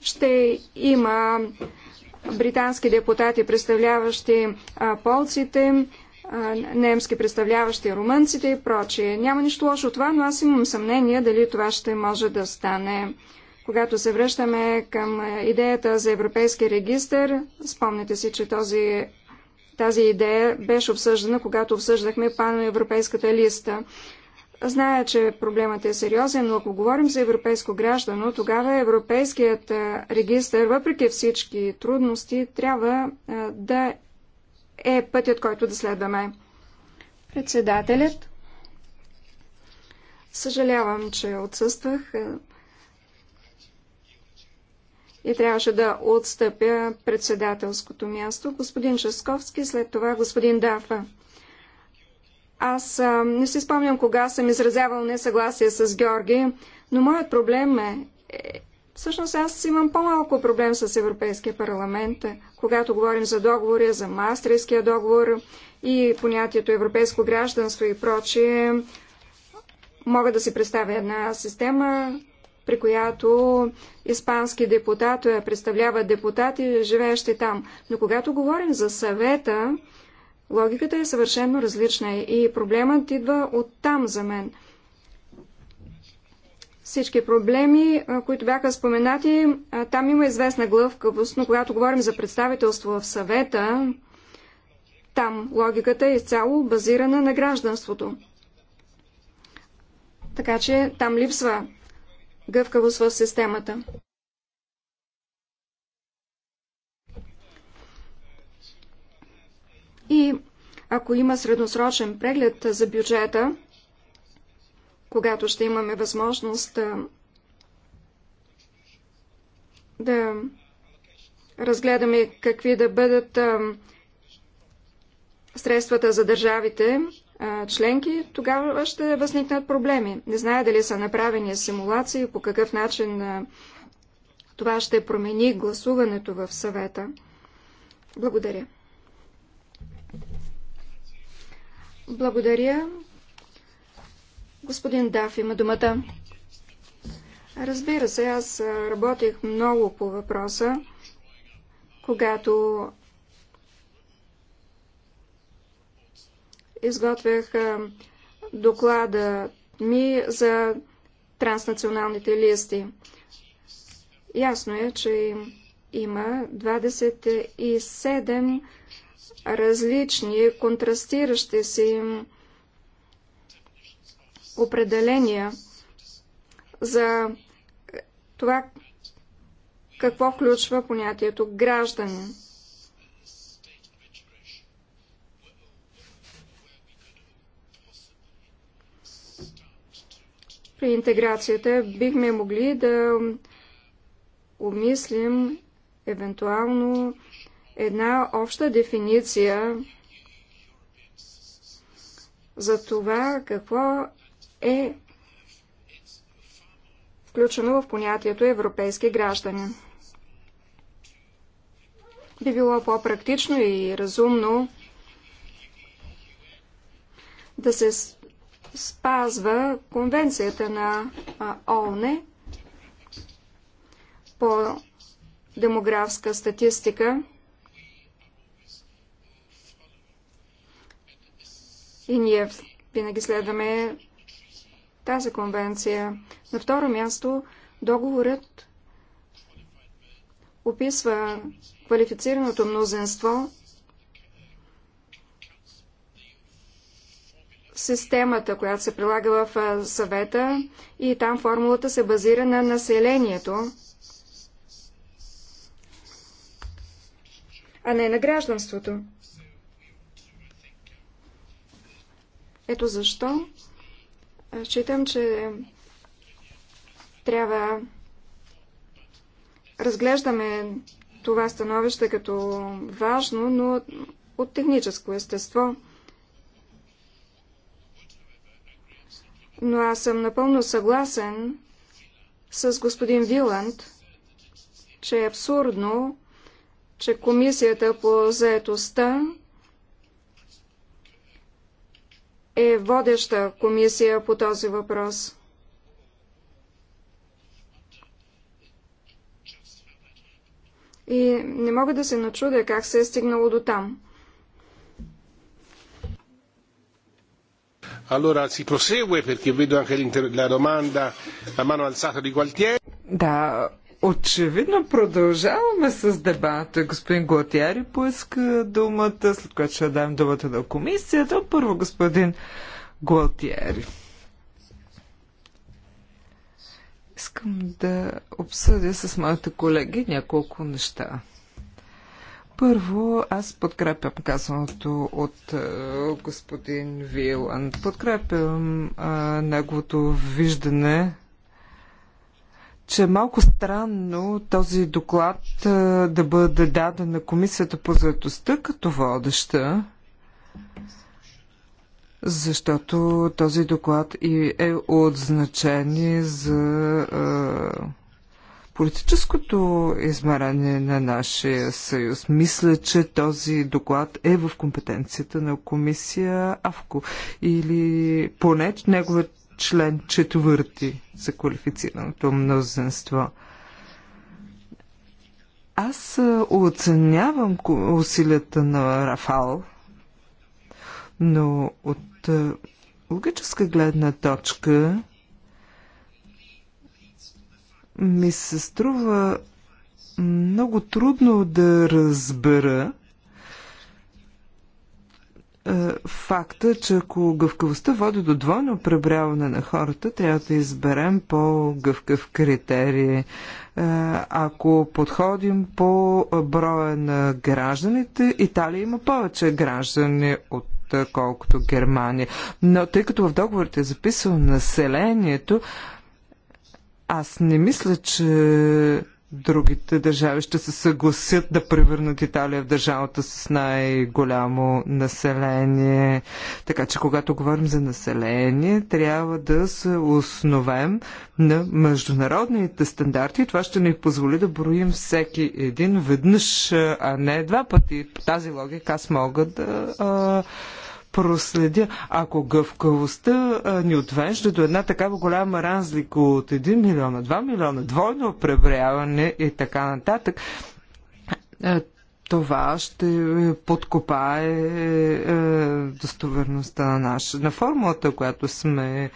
Speaker 4: ще има британски депутати, представляващи а, полците, а, немски представляващи румънците и прочие. Няма нищо лошо от това, но аз имам съмнение дали това ще може да стане. Когато се връщаме към идеята за европейски регистр, спомняте си, че този, тази идея беше обсъждана, когато обсъждахме паноевропейската листа. Зная, че проблемът е сериозен, но ако говорим за европейско граждано, тогава европейският регистр, въпреки всички трудности, трябва да е пътят, който да следваме. Председателят. Съжалявам, че отсъствах и трябваше да отстъпя председателското място. Господин Часковски, след това господин Дафа. Аз а, не си спомням кога съм изразявал несъгласие с Георги, но моят проблем е, е... Всъщност аз имам по-малко проблем с Европейския парламент, когато говорим за договори, за мастерския договор и понятието европейско гражданство и прочие. Мога да си представя една система, при която испански депутат е, представлява депутати, живеещи там. Но когато говорим за съвета, Логиката е съвършенно различна и проблемът идва от там за мен. Всички проблеми, които бяха споменати, там има известна глъвкавост, но когато говорим за представителство в съвета, там логиката е изцяло базирана на гражданството. Така че там липсва гъвкавост в системата. И ако има средносрочен преглед за бюджета, когато ще имаме възможност да разгледаме какви да бъдат средствата за държавите членки, тогава ще възникнат проблеми. Не зная дали са направени симулации, по какъв начин това ще промени гласуването в съвета. Благодаря. Благодаря. Господин Даф има думата. Разбира се, аз работих много по въпроса, когато изготвях доклада ми за транснационалните листи. Ясно е, че има 27 различни, контрастиращи си определения за това какво включва понятието гражданин. При интеграцията бихме могли да обмислим евентуално една обща дефиниция за това какво е включено в понятието европейски граждани. Би било по-практично и разумно да се спазва конвенцията на ООН по демографска статистика и ние винаги следваме тази конвенция. На второ място, договорът описва квалифицираното мнозинство, системата, която се прилага в съвета и там формулата се базира на населението, а не на гражданството. Ето защо считам, че трябва разглеждаме това становище като важно, но от техническо естество. Но аз съм напълно съгласен с господин Виланд, че е абсурдно, че комисията по заетостта е водеща комисия по този въпрос. И не мога да се начудя как се е стигнало до там.
Speaker 1: Allora si prosegue perché vedo anche la domanda a mano alzata di Gualtieri.
Speaker 2: Да, Очевидно продължаваме с дебата. Господин Глотяри поиска думата, след което ще дадем думата на комисията. Първо господин Глотяри. Искам да обсъдя с моите колеги няколко неща. Първо, аз подкрепям казаното от е, господин Виланд. Подкрепям е, неговото виждане че е малко странно този доклад да бъде даден на Комисията по заедостта като водеща, защото този доклад и е от значение за политическото измерение на нашия съюз. Мисля, че този доклад е в компетенцията на комисия АВКО или поне неговата член четвърти за квалифицираното мнозинство. Аз оценявам усилията на Рафал, но от логическа гледна точка ми се струва много трудно да разбера факта, че ако гъвкавостта води до двойно пребряване на хората, трябва да изберем по-гъвкав критерий. Е, ако подходим по броя на гражданите, Италия има повече граждани от е, колкото Германия. Но тъй като в договорите е записано населението, аз не мисля, че другите държави ще се съгласят да превърнат Италия в държавата с най-голямо население. Така че, когато говорим за население, трябва да се основем на международните стандарти. Това ще ни позволи да броим всеки един веднъж, а не два пъти. По тази логика аз мога да проследя. Ако гъвкавостта ни отвежда до една такава голяма разлика от 1 милиона, 2 милиона, двойно пребряване и така нататък, това ще подкопае достоверността на, наша, на формулата, която сме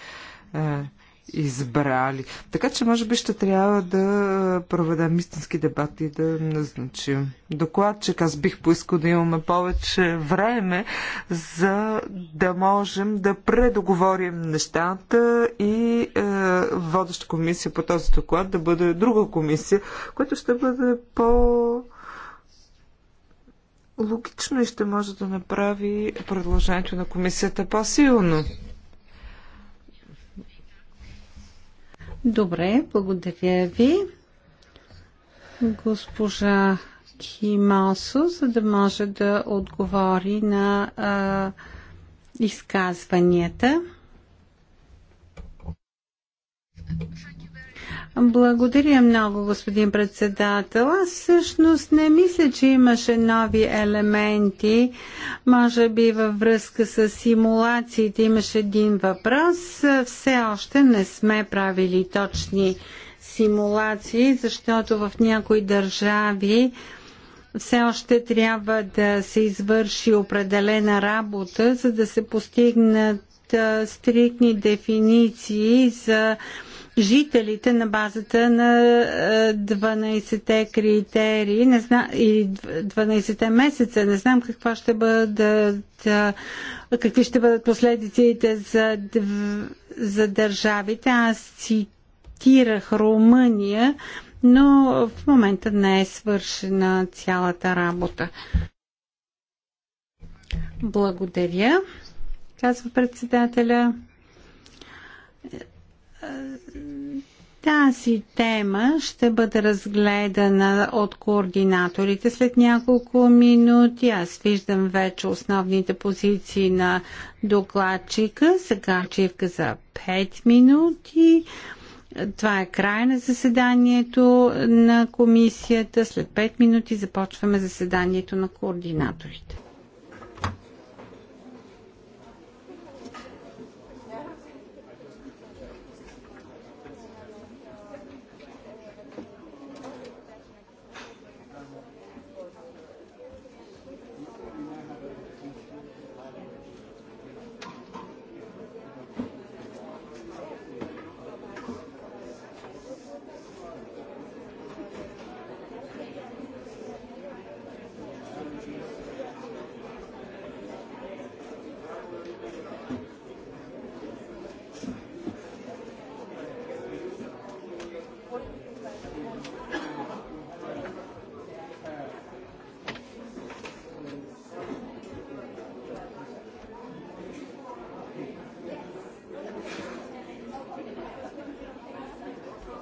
Speaker 2: избрали. Така че, може би, ще трябва да проведем истински дебат и да назначим докладчик. Аз бих поискал да имаме повече време, за да можем да предоговорим нещата и е, водеща комисия по този доклад да бъде друга комисия, която ще бъде по логично и ще може да направи предложението на комисията по-силно.
Speaker 3: Добре, благодаря ви. Госпожа Кимасо, за да може да отговори на а, изказванията. Благодаря много, господин председател. Аз всъщност не мисля, че имаше нови елементи. Може би във връзка с симулациите имаше един въпрос. Все още не сме правили точни симулации, защото в някои държави все още трябва да се извърши определена работа, за да се постигнат стрикни дефиниции за жителите на базата на 12-те е, критерии не зна, и 12-те месеца. Не знам каква ще бъдат, е, какви ще бъдат последиците за, за държавите. Аз цитирах Румъния, но в момента не е свършена цялата работа. Благодаря, казва председателя тази тема ще бъде разгледана от координаторите след няколко минути. Аз виждам вече основните позиции на докладчика. Сега чивка за 5 минути. Това е край на заседанието на комисията. След 5 минути започваме заседанието на координаторите.